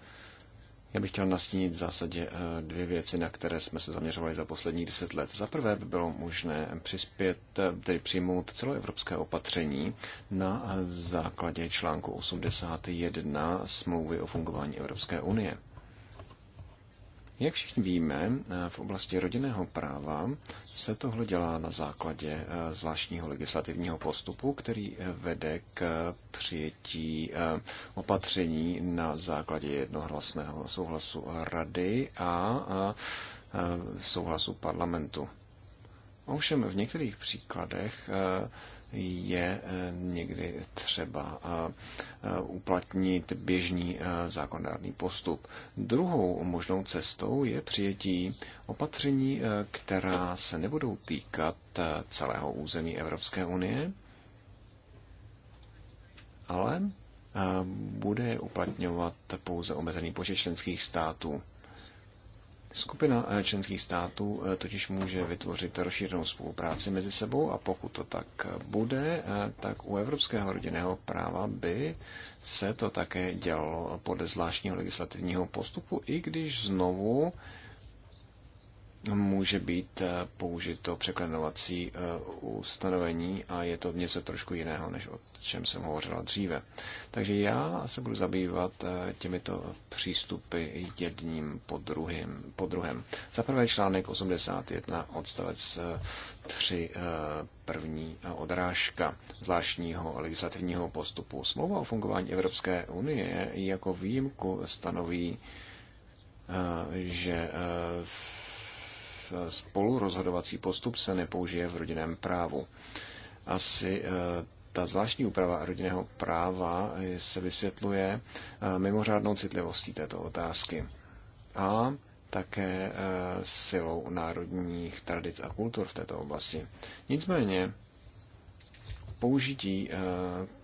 Já bych chtěl nastínit v zásadě eh, dvě věci, na které jsme se zaměřovali za poslední deset let. Za prvé by bylo možné přispět, eh, tedy přijmout celoevropské opatření na eh, základě článku 81 smlouvy o fungování Evropské unie. Jak všichni víme, eh, v oblasti rodinného práva se tohle dělá na základě eh, zvláštního legislativního postupu, který eh, vede k přijetí opatření na základě jednohlasného souhlasu rady a souhlasu parlamentu. Ovšem v některých příkladech je eh, někdy třeba eh, uplatnit běžný eh, zákonodárný postup. Druhou možnou cestou je přijetí opatření, která se nebudou týkat celého území Evropské unie, ale bude uplatňovat pouze omezený počet členských států. Skupina eh, členských států eh, totiž může vytvořit rozšířenou spolupráci mezi sebou a pokud to tak eh, bude, tak u evropského rodinného práva by se to také dělalo podle zvláštního legislativního postupu, i když znovu může být eh, použito překlenovací eh, ustanovení a je to něco trošku jiného, než o čem jsem hovořila dříve. Takže já se budu zabývat eh, těmito přístupy jedním po, druhým, po druhém. Za prvé článek 81 odstavec 3 první odrážka zvláštního legislativního postupu. Smlouva o fungování Evropské unie jako výjimku stanoví, že v spolurozhodovací postup se nepoužije v rodinném právu. Asi eh, ta zvláštní úprava rodinného práva se vysvětluje eh, mimořádnou citlivostí této otázky a také eh, silou národních tradic a kultur v této oblasti. Nicméně použití eh,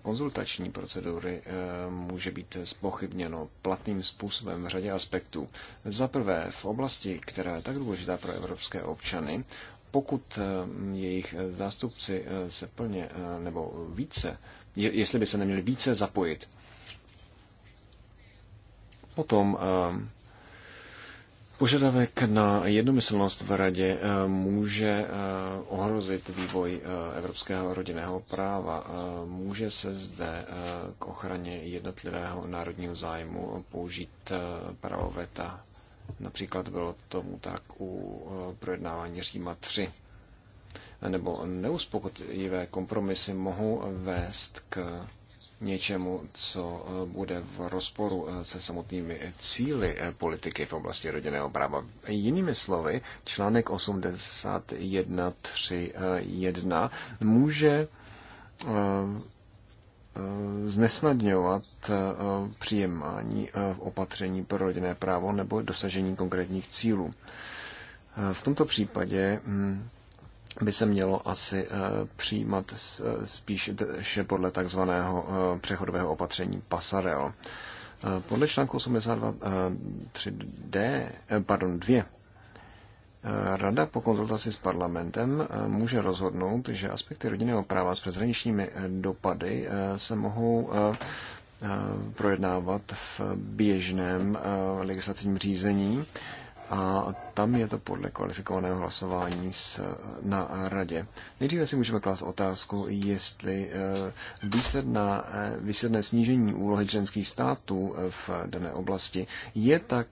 konzultační procedury eh, může být spochybněno platným způsobem v řadě aspektů. Za prvé, v oblasti, která je tak důležitá pro evropské občany, pokud eh, jejich zástupci se plně nebo více, jestli by se neměli více zapojit, potom Požadavek na jednomyslnost v radě eh, může eh, ohrozit vývoj eh, evropského rodinného práva. Může se zde k ochraně jednotlivého národního zájmu použít právo veta. Například bylo tomu tak u projednávání Říma 3. Nebo neuspokojivé kompromisy mohou vést k něčemu, co eh, bude v rozporu eh, se samotnými eh, cíly politiky v oblasti rodinného práva. Jinými slovy, článek 81.3.1 může znesnadňovat přijímání opatření pro rodinné právo nebo dosažení konkrétních cílů. V tomto případě hm, by se mělo asi eh, přijímat eh, spíše podle takzvaného eh, přechodového opatření Passarel. Podle článku 3 d pardon, 2, Rada po konzultaci s parlamentem může rozhodnout, že aspekty rodinného práva s přeshraničními dopady se mohou projednávat v běžném legislativním řízení a tam je to podle kvalifikovaného hlasování s, na radě. Nejdříve si můžeme klást otázku, jestli eh, eh, výsledné snížení úlohy členských států eh, v dané oblasti je tak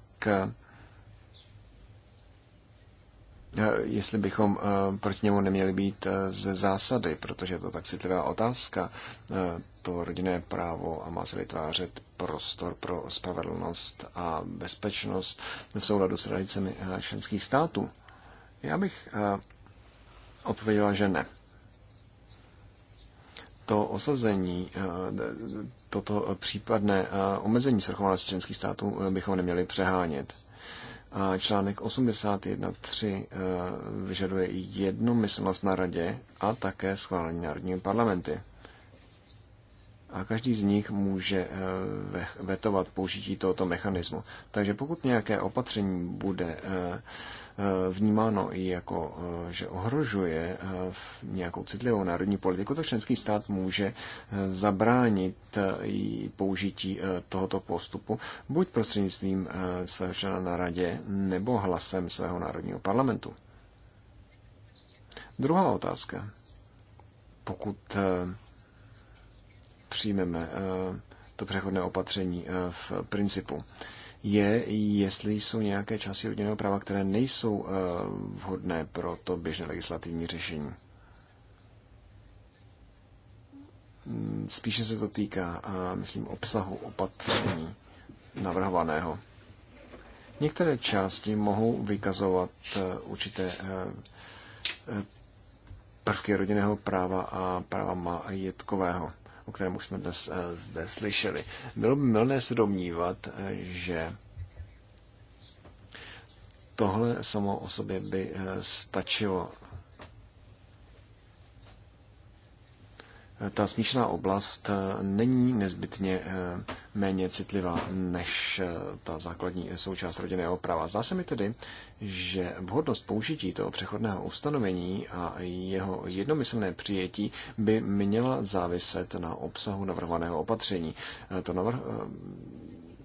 Eh, jestli bychom eh, proti němu neměli být eh, ze zásady, protože je to tak citlivá otázka, to rodinné právo a má se vytvářet prostor pro spravedlnost a bezpečnost v souladu s tradicemi členských států. Já bych odpověděla, že ne. To osazení, toto případné omezení svrchovanosti členských států bychom neměli přehánět. A článek 81.3 eh, vyžaduje jednomyslnost na radě a také schválení národními parlamenty. A každý z nich může eh, vetovat použití tohoto mechanismu. Takže pokud nějaké opatření bude eh, Eh, vnímáno i jako, eh, že ohrožuje eh, nějakou citlivou národní politiku, tak členský stát může zabránit i použití tohoto postupu buď prostřednictvím svého člena na radě nebo hlasem svého národního parlamentu. Druhá otázka. Pokud přijmeme to přechodné opatření v principu je, jestli jsou nějaké části rodinného práva, které nejsou eh, vhodné pro to běžné legislativní řešení. Mm, spíše se to týká, myslím, obsahu opatření navrhovaného. Některé části mohou vykazovat eh, určité eh, prvky rodinného práva a práva majetkového o kterém už jsme dnes eh, zde slyšeli. Bylo by milné se domnívat, eh, že tohle samo o sobě by eh, stačilo ta smíšená oblast eh, není nezbytně eh, méně citlivá než eh, ta základní součást rodinného práva. Zdá se mi tedy, že vhodnost použití toho přechodného ustanovení a jeho jednomyslné přijetí by měla záviset na obsahu navrhovaného opatření. To navrh...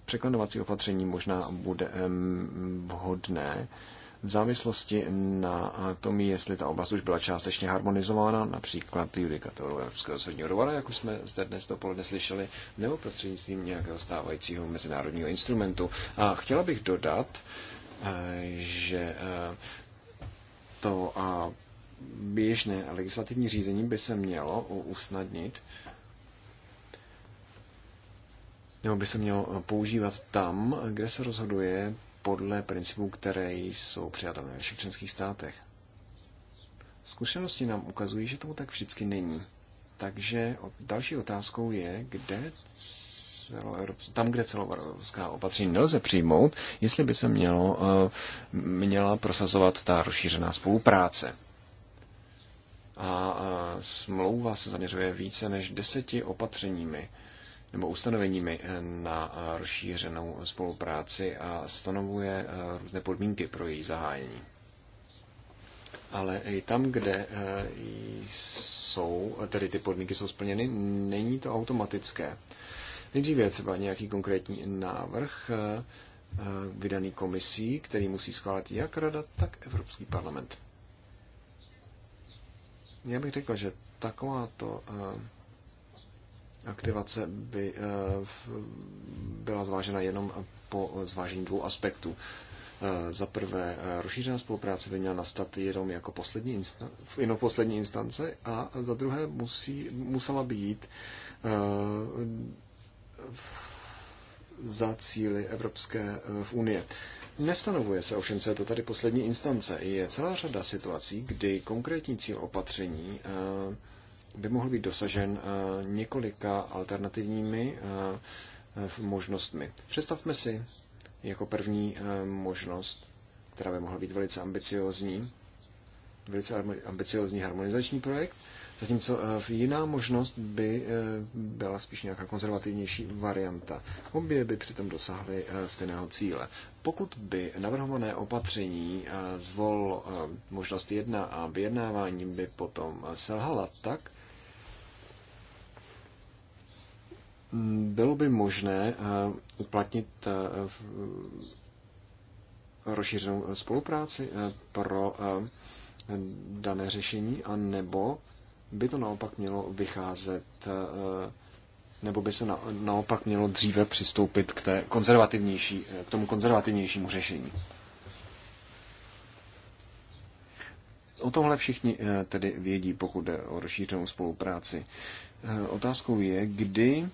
překlenovací opatření možná bude vhodné v závislosti na tom, jestli ta oblast už byla částečně harmonizována, například judikatoru Evropského soudního dvora, jak už jsme zde dnes dopoledne slyšeli, nebo prostřednictvím nějakého stávajícího mezinárodního instrumentu. A chtěla bych dodat, eh, že eh, to běžné legislativní řízení by se mělo usnadnit nebo by se mělo používat tam, kde se rozhoduje podle principů, které jsou přijatelné ve všech členských státech. Zkušenosti nám ukazují, že tomu tak vždycky není. Takže další otázkou je, kde tam, kde celoevropská opatření nelze přijmout, jestli by se mělo, eh, měla prosazovat ta rozšířená spolupráce. A smlouva se zaměřuje více než deseti opatřeními, nebo ustanoveními eh, na eh, rozšířenou spolupráci a stanovuje eh, různé podmínky pro její zahájení. Ale i tam, kde jsou, tedy ty podmínky jsou splněny, není to automatické. Nejdříve třeba nějaký konkrétní návrh vydaný komisí, který musí schválit jak Rada, tak Evropský parlament. Já bych řekl, že takováto aktivace by eh, byla zvážena jenom po zvážení dvou aspektů. Eh, za prvé, eh, rozšířená spolupráce by měla nastat jenom jako poslední, insta- jenom v poslední instance a za druhé musí, musela by jít za cíly Evropské v unie. Nestanovuje se ovšem, co je to tady poslední instance. Je celá řada situací, kdy konkrétní cíl opatření by mohl být dosažen eh, několika alternativními eh, eh, možnostmi. Představme si jako první možnost, která by mohla být velice ambiciozní, velice ambiciozní harmonizační projekt, zatímco jiná možnost by byla spíš nějaká konzervativnější varianta. Obě by přitom dosáhly stejného cíle. Pokud by navrhované opatření zvol možnost jedna a vyjednávání by potom selhala tak, Bylo by možné eh, uplatnit eh, rozšířenou spolupráci eh, pro dané řešení, a nebo by to naopak mělo vycházet, nebo by se naopak mělo dříve přistoupit k, té konzervativnější, k tomu konzervativnějšímu řešení. O tomhle všichni tedy vědí, pokud jde o rozšířenou spolupráci. Otázkou je, kdy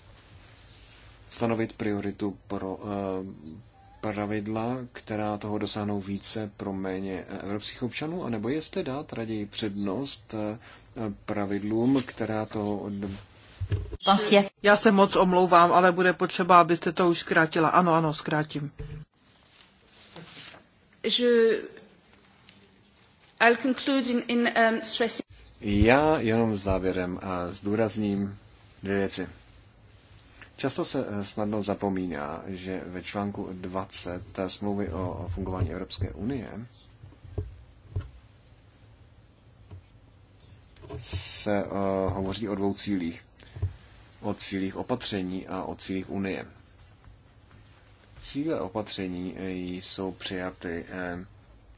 stanovit prioritu pro eh, pravidla, která toho dosáhnou více pro méně eh, evropských občanů, anebo jestli dát raději přednost eh, pravidlům, která to od Já se moc omlouvám, ale bude potřeba, abyste to už zkrátila. Ano, ano, zkrátím. Je... I'll conclude in, in, um, stressing... Já jenom závěrem a zdůrazním dvě věci. Často se eh, snadno zapomíná, že ve článku 20 eh, smlouvy o fungování Evropské unie se uh, hovoří o dvou cílích. O cílích opatření a o cílích Unie. Cíle opatření jsou přijaty,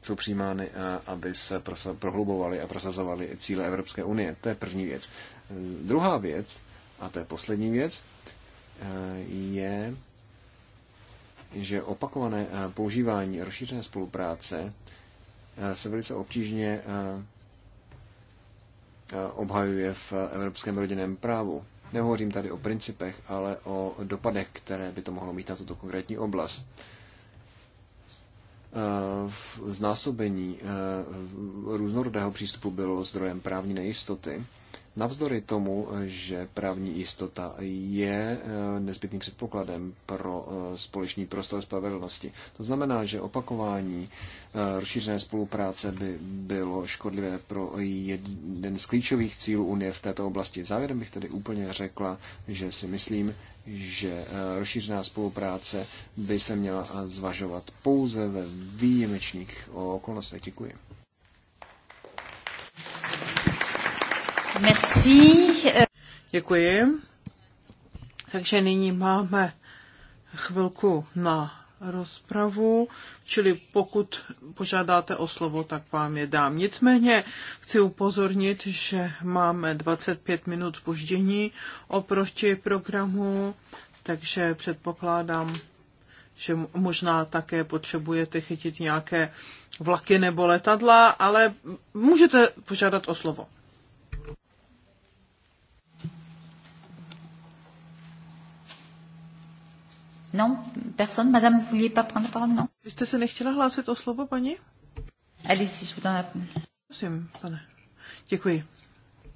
jsou přijímány, aby se prohlubovaly a prosazovaly cíle Evropské unie. To je první věc. Druhá věc, a to je poslední věc, je, že opakované eh, používání rozšířené spolupráce eh, se velice obtížně eh, obhajuje v evropském rodinném právu. Nehovořím tady o principech, ale o dopadech, které by to mohlo mít na tuto konkrétní oblast. Znásobení různorodého přístupu bylo zdrojem právní nejistoty Navzdory tomu, že právní jistota je eh, nezbytným předpokladem pro eh, společný prostor spravedlnosti. To znamená, že opakování eh, rozšířené spolupráce by bylo škodlivé pro jeden z klíčových cílů Unie v této oblasti. Závěrem bych tedy úplně řekla, že si myslím, že rozšířená spolupráce by se měla zvažovat pouze ve výjimečných okolnostech. Děkuji. Merci. Děkuji. Takže nyní máme chvilku na rozpravu, čili pokud požádáte o slovo, tak vám je dám. Nicméně chci upozornit, že máme 25 minut spoždění oproti programu, takže předpokládám, že možná také potřebujete chytit nějaké vlaky nebo letadla, ale můžete požádat o slovo. Non, personne, madame, vous vouliez pas prendre la parole, non? Vy jste se nechtěla hlásit o slovo, paní? je vous donne la... Prosím, pane. Děkuji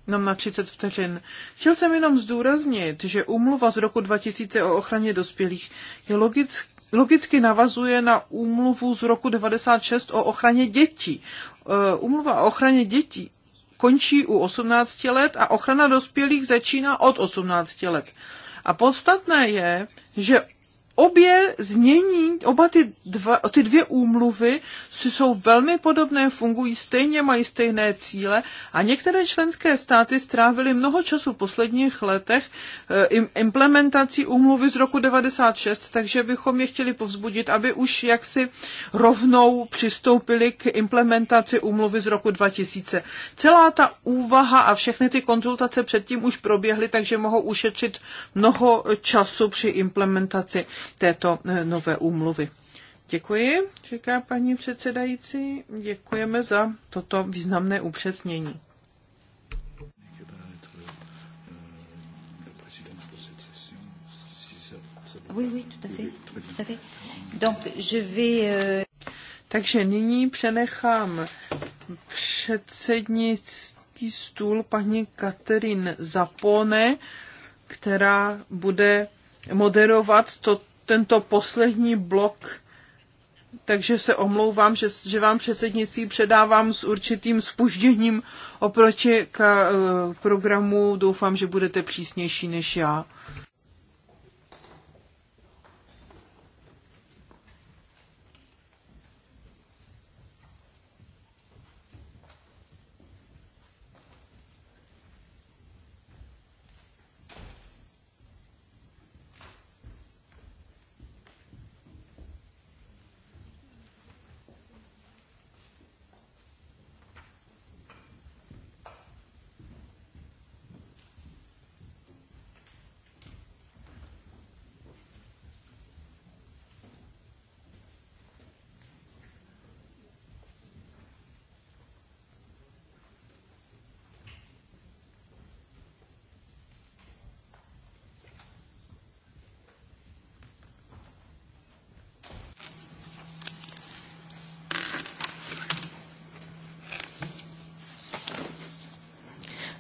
No na 30 vteřin. Chtěl jsem jenom zdůraznit, že úmluva z roku 2000 o ochraně dospělých je logicky, logicky navazuje na úmluvu z roku 96 o ochraně dětí. E, úmluva o ochraně dětí končí u 18 let a ochrana dospělých začíná od 18 let. A podstatné je, že obě znění, oba ty, dva, ty dvě úmluvy jsou velmi podobné, fungují stejně, mají stejné cíle a některé členské státy strávily mnoho času v posledních letech eh, implementací úmluvy z roku 96, takže bychom je chtěli povzbudit, aby už jaksi rovnou přistoupili k implementaci úmluvy z roku 2000. Celá ta úvaha a všechny ty konzultace předtím už proběhly, takže mohou ušetřit mnoho času při implementaci této eh, nové úmluvy. Děkuji, říká paní předsedající. Děkujeme za toto významné upřesnění. Oui, oui, tout à fait. Tout à fait. Donc, je vais, euh, Takže nyní přenechám předsednický stůl paní Katerin Zapone, která bude moderovat toto tento poslední blok, takže se omlouvám, že, že vám předsednictví předávám s určitým spužděním oproti k eh, programu. Doufám, že budete přísnější než já.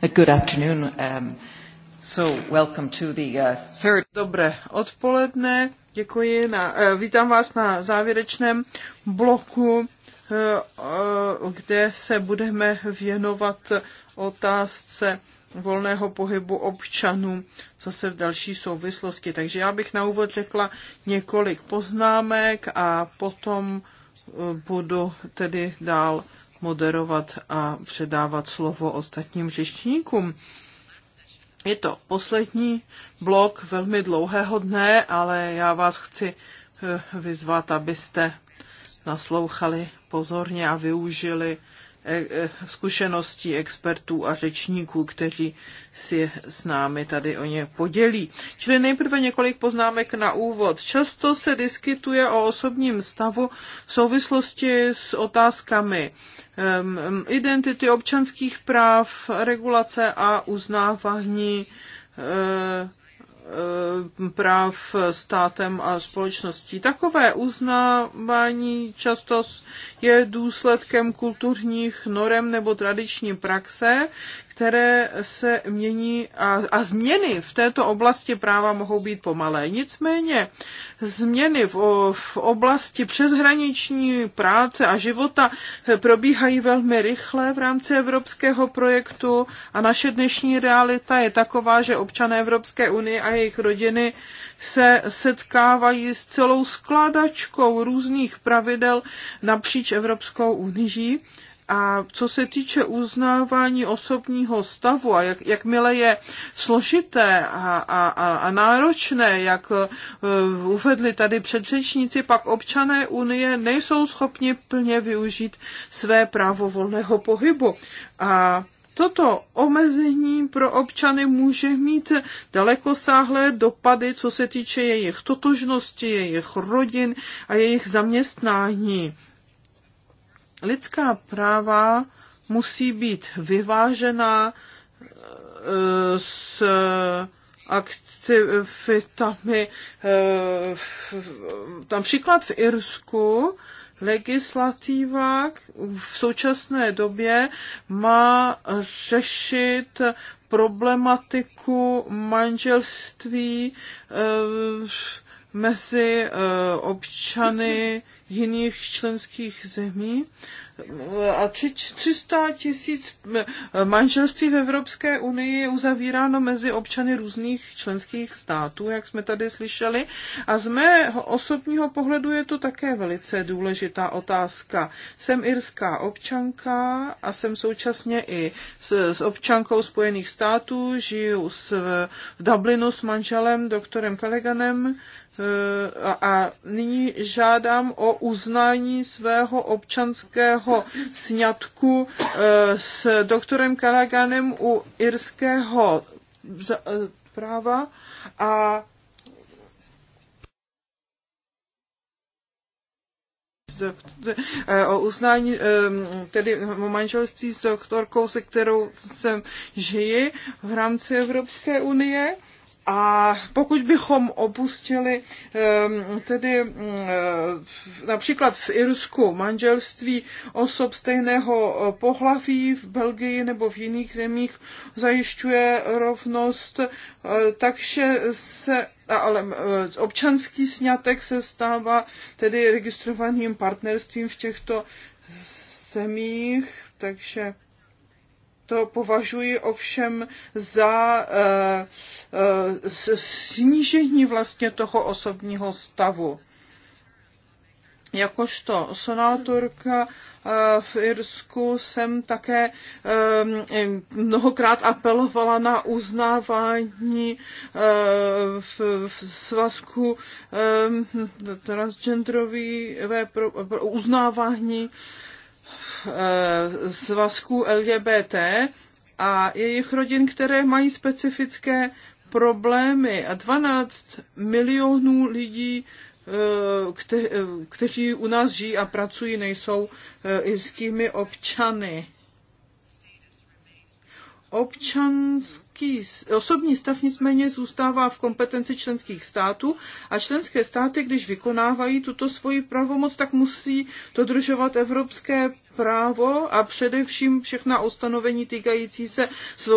Good afternoon. Um, so welcome to the uh, third... Dobré odpoledne. Děkuji. Na, uh, vítám vás na závěrečném bloku, uh, uh, kde se budeme věnovat otázce volného pohybu občanů zase v další souvislosti. Takže já bych na úvod řekla několik poznámek a potom budu tedy dál moderovat a předávat slovo ostatním řečníkům. Je to poslední blok velmi dlouhého dne, ale já vás chci eh, vyzvat, abyste naslouchali pozorně a využili E, e, zkušeností expertů a řečníků, kteří si s námi tady o ně podělí. Čili nejprve několik poznámek na úvod. Často se diskutuje o osobním stavu v souvislosti s otázkami um, identity občanských práv, regulace a uznávání uh, Eh, práv státem a společností. Takové uznávání často je důsledkem kulturních norem nebo tradiční praxe, které se mění a, a změny v této oblasti práva mohou být pomalé. Nicméně změny v, v oblasti přeshraniční práce a života probíhají velmi rychle v rámci evropského projektu a naše dnešní realita je taková, že občané Evropské unie a jejich rodiny se setkávají s celou skladačkou různých pravidel napříč Evropskou unii a co se týče uznávání osobního stavu a jak, jakmile je složité a, a, a, a náročné, jak uh, uvedli tady předřečníci, pak občané Unie nejsou schopni plně využít své právo volného pohybu. A toto omezení pro občany může mít dalekosáhlé dopady, co se týče jejich totožnosti, jejich rodin a jejich zaměstnání lidská práva musí být vyvážená eh, s aktivitami. Například eh, v Irsku legislativa v současné době má řešit problematiku manželství eh, mezi občany jiných členských zemí a 300 tisíc manželství v Evropské unii je uzavíráno mezi občany různých členských států, jak jsme tady slyšeli. A z mého osobního pohledu je to také velice důležitá otázka. Jsem irská občanka a jsem současně i s, s občankou Spojených států, žiju s, v Dublinu s manželem, doktorem Kaleganem, Eh, a nyní žádám o uznání svého občanského sňatku eh, s doktorem Karaganem u irského eh, práva a o uznání ehm, tedy o manželství s doktorkou, se kterou jsem žiji v rámci Evropské unie. A pokud bychom opustili ehm, tedy ehm, například v Irsku manželství osob stejného e, pohlaví v Belgii nebo v jiných zemích zajišťuje rovnost, e, takže se ale e, občanský sňatek se stává tedy registrovaným partnerstvím v těchto zemích, takže to považuji ovšem za eh, eh, snížení vlastně toho osobního stavu jakožto sonátorka eh, v Irsku jsem také mnohokrát apelovala na uznávání v svazku transgenderové uznávání Eh, svazků LGBT a jejich rodin, které mají specifické problémy. A 12 milionů lidí, eh, kte, eh, kteří u nás žijí a pracují, nejsou irskými občany. Občanský, osobní stav nicméně zůstává v kompetenci členských států a členské státy, když vykonávají tuto svoji pravomoc, tak musí dodržovat evropské právo a především všechna ustanovení týkající se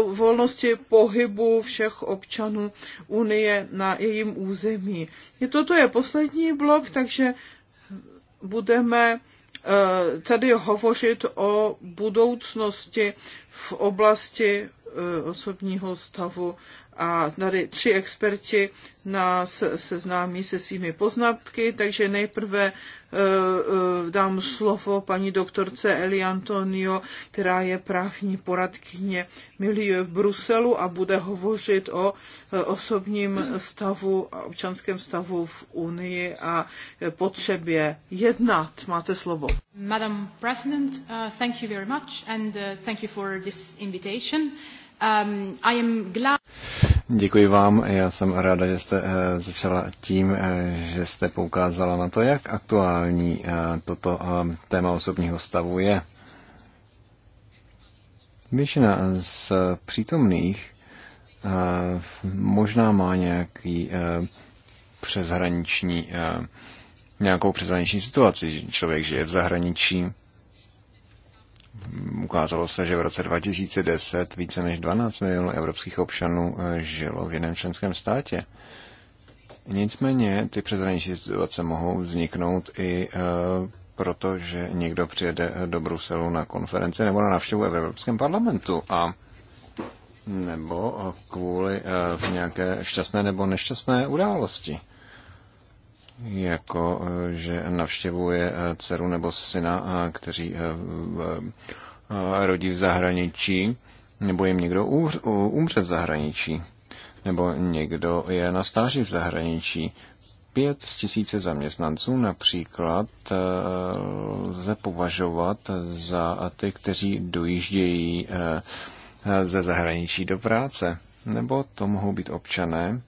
volnosti pohybu všech občanů Unie na jejím území. Toto je poslední blok, takže budeme Eh, tady hovořit o budoucnosti v oblasti eh, osobního stavu a tady tři experti nás seznámí se svými poznatky, takže nejprve eh, eh, dám slovo paní doktorce Eli Antonio, která je právní poradkyně Milieu v Bruselu a bude hovořit o eh, osobním stavu a občanském stavu v Unii a potřebě jednat. Máte slovo. Madam President, uh, thank you very much and uh, thank you for this invitation. Um, Děkuji vám. Já jsem ráda, že jste eh, začala tím, eh, že jste poukázala na to, jak aktuální eh, toto téma osobního stavu je. Většina z přítomných možná má nějaký přeshraniční, nějakou přeshraniční situaci, že člověk žije v zahraničí ukázalo se, že v roce 2010 více než 12 milionů evropských občanů eh, žilo v jiném členském státě. Nicméně ty přeshraniční situace mohou vzniknout i eh, proto, že někdo přijede eh, do Bruselu na konferenci nebo na návštěvu v Evropském parlamentu a nebo kvůli nějaké šťastné nebo nešťastné události jako eh, že navštěvuje eh, dceru nebo syna, eh, kteří rodí v zahraničí, nebo jim někdo umře v zahraničí, nebo někdo je na stáži v zahraničí. Pět z tisíce zaměstnanců například lze považovat za ty, kteří dojíždějí ze zahraničí do práce. Nebo to mohou být občané,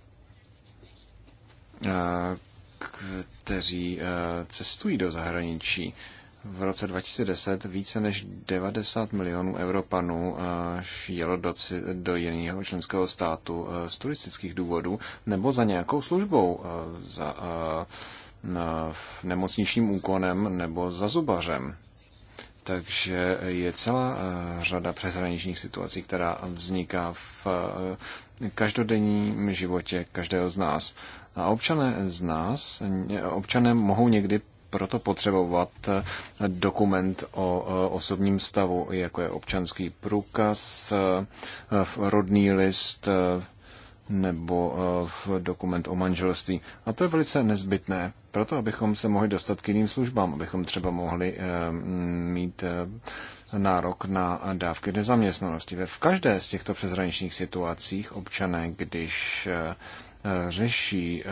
kteří eh, cestují do zahraničí. V roce 2010 více než 90 milionů Evropanů eh, jelo do, do jiného členského státu eh, z turistických důvodů nebo za nějakou službou, za nemocničním úkonem nebo za zubařem. Takže je celá řada přeshraničních situací, která vzniká v každodenním životě každého z nás. A občané z nás, občané mohou někdy proto potřebovat eh, dokument o eh, osobním stavu, jako je občanský průkaz, eh, rodný list nebo v dokument o manželství. A to je velice nezbytné, proto abychom se mohli dostat k jiným službám, abychom třeba mohli mít nárok na dávky nezaměstnanosti. V každé z těchto přeshraničních situacích občané, když Eh, řeší eh,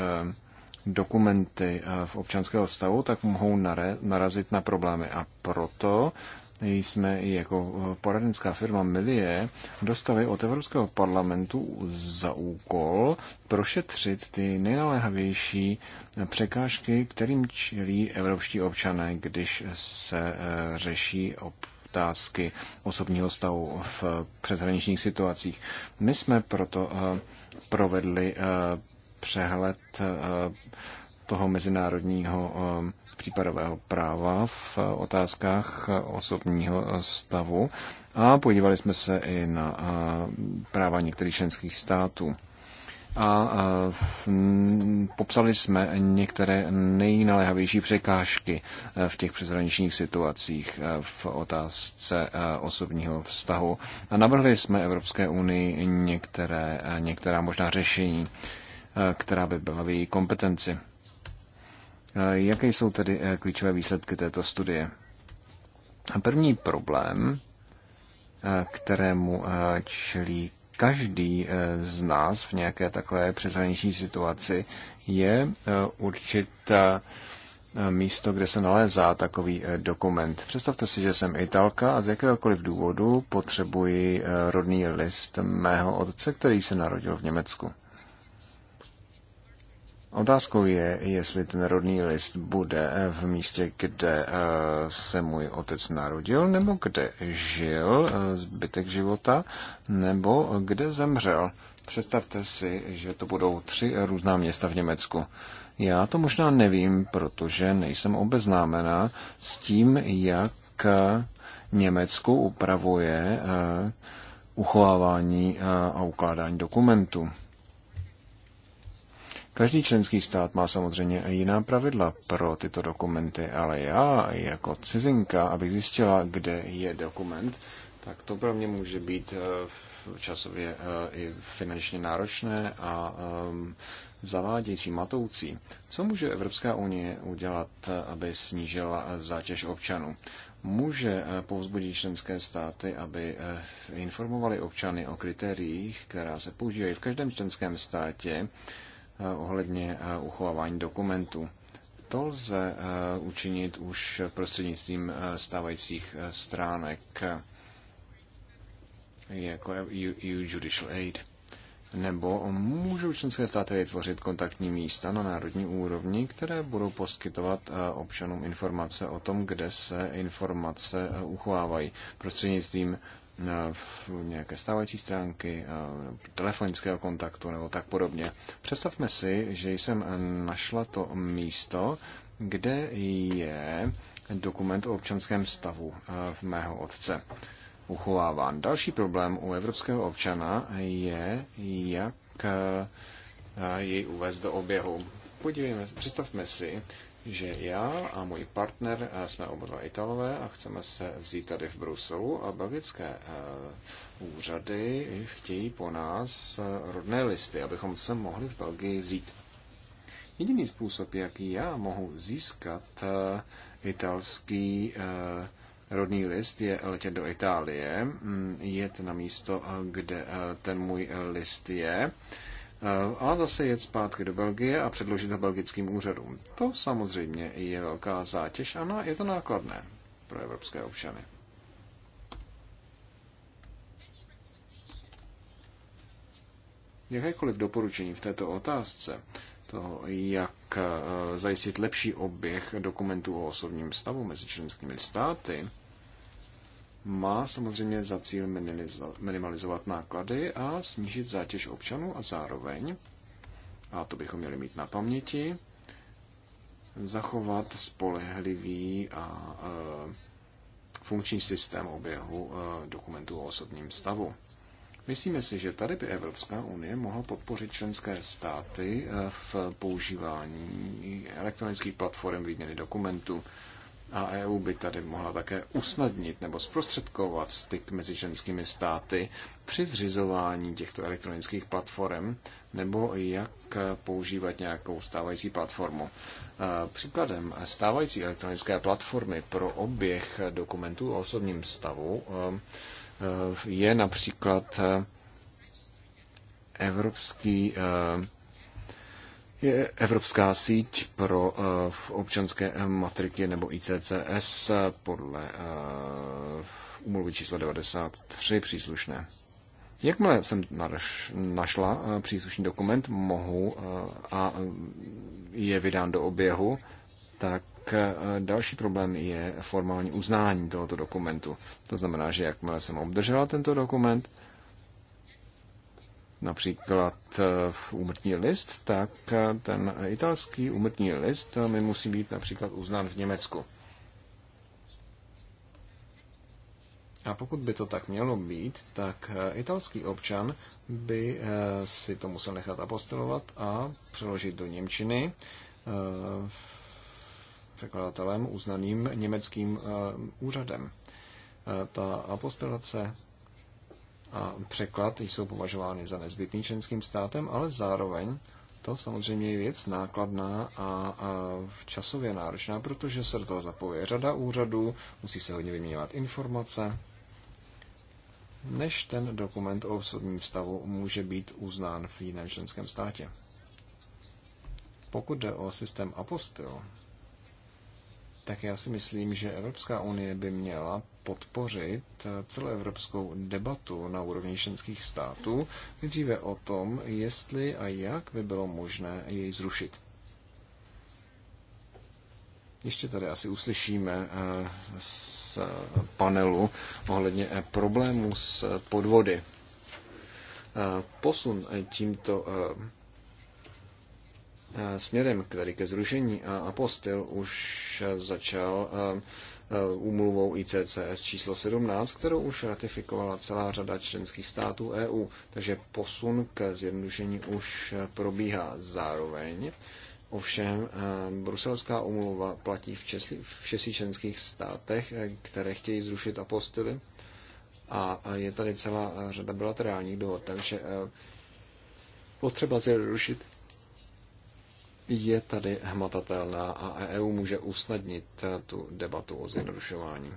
dokumenty eh, v občanského stavu, tak mohou narazit na problémy. A proto jsme i jako poradenská firma Milie dostali od Evropského parlamentu za úkol prošetřit ty nejnaléhavější překážky, kterým čelí evropští občané, když se řeší otázky osobního stavu v přeshraničních situacích. My jsme proto provedli eh, přehled eh, toho mezinárodního eh, případového práva v otázkách osobního stavu a podívali jsme se i na práva některých členských států a popsali jsme některé nejnaléhavější překážky e, v těch přeshraničních situacích e, v otázce e, osobního vztahu a navrhli jsme Evropské unii některé, některá možná řešení, která by byla v její kompetenci. Jaké jsou tedy klíčové výsledky této studie? První problém, kterému čelí každý eh, z nás v nějaké takové přeshraniční situaci je eh, určitá eh, místo, kde se nalézá takový dokument. Představte si, že jsem Italka a z jakéhokoliv důvodu potřebuji rodný list mého otce, který se narodil v Německu. Otázkou je, jestli ten rodný list bude v místě, kde eh, se můj otec narodil, nebo kde žil eh, zbytek života, nebo kde zemřel. Představte si, že to budou tři různá města v Německu. Já to možná nevím, protože nejsem obeznámena s tím, jak Německo upravuje eh, uchovávání a ukládání dokumentů. Každý členský stát má samozřejmě jiná pravidla pro tyto dokumenty, ale já jako cizinka, abych zjistila, kde je dokument, tak to pro mě může být eh, časově eh, i finančně náročné a ehm, zavádějící, matoucí. Co může Evropská unie udělat, eh, aby snížila zátěž občanů? Může povzbudit členské státy, aby informovali občany o kritériích, která se používají v každém členském státě, Eh, ohledně eh, uchovávání dokumentů. To lze eh, učinit už prostřednictvím stávajících stránek jako EU e Judicial Aid. Nebo můžou členské státy vytvořit kontaktní místa na národní úrovni, které budou poskytovat občanům informace o tom, kde se informace uchovávají prostřednictvím Eh, v nějaké stávající stránky, eh, telefonického kontaktu nebo tak podobně. Představme si, že jsem našla to místo, kde je dokument o občanském stavu eh, v mého otce uchováván. Další problém u evropského občana je, jak jej uvést do oběhu. Podívejme, představme si, že já a můj partner eh, jsme oba dva Italové a chceme se vzít tady v Bruselu a belgické eh, úřady chtějí po nás eh, rodné listy, abychom se mohli v Belgii vzít. Jediný způsob, jaký já mohu získat italský rodný list, je letět do Itálie, hm, jet na místo, kde ten můj list je a zase jet zpátky do Belgie a předložit ho belgickým úřadům. To samozřejmě je velká zátěž a je to nákladné pro evropské občany. Jakékoliv doporučení v této otázce to jak e, zajistit lepší oběh dokumentů o osobním stavu mezi členskými státy, má samozřejmě za cíl minimalizovat náklady a snížit zátěž občanů a zároveň, a to bychom měli mít na paměti, zachovat spolehlivý a funkční systém oběhu dokumentů o osobním stavu. Myslíme si, že tady by Evropská unie mohla podpořit členské státy v používání elektronických platform výměny dokumentů. A EU by tady mohla také usnadnit nebo zprostředkovat styk mezi ženskými státy při zřizování těchto elektronických platform nebo jak používat nějakou stávající platformu. E, příkladem stávající elektronické platformy pro oběh dokumentů o osobním stavu e, e, je například Evropský je Evropská síť pro eh, v občanské eh, matriky nebo ICCS podle eh, úmluvy číslo 93 příslušné. Jakmile jsem našla příslušný dokument, mohu a je vydán do oběhu, tak další problém je formální uznání tohoto dokumentu. To znamená, že jakmile jsem obdržela tento dokument, například eh, v úmrtní list, tak eh, ten italský úmrtní list eh, mi musí být například uznán v Německu. A pokud by to tak mělo být, tak italský občan by si to musel nechat apostilovat a přeložit do Němčiny překladatelem uznaným německým úřadem. Ta apostilace a překlad jsou považovány za nezbytný členským státem, ale zároveň to samozřejmě je věc nákladná a, a časově náročná, protože se do toho zapojuje řada úřadů, musí se hodně vyměňovat informace. Než ten dokument o osobním stavu může být uznán v jiném členském státě. Pokud jde o systém apostil, tak já si myslím, že Evropská unie by měla podpořit eh, evropskou debatu na úrovni členských států, nejdříve o tom, jestli a jak by bylo možné jej zrušit. Ještě tady asi uslyšíme eh, z panelu ohledně eh, problémů s podvody. Posun tímto Eh, směrem k, tady ke zrušení a apostil už eh, začal eh, úmluvou ICCS číslo 17, kterou už ratifikovala celá řada členských států EU. Takže posun k zjednodušení už probíhá zároveň. Ovšem, bruselská umluva platí v, česli, v šesti členských státech, které chtějí zrušit apostily. A je tady celá řada bilaterálních dohod, takže potřeba zjednodušit je tady hmatatelná a EU může usnadnit eh, tu debatu o zjednodušování.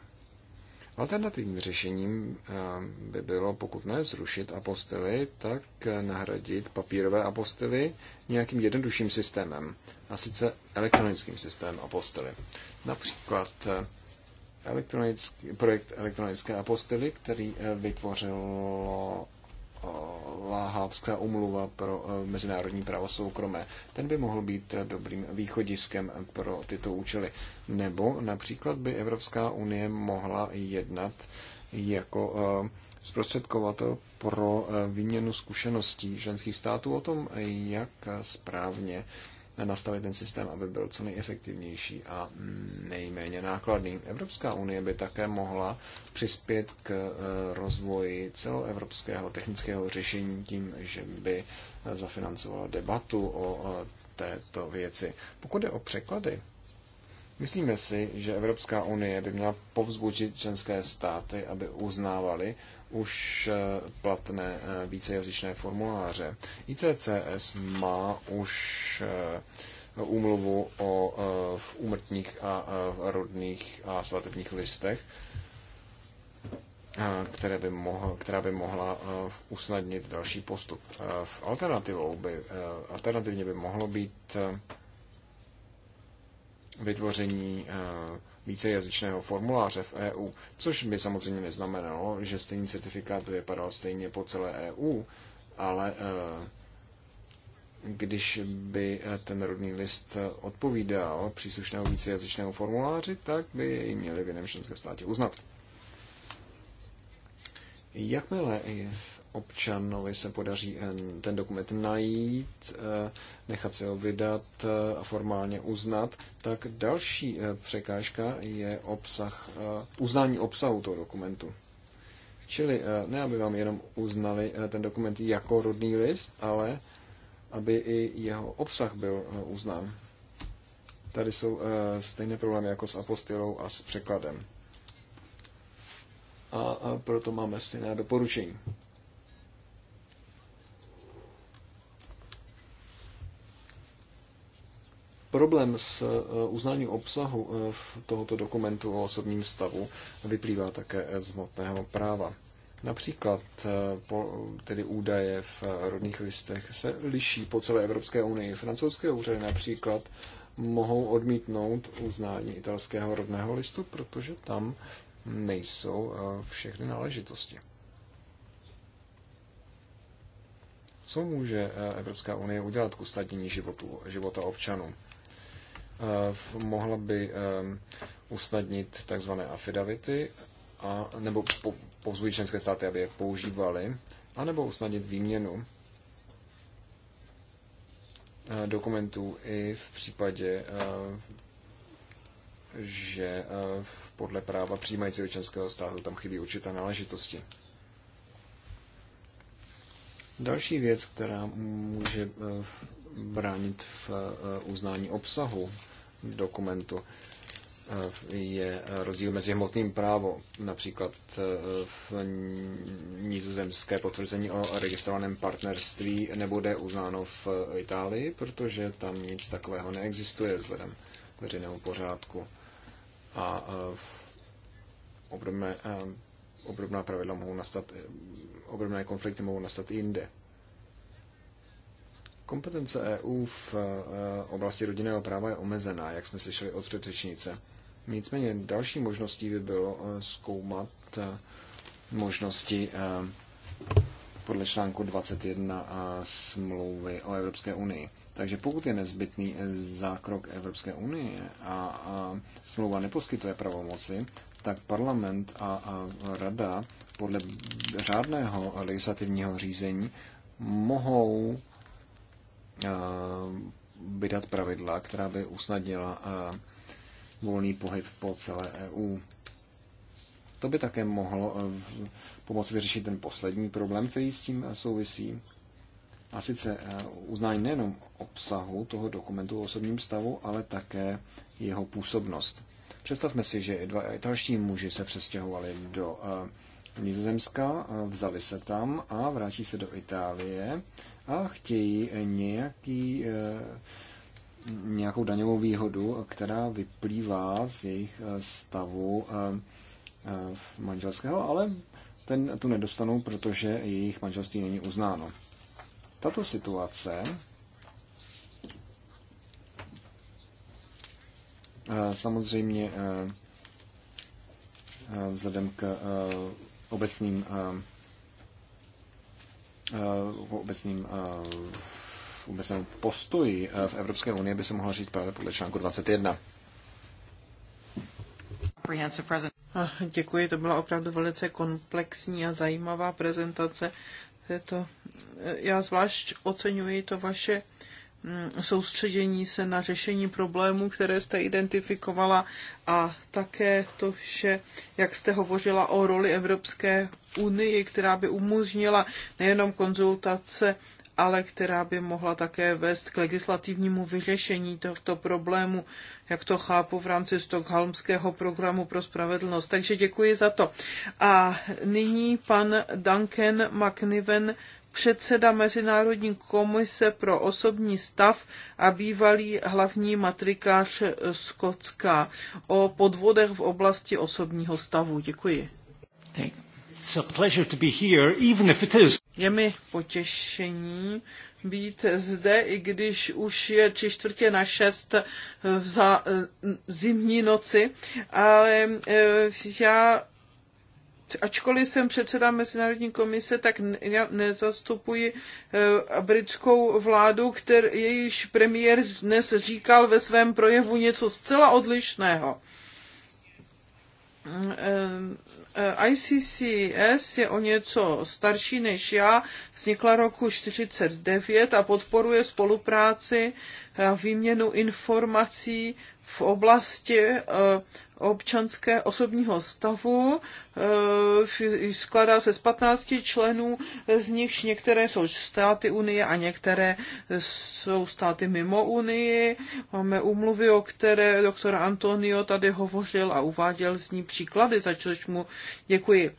Alternativním řešením eh, by bylo, pokud ne zrušit apostily, tak eh, nahradit papírové apostily nějakým jednodušším systémem, a sice elektronickým systémem apostily. Například elektronický, projekt elektronické apostily, který vytvořilo Láhavská umluva pro eh, mezinárodní právo soukromé. Ten by mohl být eh, dobrým východiskem eh, pro tyto účely. Nebo například by Evropská unie mohla jednat jako zprostředkovatel pro výměnu zkušeností členských států o tom, jak správně nastavit ten systém, aby byl co nejefektivnější a nejméně nákladný. Evropská unie by také mohla přispět k eh, rozvoji celoevropského technického řešení tím, že by eh, zafinancovala debatu o eh, této věci. Pokud je o překlady, myslíme si, že Evropská unie by měla povzbudit členské státy, aby uznávali už eh, platné eh, vícejazyčné formuláře. ICCS má už eh, úmluvu o v úmrtních a rodných a svatebních listech, které by mohl, která by mohla usnadnit další postup. V alternativou by, alternativně by mohlo být vytvoření vícejazyčného formuláře v EU, což by samozřejmě neznamenalo, že stejný certifikát by vypadal stejně po celé EU, ale eh, když by eh, ten rodný list eh, odpovídal příslušnému vícejazyčnému formuláři, tak by jej měli v jiném členském státě uznat. Jakmile je občanovi se podaří eh, ten dokument najít, eh, nechat se ho vydat eh, a formálně uznat, tak další překážka je obsah, uznání obsahu toho dokumentu. Čili ne, aby vám jenom uznali ten dokument jako rodný list, ale aby i jeho obsah byl uznán. Tady jsou stejné problémy jako s apostilou a s překladem a, proto máme stejné doporučení. Problém s eh, uznáním obsahu eh, v tohoto dokumentu o osobním stavu vyplývá také z hmotného práva. Například eh, tedy údaje v rodných listech se liší po celé Evropské unii. Francouzské úřady například mohou odmítnout uznání italského rodného listu, protože tam nejsou všechny náležitosti. Co může Evropská unie udělat k usnadnění životu, života občanů? Eh, mohla by eh, usnadnit takzvané afidavity, a, nebo po, povzbudit členské státy, aby je používaly, anebo usnadnit výměnu eh, dokumentů i v případě, že podle práva přijímajícího členského státu tam chybí určité náležitosti. Další věc, která může bránit v eh, uznání obsahu dokumentu. Eh, je rozdíl mezi hmotným právo, například eh, v nizozemské potvrzení o registrovaném partnerství nebude uznáno v Itálii, protože tam nic takového neexistuje vzhledem k veřejnému pořádku. A obdobné, obdobná pravidla mohou nastat, obdobné konflikty mohou nastat i jinde. Kompetence EU v eh, oblasti rodinného práva je omezená, jak jsme slyšeli od předřečnice. Nicméně další možností by bylo eh, zkoumat eh, možnosti podle článku 21 smlouvy o Evropské unii. Takže pokud je nezbytný zákrok Evropské unie a, smlouva neposkytuje pravomoci, tak parlament a, a rada podle řádného legislativního řízení mohou Eh, vydat pravidla, která by usnadnila eh, volný pohyb po celé EU. To by také mohlo eh, pomoci vyřešit ten poslední problém, který s tím souvisí. A sice uznání nejenom obsahu toho dokumentu o osobním stavu, ale také jeho působnost. Představme si, že dva italští muži se přestěhovali do Nizozemska, vzali se tam a vrátí se do Itálie, a chtějí nějaký, eh, nějakou daňovou výhodu, která vyplývá z jejich eh, stavu eh, manželského, ale ten tu nedostanou, protože jejich manželství není uznáno. Tato situace samozřejmě vzhledem k obecným Eh, v obecním eh, v obecném postoji eh, v Evropské unii by se mohla říct právě podle článku 21. Děkuji, to byla opravdu velice komplexní a zajímavá prezentace. Je to, já zvlášť oceňuji to vaše Mm, soustředění se na řešení problémů, které jste identifikovala a také to, že jak jste hovořila o roli Evropské unie, která by umožnila nejenom konzultace, ale která by mohla také vést k legislativnímu vyřešení tohoto problému, jak to chápu v rámci Stockholmského programu pro spravedlnost. Takže děkuji za to. A nyní pan Duncan McNiven předseda Mezinárodní komise pro osobní stav a bývalý hlavní matrikář Skotska o podvodech v oblasti osobního stavu. Děkuji. Je mi potěšení být zde, i když už je tři čtvrtě na šest za zimní noci, ale eh, já ačkoliv jsem předseda Mezinárodní komise, tak já nezastupuji eh, britskou vládu, který jejíž premiér dnes říkal ve svém projevu něco zcela odlišného. Mm, eh, ICCS je o něco starší než já, vznikla roku 1949 a podporuje spolupráci a výměnu informací v oblasti eh, občanské osobního stavu. Eh, skládá se z 15 členů, z nichž některé jsou státy Unie a některé jsou státy mimo Unii. Máme umluvy, o které doktor Antonio tady hovořil a uváděl z ní příklady, za což mu děkuji.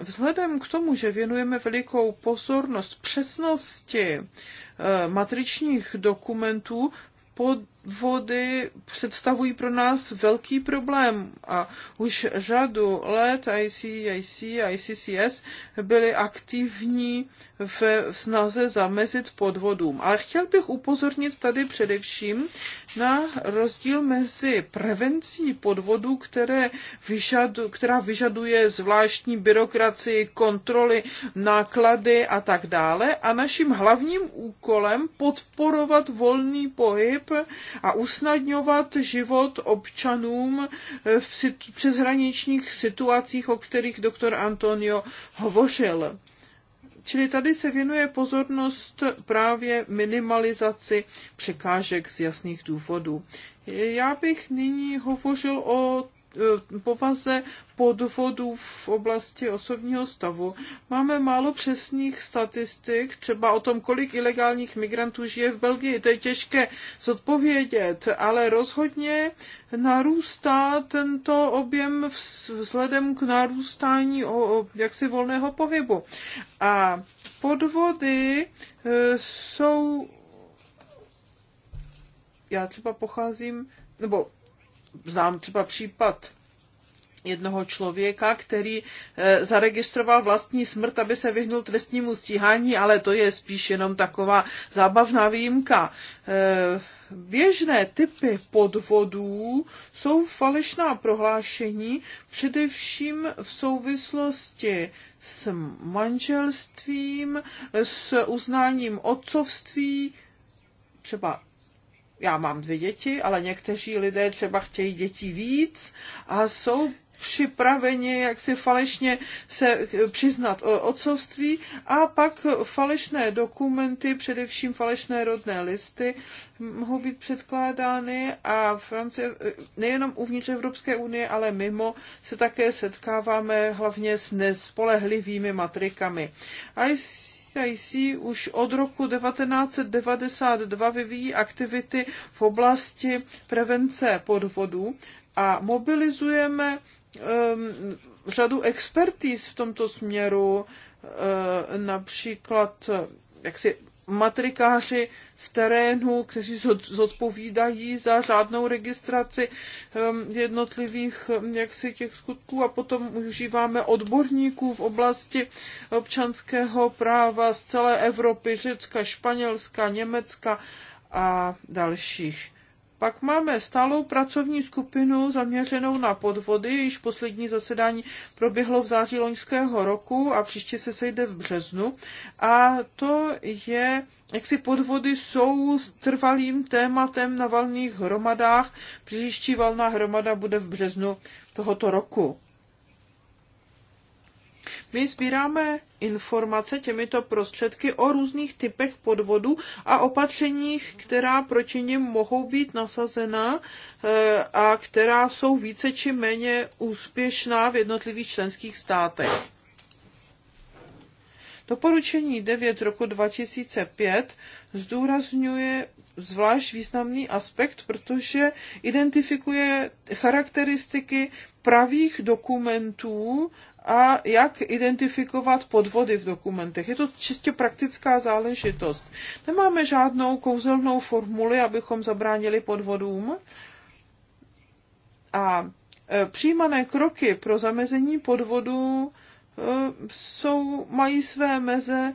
Vzhledem k tomu, že věnujeme velikou pozornost přesnosti eh, matričních dokumentů, pod vody představují pro nás velký problém a už řadu let ICIC, ICCS byly aktivní v snaze zamezit podvodům. Ale chtěl bych upozornit tady především na rozdíl mezi prevencí podvodů, které vyžadu, která vyžaduje zvláštní byrokracii, kontroly, náklady a tak dále a naším hlavním úkolem podporovat volný pohyb a usnadňovat život občanům eh, v přeshraničních situacích, o kterých doktor Antonio hovořil. Čili tady se věnuje pozornost právě minimalizaci překážek z jasných důvodů. Já bych nyní hovořil o Eh, povaze podvodů v oblasti osobního stavu. Máme málo přesných statistik, třeba o tom, kolik ilegálních migrantů žije v Belgii. To je těžké zodpovědět, ale rozhodně narůstá tento objem vzhledem k narůstání o, o jaksi volného pohybu. A podvody e, jsou... Já třeba pocházím, nebo znám třeba případ jednoho člověka, který eh, zaregistroval vlastní smrt, aby se vyhnul trestnímu stíhání, ale to je spíš jenom taková zábavná výjimka. Eh, běžné typy podvodů jsou falešná prohlášení, především v souvislosti s manželstvím, s uznáním otcovství, třeba já mám dvě děti, ale někteří lidé třeba chtějí děti víc a jsou připraveni jak si falešně se přiznat o otcovství a pak falešné dokumenty, především falešné rodné listy, mohou být předkládány a v Francii nejenom uvnitř Evropské unie, ale mimo, se také setkáváme hlavně s nespolehlivými matrikami. A ICIC už od roku 1992 vyvíjí aktivity v oblasti prevence podvodů a mobilizujeme um, řadu expertíz v tomto směru, uh, například eh, jaksi matrikáři v terénu, kteří zodpovídají za řádnou registraci ehm, jednotlivých ehm, jaksi těch skutků a potom užíváme odborníků v oblasti občanského práva z celé Evropy, Řecka, Španělska, Německa a dalších. Pak máme stálou pracovní skupinu zaměřenou na podvody, již poslední zasedání proběhlo v září loňského roku a příště se sejde v březnu. A to je, jak si podvody jsou trvalým tématem na valných hromadách. Příští valná hromada bude v březnu tohoto roku. My sbíráme informace těmito prostředky o různých typech podvodů a opatřeních, která proti nim mohou být nasazena eh, a která jsou více či méně úspěšná v jednotlivých členských státech. Doporučení 9 roku 2005 zdůrazňuje zvlášť významný aspekt, protože identifikuje charakteristiky pravých dokumentů a jak identifikovat podvody v dokumentech. Je to čistě praktická záležitost. Nemáme žádnou kouzelnou formuli, abychom zabránili podvodům. A e, přijímané kroky pro zamezení podvodů e, jsou, mají své meze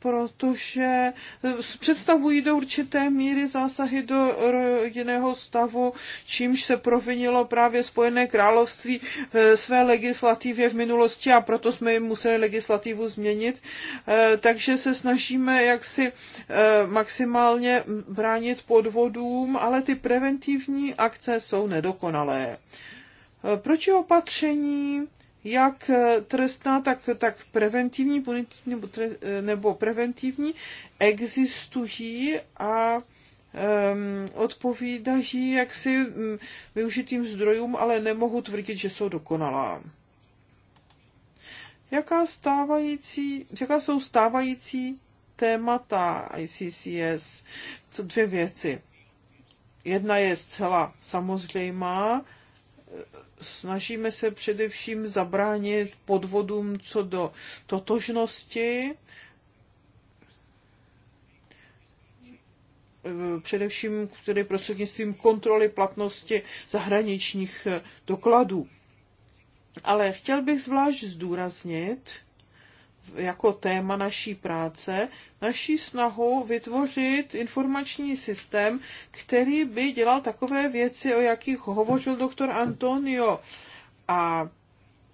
protože eh, představují do určité míry zásahy do rodinného eh, stavu, čímž se provinilo právě Spojené království v eh, své legislativě v minulosti a proto jsme jim museli legislativu změnit. Takže se snažíme jaksi maximálně bránit podvodům, ale ty preventivní akce jsou nedokonalé. Proč opatření jak eh, trestná, tak, tak preventivní nebo, tre, eh, nebo preventivní existují a um, odpovídají jaksi um, využitým zdrojům, ale nemohu tvrdit, že jsou dokonalá. Jaká, stávající, jaká jsou stávající témata ICCS? To dvě věci. Jedna je zcela samozřejmá, snažíme se především zabránit podvodům co do totožnosti, především tedy prostřednictvím kontroly platnosti zahraničních dokladů. Ale chtěl bych zvlášť zdůraznit, jako téma naší práce, naší snahu vytvořit informační systém, který by dělal takové věci, o jakých hovořil doktor Antonio. A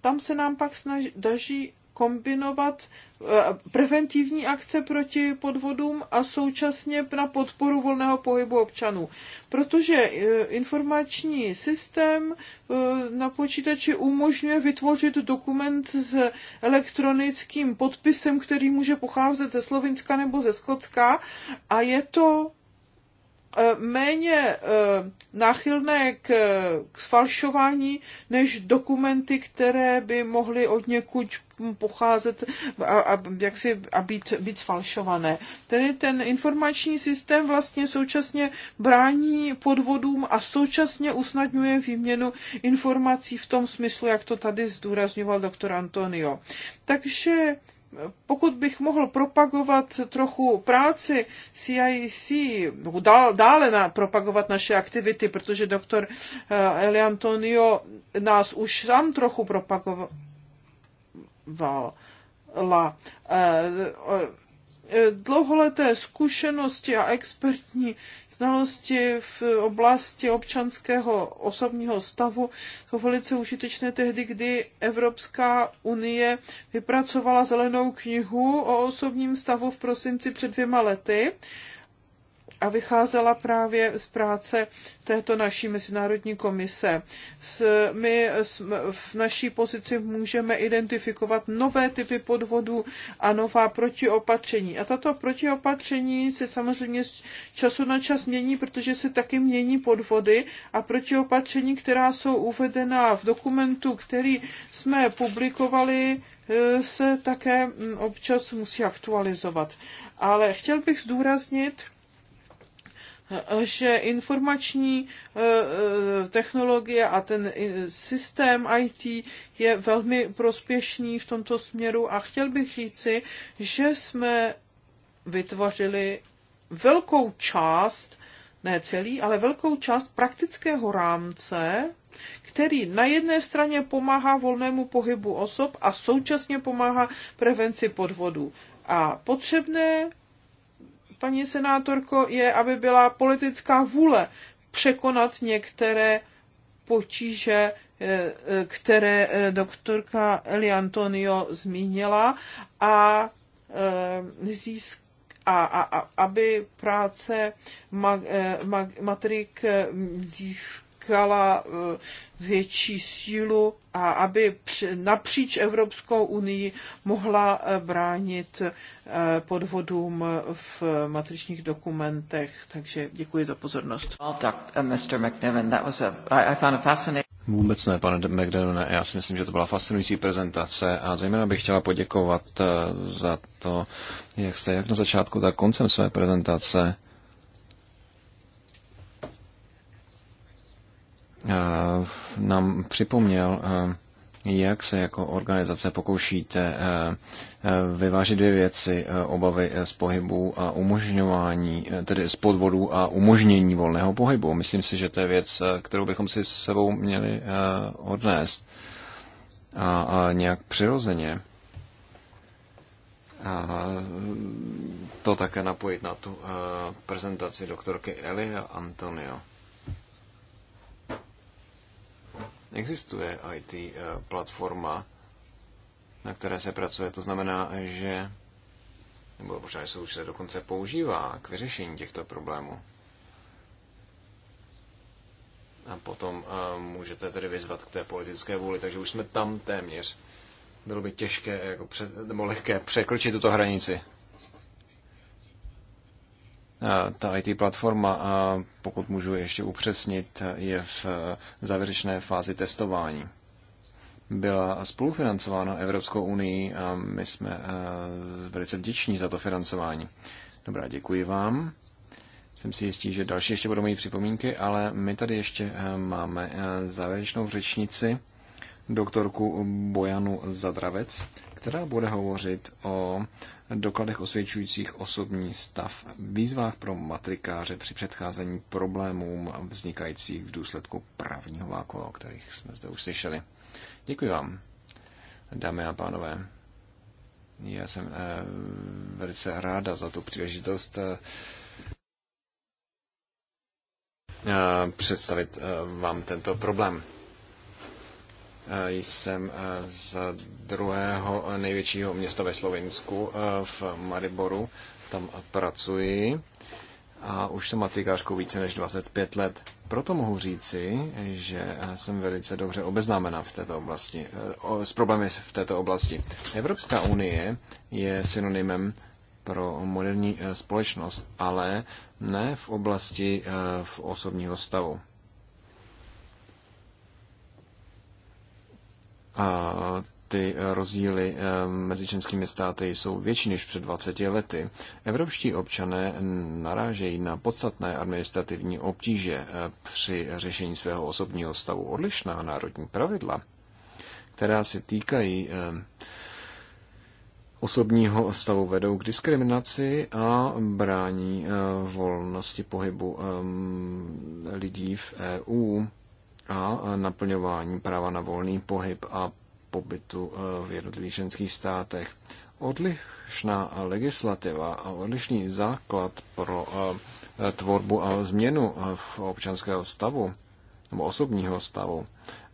tam se nám pak snaží, daží, kombinovat eh, preventivní akce proti podvodům a současně na podporu volného pohybu občanů. Protože eh, informační systém eh, na počítači umožňuje vytvořit dokument s elektronickým podpisem, který může pocházet ze Slovinska nebo ze Skotska a je to E, méně e, náchylné k, k falšování než dokumenty, které by mohly od někud pocházet a, a, jaksi, a být, být sfalšované. Tedy ten informační systém vlastně současně brání podvodům a současně usnadňuje výměnu informací v tom smyslu, jak to tady zdůrazňoval doktor Antonio. Takže pokud bych mohl propagovat trochu práci CIC, dále na, propagovat naše aktivity, protože doktor eh, Eli Antonio nás už sám trochu propagoval. La, eh, Eh, dlouholeté zkušenosti a expertní znalosti v oblasti občanského osobního stavu jsou velice užitečné tehdy, kdy Evropská unie vypracovala zelenou knihu o osobním stavu v prosinci před dvěma lety a vycházela právě z práce této naší mezinárodní komise. My v naší pozici můžeme identifikovat nové typy podvodů a nová protiopatření. A tato protiopatření se samozřejmě z času na čas mění, protože se taky mění podvody a protiopatření, která jsou uvedena v dokumentu, který jsme publikovali, e, se také mm, občas musí aktualizovat. Ale chtěl bych zdůraznit, že informační eh, eh, technologie a ten eh, systém IT je velmi prospěšný v tomto směru a chtěl bych říci, že jsme vytvořili velkou část, ne celý, ale velkou část praktického rámce, který na jedné straně pomáhá volnému pohybu osob a současně pomáhá prevenci podvodů. A potřebné paní senátorko, je, aby byla politická vůle překonat některé potíže, eh, eh, které eh, doktorka Eli Antonio zmínila a získ a, a, a aby práce mag, mag, matrik získala získala eh, větší sílu a aby napříč Evropskou unii mohla eh, bránit eh, podvodům v matričních dokumentech. Takže děkuji za pozornost. Vůbec ne, pane McDonald. Já si myslím, že to byla fascinující prezentace a zejména bych chtěla poděkovat za to, jak jste jak na začátku, tak koncem své prezentace Eh, nám připomněl, eh, jak se jako organizace pokoušíte eh, vyvážit dvě věci, obavy z pohybu a umožňování, tedy z podvodu a umožnění volného pohybu. Myslím si, že to je věc, kterou bychom si s sebou měli odnést a, a nějak přirozeně. A to také napojit na tu prezentaci doktorky Elia Antonio. existuje IT eh, platforma, na které se pracuje. To znamená, že nebo možná, že se už se dokonce používá k vyřešení těchto problémů. A potom uh, můžete tedy vyzvat k té politické vůli, takže už jsme tam téměř. Bylo by těžké, eh, jako před, nebo lehké překročit tuto hranici. Ta IT platforma, pokud můžu ještě upřesnit, je v závěrečné fázi testování. Byla spolufinancována Evropskou unii a my jsme velice vděční za to financování. Dobrá, děkuji vám. Jsem si jistý, že další ještě budou mít připomínky, ale my tady ještě máme závěrečnou řečnici, doktorku Bojanu Zadravec která bude hovořit o dokladech osvědčujících osobní stav, výzvách pro matrikáře při předcházení problémům vznikajících v důsledku právního váku, o kterých jsme zde už slyšeli. Děkuji vám, dámy a pánové. Já jsem eh, velice ráda za tu příležitost eh, představit eh, vám tento problém. Jsem z druhého největšího města ve Slovensku, eh, v Mariboru. Tam pracuji a už jsem matrikářkou více než 25 let. Proto mohu říci, že jsem velice dobře obeznámena v této oblasti, eh, s problémy v této oblasti. Evropská unie je synonymem pro moderní eh, společnost, ale ne v oblasti v osobního stavu. A ty eh, rozdíly eh, mezi členskými státy jsou větší než před 20 lety. Evropští občané narážejí na podstatné administrativní obtíže eh, při řešení svého osobního stavu. Odlišná národní pravidla, která se týkají osobního stavu vedou k diskriminaci a brání volnosti pohybu lidí v EU a naplňování práva na volný pohyb a pobytu eh, v jednotlivých členských státech. Odlišná legislativa a odlišný základ pro eh, tvorbu a změnu eh, v občanského stavu nebo osobního stavu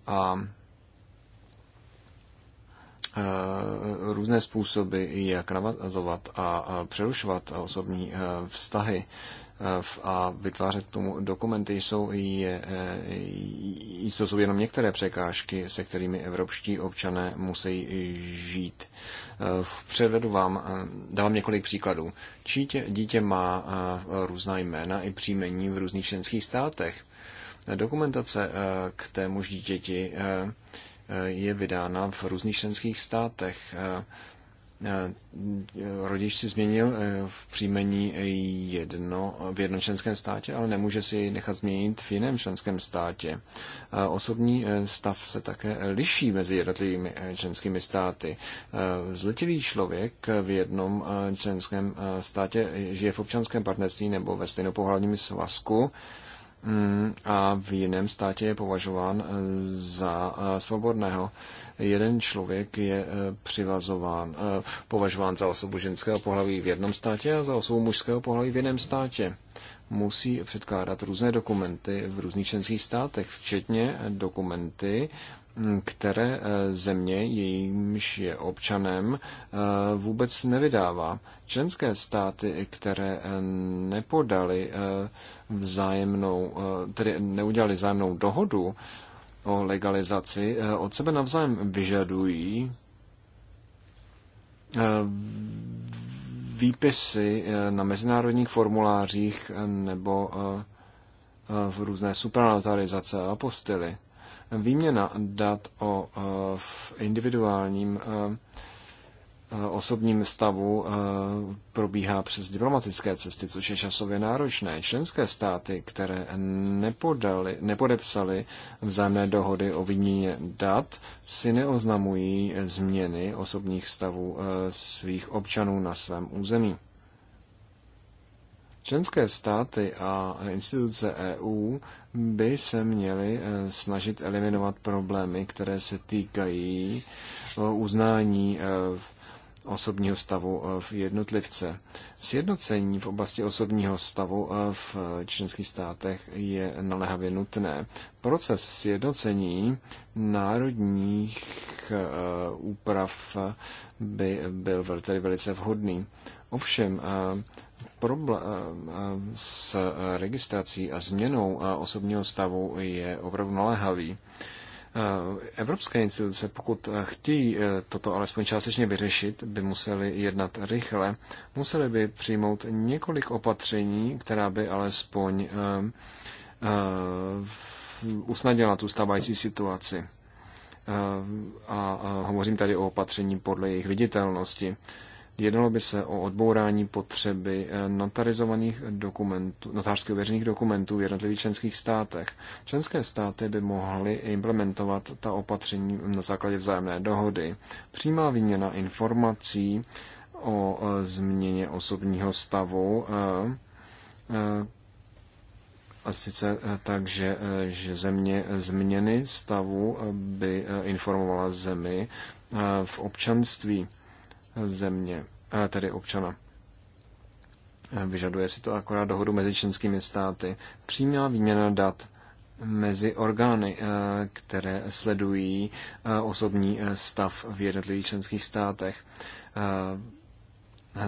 a různé způsoby, jak navazovat a přerušovat osobní vztahy, a vytvářet tomu dokumenty jsou, je, jsou, jsou jenom některé překážky, se kterými evropští občané musí žít. E, předvedu vám, e, dávám několik příkladů. Čítě, dítě má e, různá jména i příjmení v různých členských státech. Dokumentace k témuž dítěti je vydána v různých členských státech. Eh, rodič si změnil eh, v příjmení jedno, v jednom členském státě, ale nemůže si nechat změnit v jiném členském státě. Eh, osobní stav se také liší mezi jednotlivými členskými státy. Zletilý člověk v jednom členském státě žije v občanském partnerství nebo ve stejnopohlavním svazku mm, a v jiném státě je považován za svobodného jeden člověk je eh, přivazován, eh, považován za osobu ženského pohlaví v jednom státě a za osobu mužského pohlaví v jiném státě. Musí předkládat různé dokumenty v různých členských státech, včetně eh, dokumenty, hm, které země, jejímž je občanem, vůbec nevydává. Členské státy, které nepodali vzájemnou, tedy neudělali vzájemnou dohodu, o legalizaci eh, od sebe navzájem vyžadují eh, výpisy eh, na mezinárodních formulářích nebo v různé supranotarizace a apostily. Výměna dat o v individuálním Eh, osobním stavu eh, probíhá přes diplomatické cesty, což je časově náročné. Členské státy, které nepodali, nepodepsali vzájemné dohody o výměně dat, si neoznamují změny osobních stavů eh, svých občanů na svém území. Členské státy a instituce EU by se měly snažit eliminovat problémy, které se týkají uznání v osobního stavu eh, v jednotlivce. Sjednocení v oblasti osobního stavu eh, v členských státech je naléhavě nutné. Proces sjednocení národních eh, úprav by byl tedy velice vhodný. Ovšem, problém s registrací a změnou osobního stavu je opravdu naléhavý. Eh, evropské instituce, pokud eh, chtějí eh, toto alespoň částečně vyřešit, by museli jednat rychle, museli by přijmout několik opatření, která by alespoň usnadnila tu stávající situaci. A hovořím tady o opatření podle jejich viditelnosti. Jednalo by se o odbourání potřeby eh, notarizovaných dokumentů, notářsky ověřených dokumentů v jednotlivých členských státech. Členské státy by mohly implementovat ta opatření na základě vzájemné dohody. Přímá výměna informací o eh, změně osobního stavu eh, a sice tak, že, že země změny stavu by informovala zemi v občanství země, tedy občana. Vyžaduje si to akorát dohodu mezi členskými státy. Přímá výměna dat mezi orgány, eh, které sledují eh, osobní eh, stav v jednotlivých členských státech.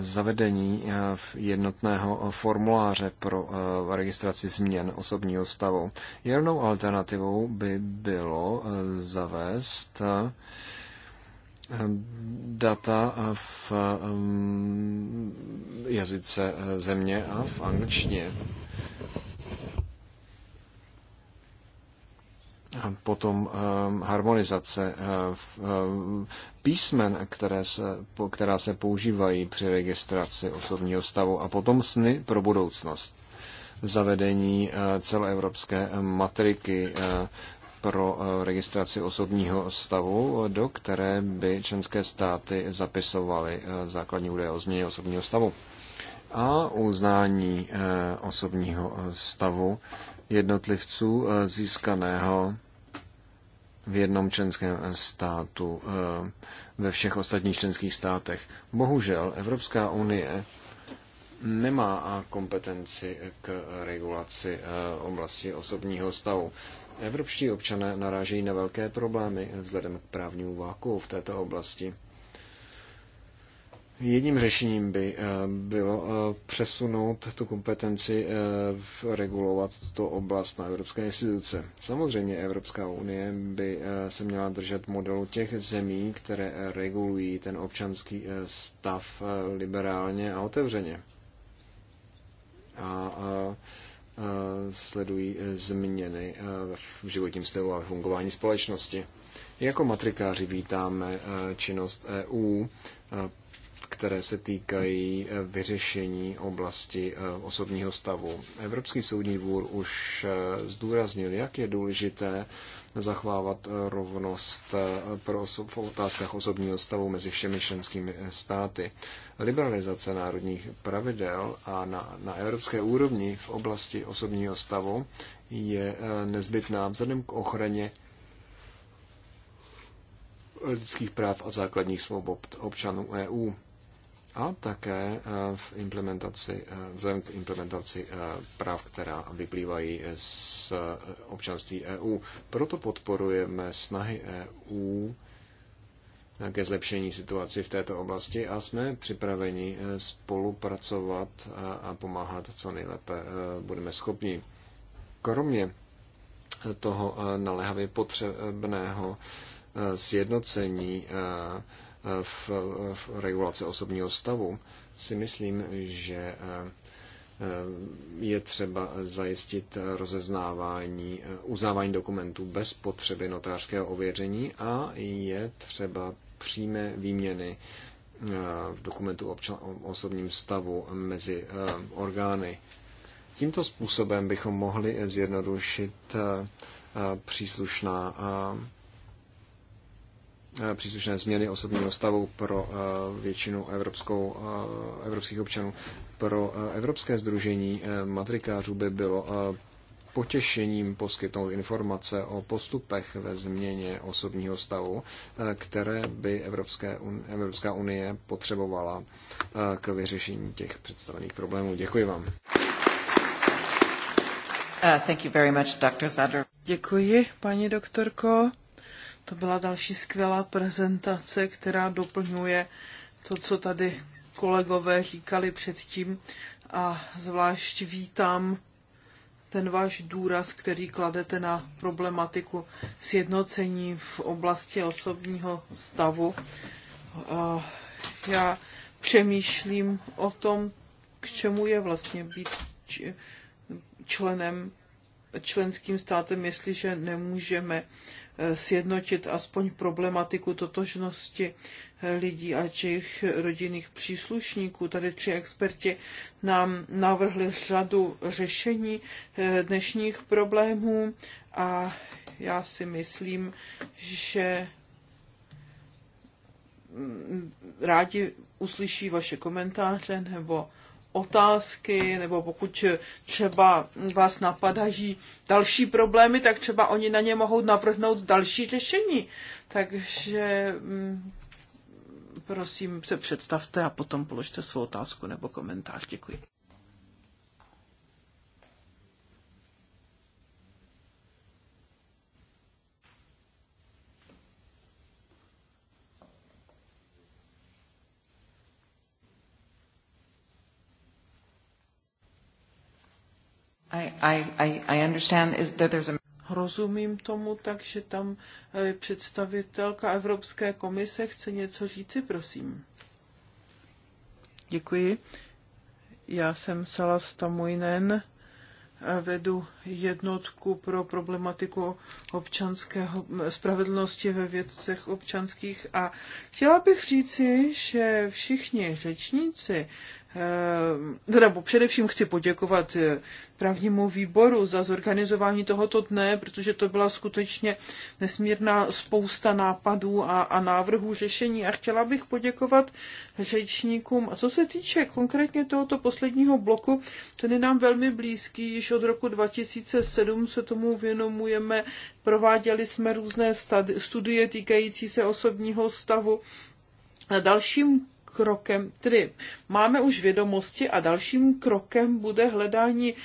Zavedení v jednotného formuláře pro registraci změn osobního stavu. Jednou alternativou by bylo zavést data v um, jazyce eh, země a v angličtině. potom ehm, harmonizace eh, eh, písmen, které se, která se používají při registraci osobního stavu a potom sny pro budoucnost. Zavedení celoevropské matriky pro eh, registraci osobního stavu, eh, do které by členské státy zapisovaly eh, základní údaje o změně osobního stavu. A uznání osobního stavu jednotlivců získaného v jednom členském státu, ve všech ostatních členských státech. Bohužel Evropská unie nemá kompetenci k regulaci oblasti osobního stavu. Evropští občané narážejí na velké problémy vzhledem k právnímu váku v této oblasti. Jedním řešením by eh, bylo eh, přesunout tu kompetenci eh, regulovat tuto oblast na evropské instituce. Samozřejmě Evropská unie by se měla držet modelu těch zemí, které regulují ten občanský stav liberálně a otevřeně. A, a Eh, sledují eh, změny eh, v životním stylu a fungování společnosti. Jako matrikáři vítáme činnost EU, které se týkají vyřešení oblasti osobního stavu. Evropský soudní dvůr už zdůraznil, jak je důležité zachovávat eh, rovnost eh, pro osob, v otázkách osobního stavu mezi všemi členskými eh, státy. Liberalizace národních pravidel a na, na evropské úrovni v oblasti osobního stavu je nezbytná vzhledem k ochraně lidských práv a základních svobod občanů EU a také eh, v implementaci, eh, vzhledem k implementaci eh, práv, která vyplývají z občanství EU. Proto podporujeme snahy EU ke zlepšení situaci v této oblasti a jsme připraveni spolupracovat a pomáhat, co nejlépe budeme schopni. Kromě toho naléhavě potřebného sjednocení v, v regulace osobního stavu, si myslím, že eh, je třeba zajistit rozeznávání, eh, uznávání dokumentů bez potřeby notářského ověření a je třeba přímé výměny v eh, dokumentu občan, o osobním stavu mezi orgány. Tímto způsobem bychom mohli zjednodušit příslušná Eh, příslušné změny osobního stavu pro eh, většinu evropskou, eh, evropských občanů. Pro Evropské združení matrikářů by bylo potěšením poskytnout informace o postupech ve změně osobního stavu, které by Evropské, Evropská unie potřebovala k vyřešení těch představených problémů. Děkuji vám. Uh, thank you very much, Dr. Zadr. Děkuji, paní doktorko. To byla další skvělá prezentace, která doplňuje to, co tady kolegové říkali předtím. A zvlášť vítám ten váš důraz, který kladete na problematiku sjednocení v oblasti osobního stavu. Já přemýšlím o tom, k čemu je vlastně být členem, členským státem, jestliže nemůžeme sjednotit aspoň problematiku totožnosti lidí a jejich rodinných příslušníků. Tady tři experti nám navrhli řadu řešení eh, dnešních problémů a já si myslím, že mm, rádi uslyší vaše komentáře nebo otázky, nebo pokud třeba vás napadají další problémy, tak třeba oni na ně mohou navrhnout další řešení. Takže mm, prosím se představte a potom položte svou otázku nebo komentář. Děkuji. I, I, I understand is that there's a... Rozumím tomu, takže tam eh, představitelka Evropské komise chce něco říci, prosím. Děkuji. Já jsem Sala Stamuinen, eh, vedu jednotku pro problematiku občanského spravedlnosti ve věcech občanských a chtěla bych říci, že všichni řečníci Eh, teda především chci poděkovat eh, právnímu výboru za zorganizování tohoto dne, protože to byla skutečně nesmírná spousta nápadů a, a návrhů řešení a chtěla bych poděkovat řečníkům. A co se týče konkrétně tohoto posledního bloku, ten je nám velmi blízký, již od roku 2007 se tomu věnujeme, prováděli jsme různé studie týkající se osobního stavu. A dalším krokem, tedy máme už vědomosti a dalším krokem bude hledání eh,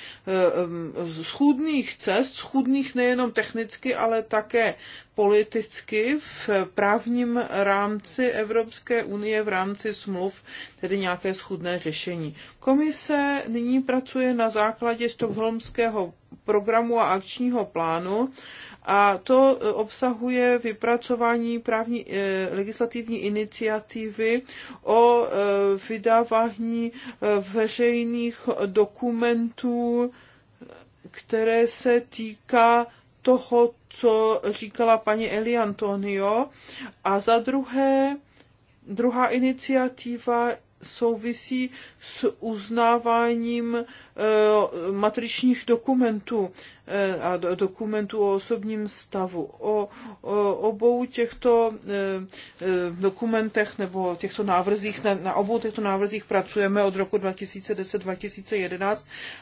eh, schůdných cest, schůdných nejenom technicky, ale také politicky v právním rámci Evropské unie, v rámci smluv, tedy nějaké schůdné řešení. Komise nyní pracuje na základě stokholmského programu a akčního plánu, a to obsahuje vypracování právní eh, legislativní iniciativy o eh, vydávání eh, veřejných dokumentů, které se týká toho, co říkala paní Eli Antonio. A za druhé, druhá iniciativa souvisí s uznáváním eh, matričních dokumentů eh, a dokumentů o osobním stavu. O, o obou těchto eh, dokumentech nebo těchto návrzích, na, na obou těchto návrzích pracujeme od roku 2010-2011.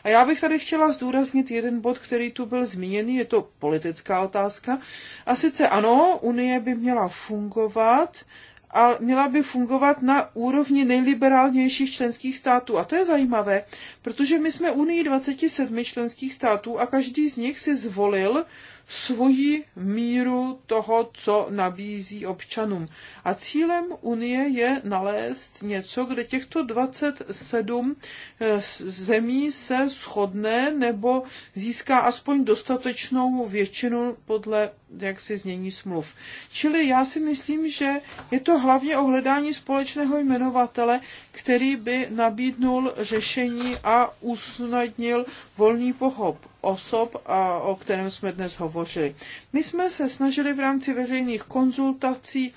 A já bych tady chtěla zdůraznit jeden bod, který tu byl zmíněný, je to politická otázka. A sice ano, Unie by měla fungovat, a měla by fungovat na úrovni nejliberálnějších členských států. A to je zajímavé, protože my jsme Unii 27 členských států a každý z nich si zvolil svoji míru toho, co nabízí občanům. A cílem Unie je nalézt něco, kde těchto 27 eh, zemí se shodne nebo získá aspoň dostatečnou většinu podle jak se změní smluv. Čili já si myslím, že je to hlavně o hledání společného jmenovatele, který by nabídnul řešení a usnadnil volný pohop osob, a o kterém jsme dnes hovořili. My jsme se snažili v rámci veřejných konzultací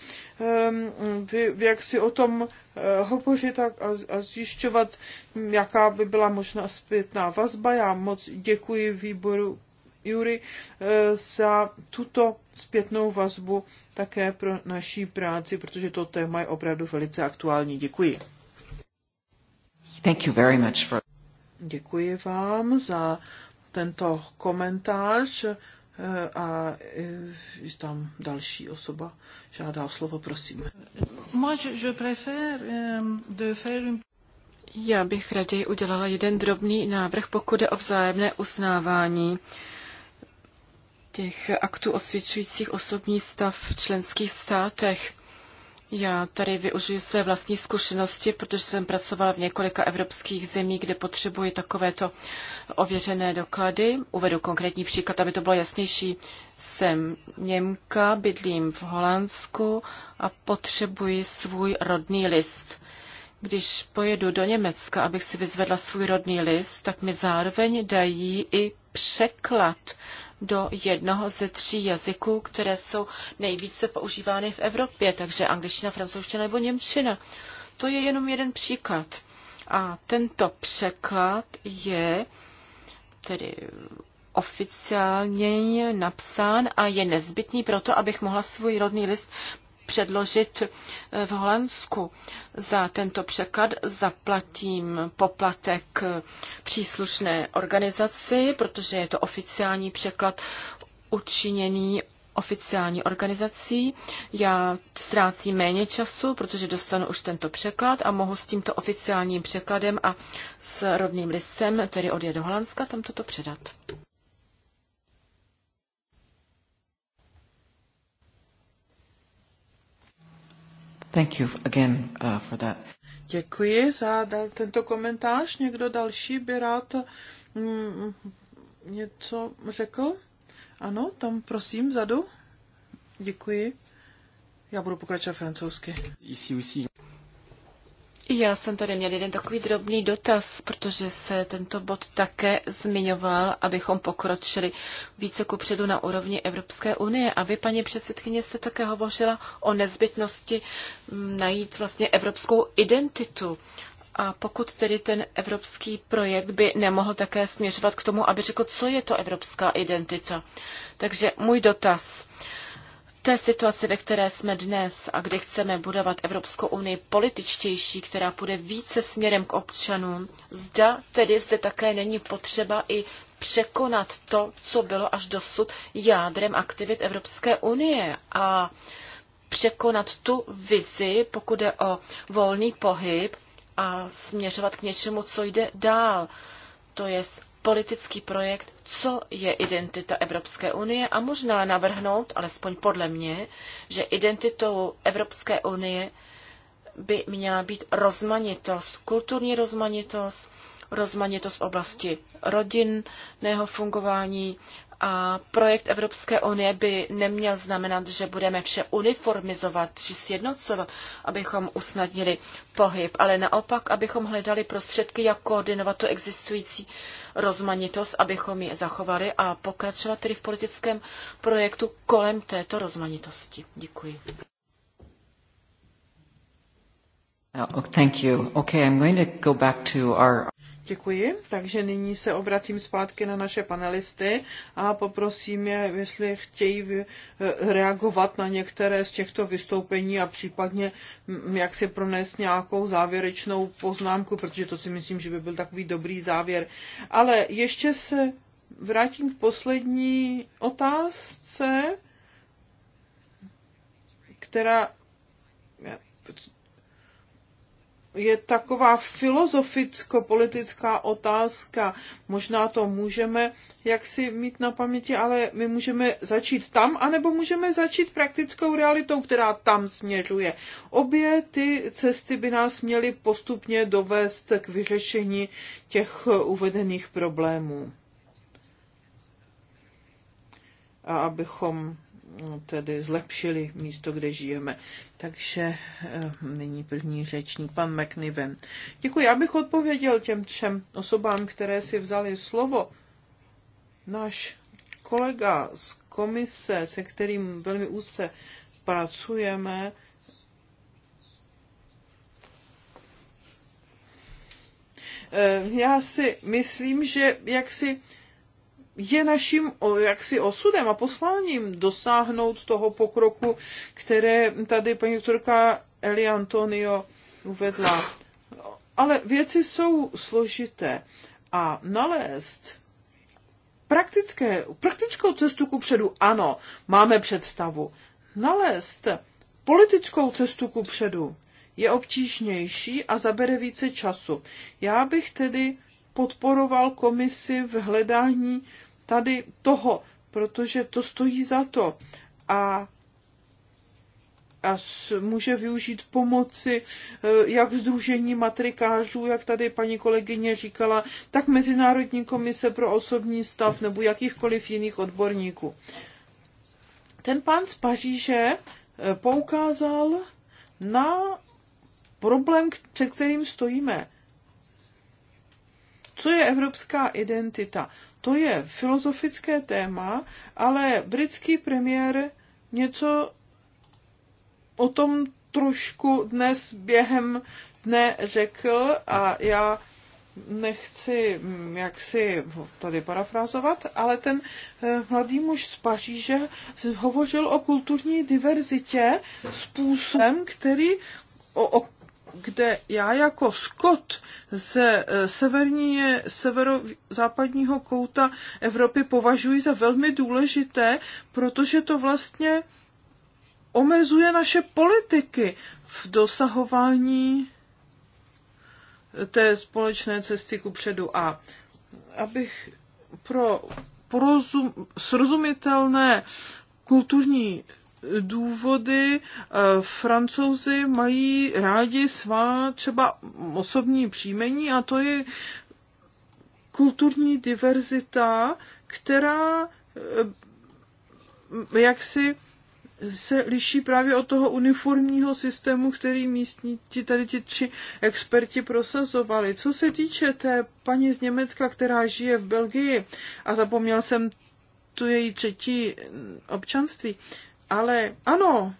jak si o tom eh, hovořit a zjišťovat, jaká by byla možná zpětná vazba. Já moc děkuji výboru Jury eh, za tuto zpětnou vazbu také pro naší práci, protože to téma je opravdu velice aktuální. Děkuji. Thank you very much for... Děkuji vám za tento komentář eh, a je tam další osoba žádá o slovo, prosím. Eh, Já bych raději udělala jeden drobný návrh, pokud je o vzájemné uznávání těch aktů osvědčujících osobní stav v členských státech. Já tady využiju své vlastní zkušenosti, protože jsem pracovala v několika evropských zemích, kde potřebuji takovéto ověřené doklady. Uvedu konkrétní příklad, aby to bylo jasnější. Jsem Němka, bydlím v Holandsku a potřebuji svůj rodný list. Když pojedu do Německa, abych si vyzvedla svůj rodný list, tak mi zároveň dají i překlad do jednoho ze tří jazyků, které jsou nejvíce používány v Evropě, takže angličtina, francouzština nebo němčina. To je jenom jeden příklad. A tento překlad je tedy oficiálně napsán a je nezbytný proto, abych mohla svůj rodný list předložit eh, v Holandsku. Za tento překlad zaplatím poplatek eh, příslušné organizaci, protože je to oficiální překlad učiněný oficiální organizací. Já ztrácím méně času, protože dostanu už tento překlad a mohu s tímto oficiálním překladem a s rovným listem, tedy odjet do Holandska, tam toto předat. Thank you again uh, for that. Děkuji za tento komentář. Někdo další by rád mm, něco řekl? Ano, tam prosím, vzadu. Děkuji. Já budu pokračovat francouzsky. Ici aussi. Já jsem tady měl jeden takový drobný dotaz, protože se tento bod také zmiňoval, abychom pokročili více ku předu na úrovni Evropské unie. A vy, paní předsedkyně, jste také hovořila o nezbytnosti mm, najít vlastně evropskou identitu. A pokud tedy ten evropský projekt by nemohl také směřovat k tomu, aby řekl, co je to evropská identita. Takže můj dotaz. Uh, té situaci, ve které jsme dnes a kde chceme budovat Evropskou unii političtější, která půjde více směrem k občanům, zda tedy zde také není potřeba i překonat to, co bylo až dosud jádrem aktivit Evropské unie a překonat tu vizi, pokud je o volný pohyb a směřovat k něčemu, co jde dál, to je politický projekt, co je identita Evropské unie a možná navrhnout, alespoň podle mě, že identitou Evropské unie by měla být rozmanitost, kulturní rozmanitost, rozmanitost v oblasti rodinného fungování, a projekt Evropské unie by neměl znamenat, že budeme vše uniformizovat či sjednocovat, abychom usnadnili pohyb, ale naopak, abychom hledali prostředky, jak koordinovat tu existující rozmanitost, abychom ji zachovali a pokračovat tedy v politickém projektu kolem této rozmanitosti. Děkuji. Oh, thank you. Okay, I'm going to go back to our Děkuji. Takže nyní se obracím zpátky na naše panelisty a poprosím je, jestli chtějí eh, reagovat na některé z těchto vystoupení a případně mm, jak si pronést nějakou závěrečnou poznámku, protože to si myslím, že by byl takový dobrý závěr. Ale ještě se vrátím k poslední otázce, která je taková filozoficko-politická otázka. Možná to můžeme jak si mít na paměti, ale my můžeme začít tam, anebo můžeme začít praktickou realitou, která tam směřuje. Obě ty cesty by nás měly postupně dovést k vyřešení těch uvedených problémů. A abychom tedy zlepšili místo, kde žijeme. Takže eh, nyní první řečník, pan McNiven. Děkuji, já bych odpověděl těm třem osobám, které si vzali slovo. Náš kolega z komise, se kterým velmi úzce pracujeme, eh, já si myslím, že jak si je naším jaksi osudem a posláním dosáhnout toho pokroku, které tady paní doktorka Eli Antonio uvedla. Ale věci jsou složité a nalézt praktické, praktickou cestu ku předu, ano, máme představu. Nalézt politickou cestu ku předu je obtížnější a zabere více času. Já bych tedy podporoval komisi v hledání tady toho, protože to stojí za to. A a může využít pomoci eh, jak Združení matrikářů, jak tady paní kolegyně říkala, tak Mezinárodní komise pro osobní stav nebo jakýchkoliv jiných odborníků. Ten pán z Paříže eh, poukázal na problém, před kterým stojíme. Co je evropská identita? To je filozofické téma, ale britský premiér něco o tom trošku dnes během dne řekl a já nechci mm, jak si tady parafrázovat, ale ten eh, mladý muž z Paříže hovořil o kulturní diverzitě způsobem, který o, o kde já jako Skot ze eh, severní, severozápadního kouta Evropy považuji za velmi důležité, protože to vlastně omezuje naše politiky v dosahování eh, té společné cesty ku předu. A abych pro porozum, srozumitelné kulturní důvody. E, Francouzi mají rádi svá třeba osobní příjmení a to je kulturní diverzita, která e, jaksi se liší právě od toho uniformního systému, který místní ti tady ti tři experti prosazovali. Co se týče té paní z Německa, která žije v Belgii, a zapomněl jsem tu její třetí občanství, ale ano,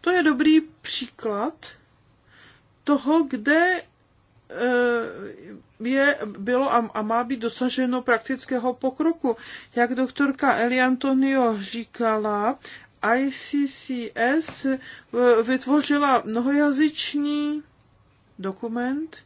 to je dobrý příklad toho, kde eh, je, bylo a, a má být dosaženo praktického pokroku. Jak doktorka Eli Antonio říkala, ICCS eh, vytvořila mnohojazyční dokument,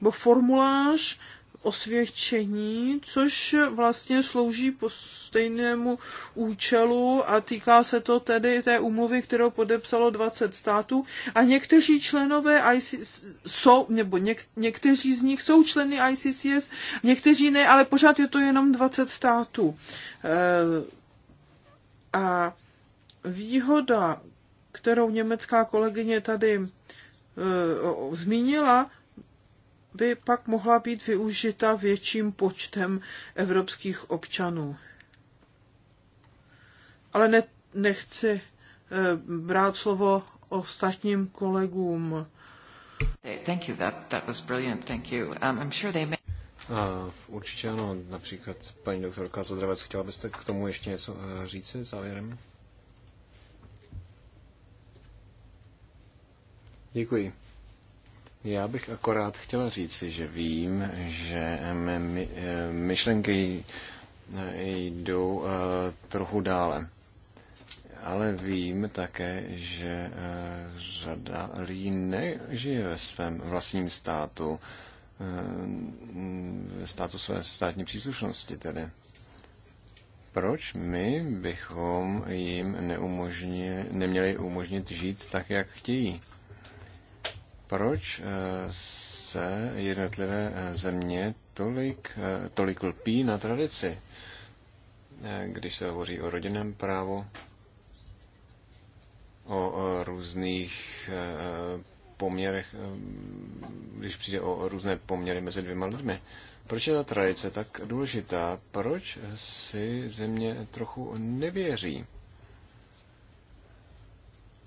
nebo formulář, osvědčení, což vlastně slouží po stejnému účelu a týká se to tedy té úmluvy, kterou podepsalo 20 států a někteří členové ICC jsou, nebo něk, někteří z nich jsou členy ICCS, někteří ne, ale pořád je to jenom 20 států. E, a výhoda, kterou německá kolegyně tady e, o, zmínila, by pak mohla být využita větším počtem evropských občanů. Ale ne, nechci eh, brát slovo ostatním kolegům. Thank you, that, that was brilliant, thank you. Um, I'm sure they may... A určitě ano, například paní doktorka Zadravec, chtěla byste k tomu ještě něco eh, říci závěrem? Děkuji. Já bych akorát chtěla říci, že vím, že my, eh, myšlenky jdou eh, trochu dále. Ale vím také, že eh, řada lidí nežije ve svém vlastním státu, ve státu své státní příslušnosti tedy proč my bychom jim neumožnili, neměli umožnit žít tak, jak chtějí? Proč eh, se jednotlivé eh, země tolik, eh, tolik lpí na tradici, když se hovoří o rodinném právu, o různých poměrech, když přijde o různé poměry mezi dvěma lidmi. Proč je ta tradice tak důležitá? Proč si země trochu nevěří?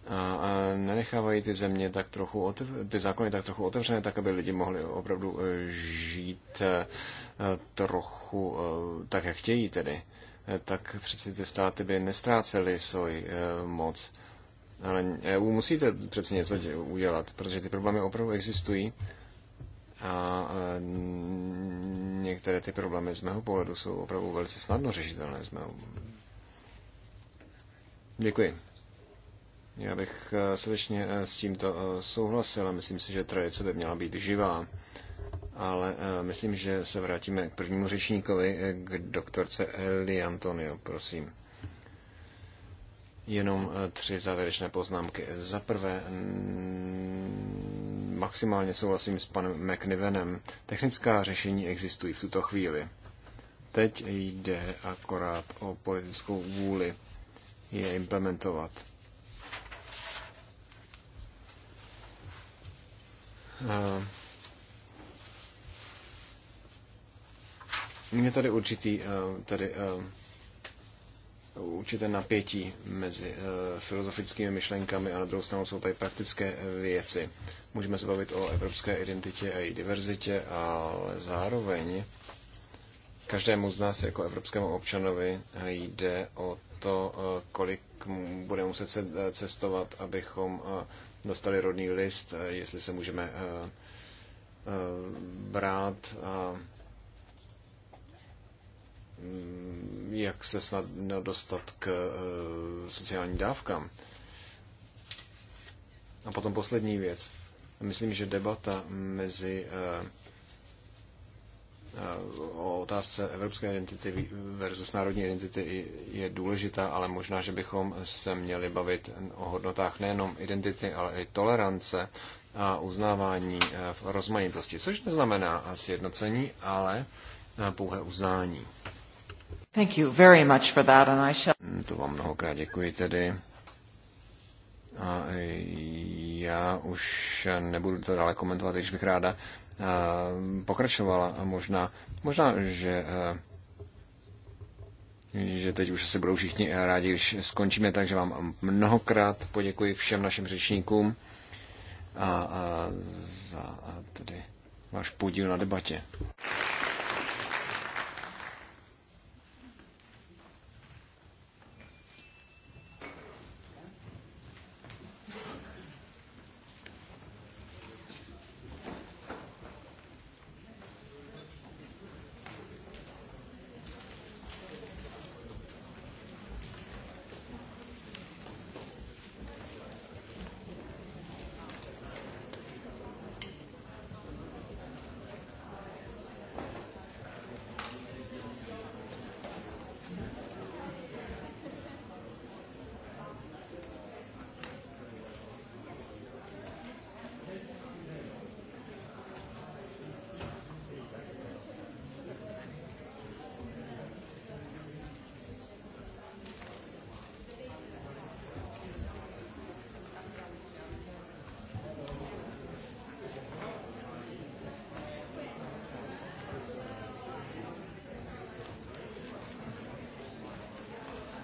a nenechávají ty země tak trochu, otev, ty zákony tak trochu otevřené, tak aby lidi mohli opravdu e, žít e, trochu e, tak, jak chtějí tedy, tak přeci ty státy by nestrácely svoji moc. Ale EU musíte přeci něco udělat, protože ty problémy opravdu existují a některé ty problémy z mého pohledu jsou opravdu velice snadno řešitelné z mého. Děkuji. Já bych eh, srdečně eh, s tímto eh, souhlasil a myslím si, že tradice by měla být živá. Ale myslím, že se vrátíme k prvnímu řečníkovi, k doktorce Eli Antonio, prosím. Jenom tři závěrečné poznámky. Za prvé, maximálně souhlasím s panem McNivenem. Technická řešení existují v tuto chvíli. Teď jde akorát o politickou vůli je implementovat. Eh, je tady určitý eh, tady eh, určité napětí mezi filozofickými myšlenkami a na druhou stranu jsou tady praktické věci. Můžeme se bavit o evropské identitě a její diverzitě, ale zároveň každému z nás jako evropskému občanovi jde o to, kolik budeme muset cestovat, abychom dostali rodný list, eh, jestli se můžeme eh, eh, brát a mm, jak se snad dostat k sociálním dávkám. A potom poslední věc. Myslím, že debata mezi o otázce evropské identity versus národní identity je důležitá, ale možná, že bychom se měli bavit o hodnotách nejenom identity, ale i tolerance a uznávání e, v rozmanitosti, což neznamená sjednocení, ale e, pouhé uznání. Thank you very much for that and I shall... Mm, to vám mnohokrát děkuji tedy. A e, já už nebudu to dále komentovat, když bych ráda. Eh, pokračovala možná, možná, že eh, že teď už asi budou všichni rádi, když skončíme, takže vám mnohokrát poděkuji všem našim řečníkům a, a za a tedy váš podíl na debatě.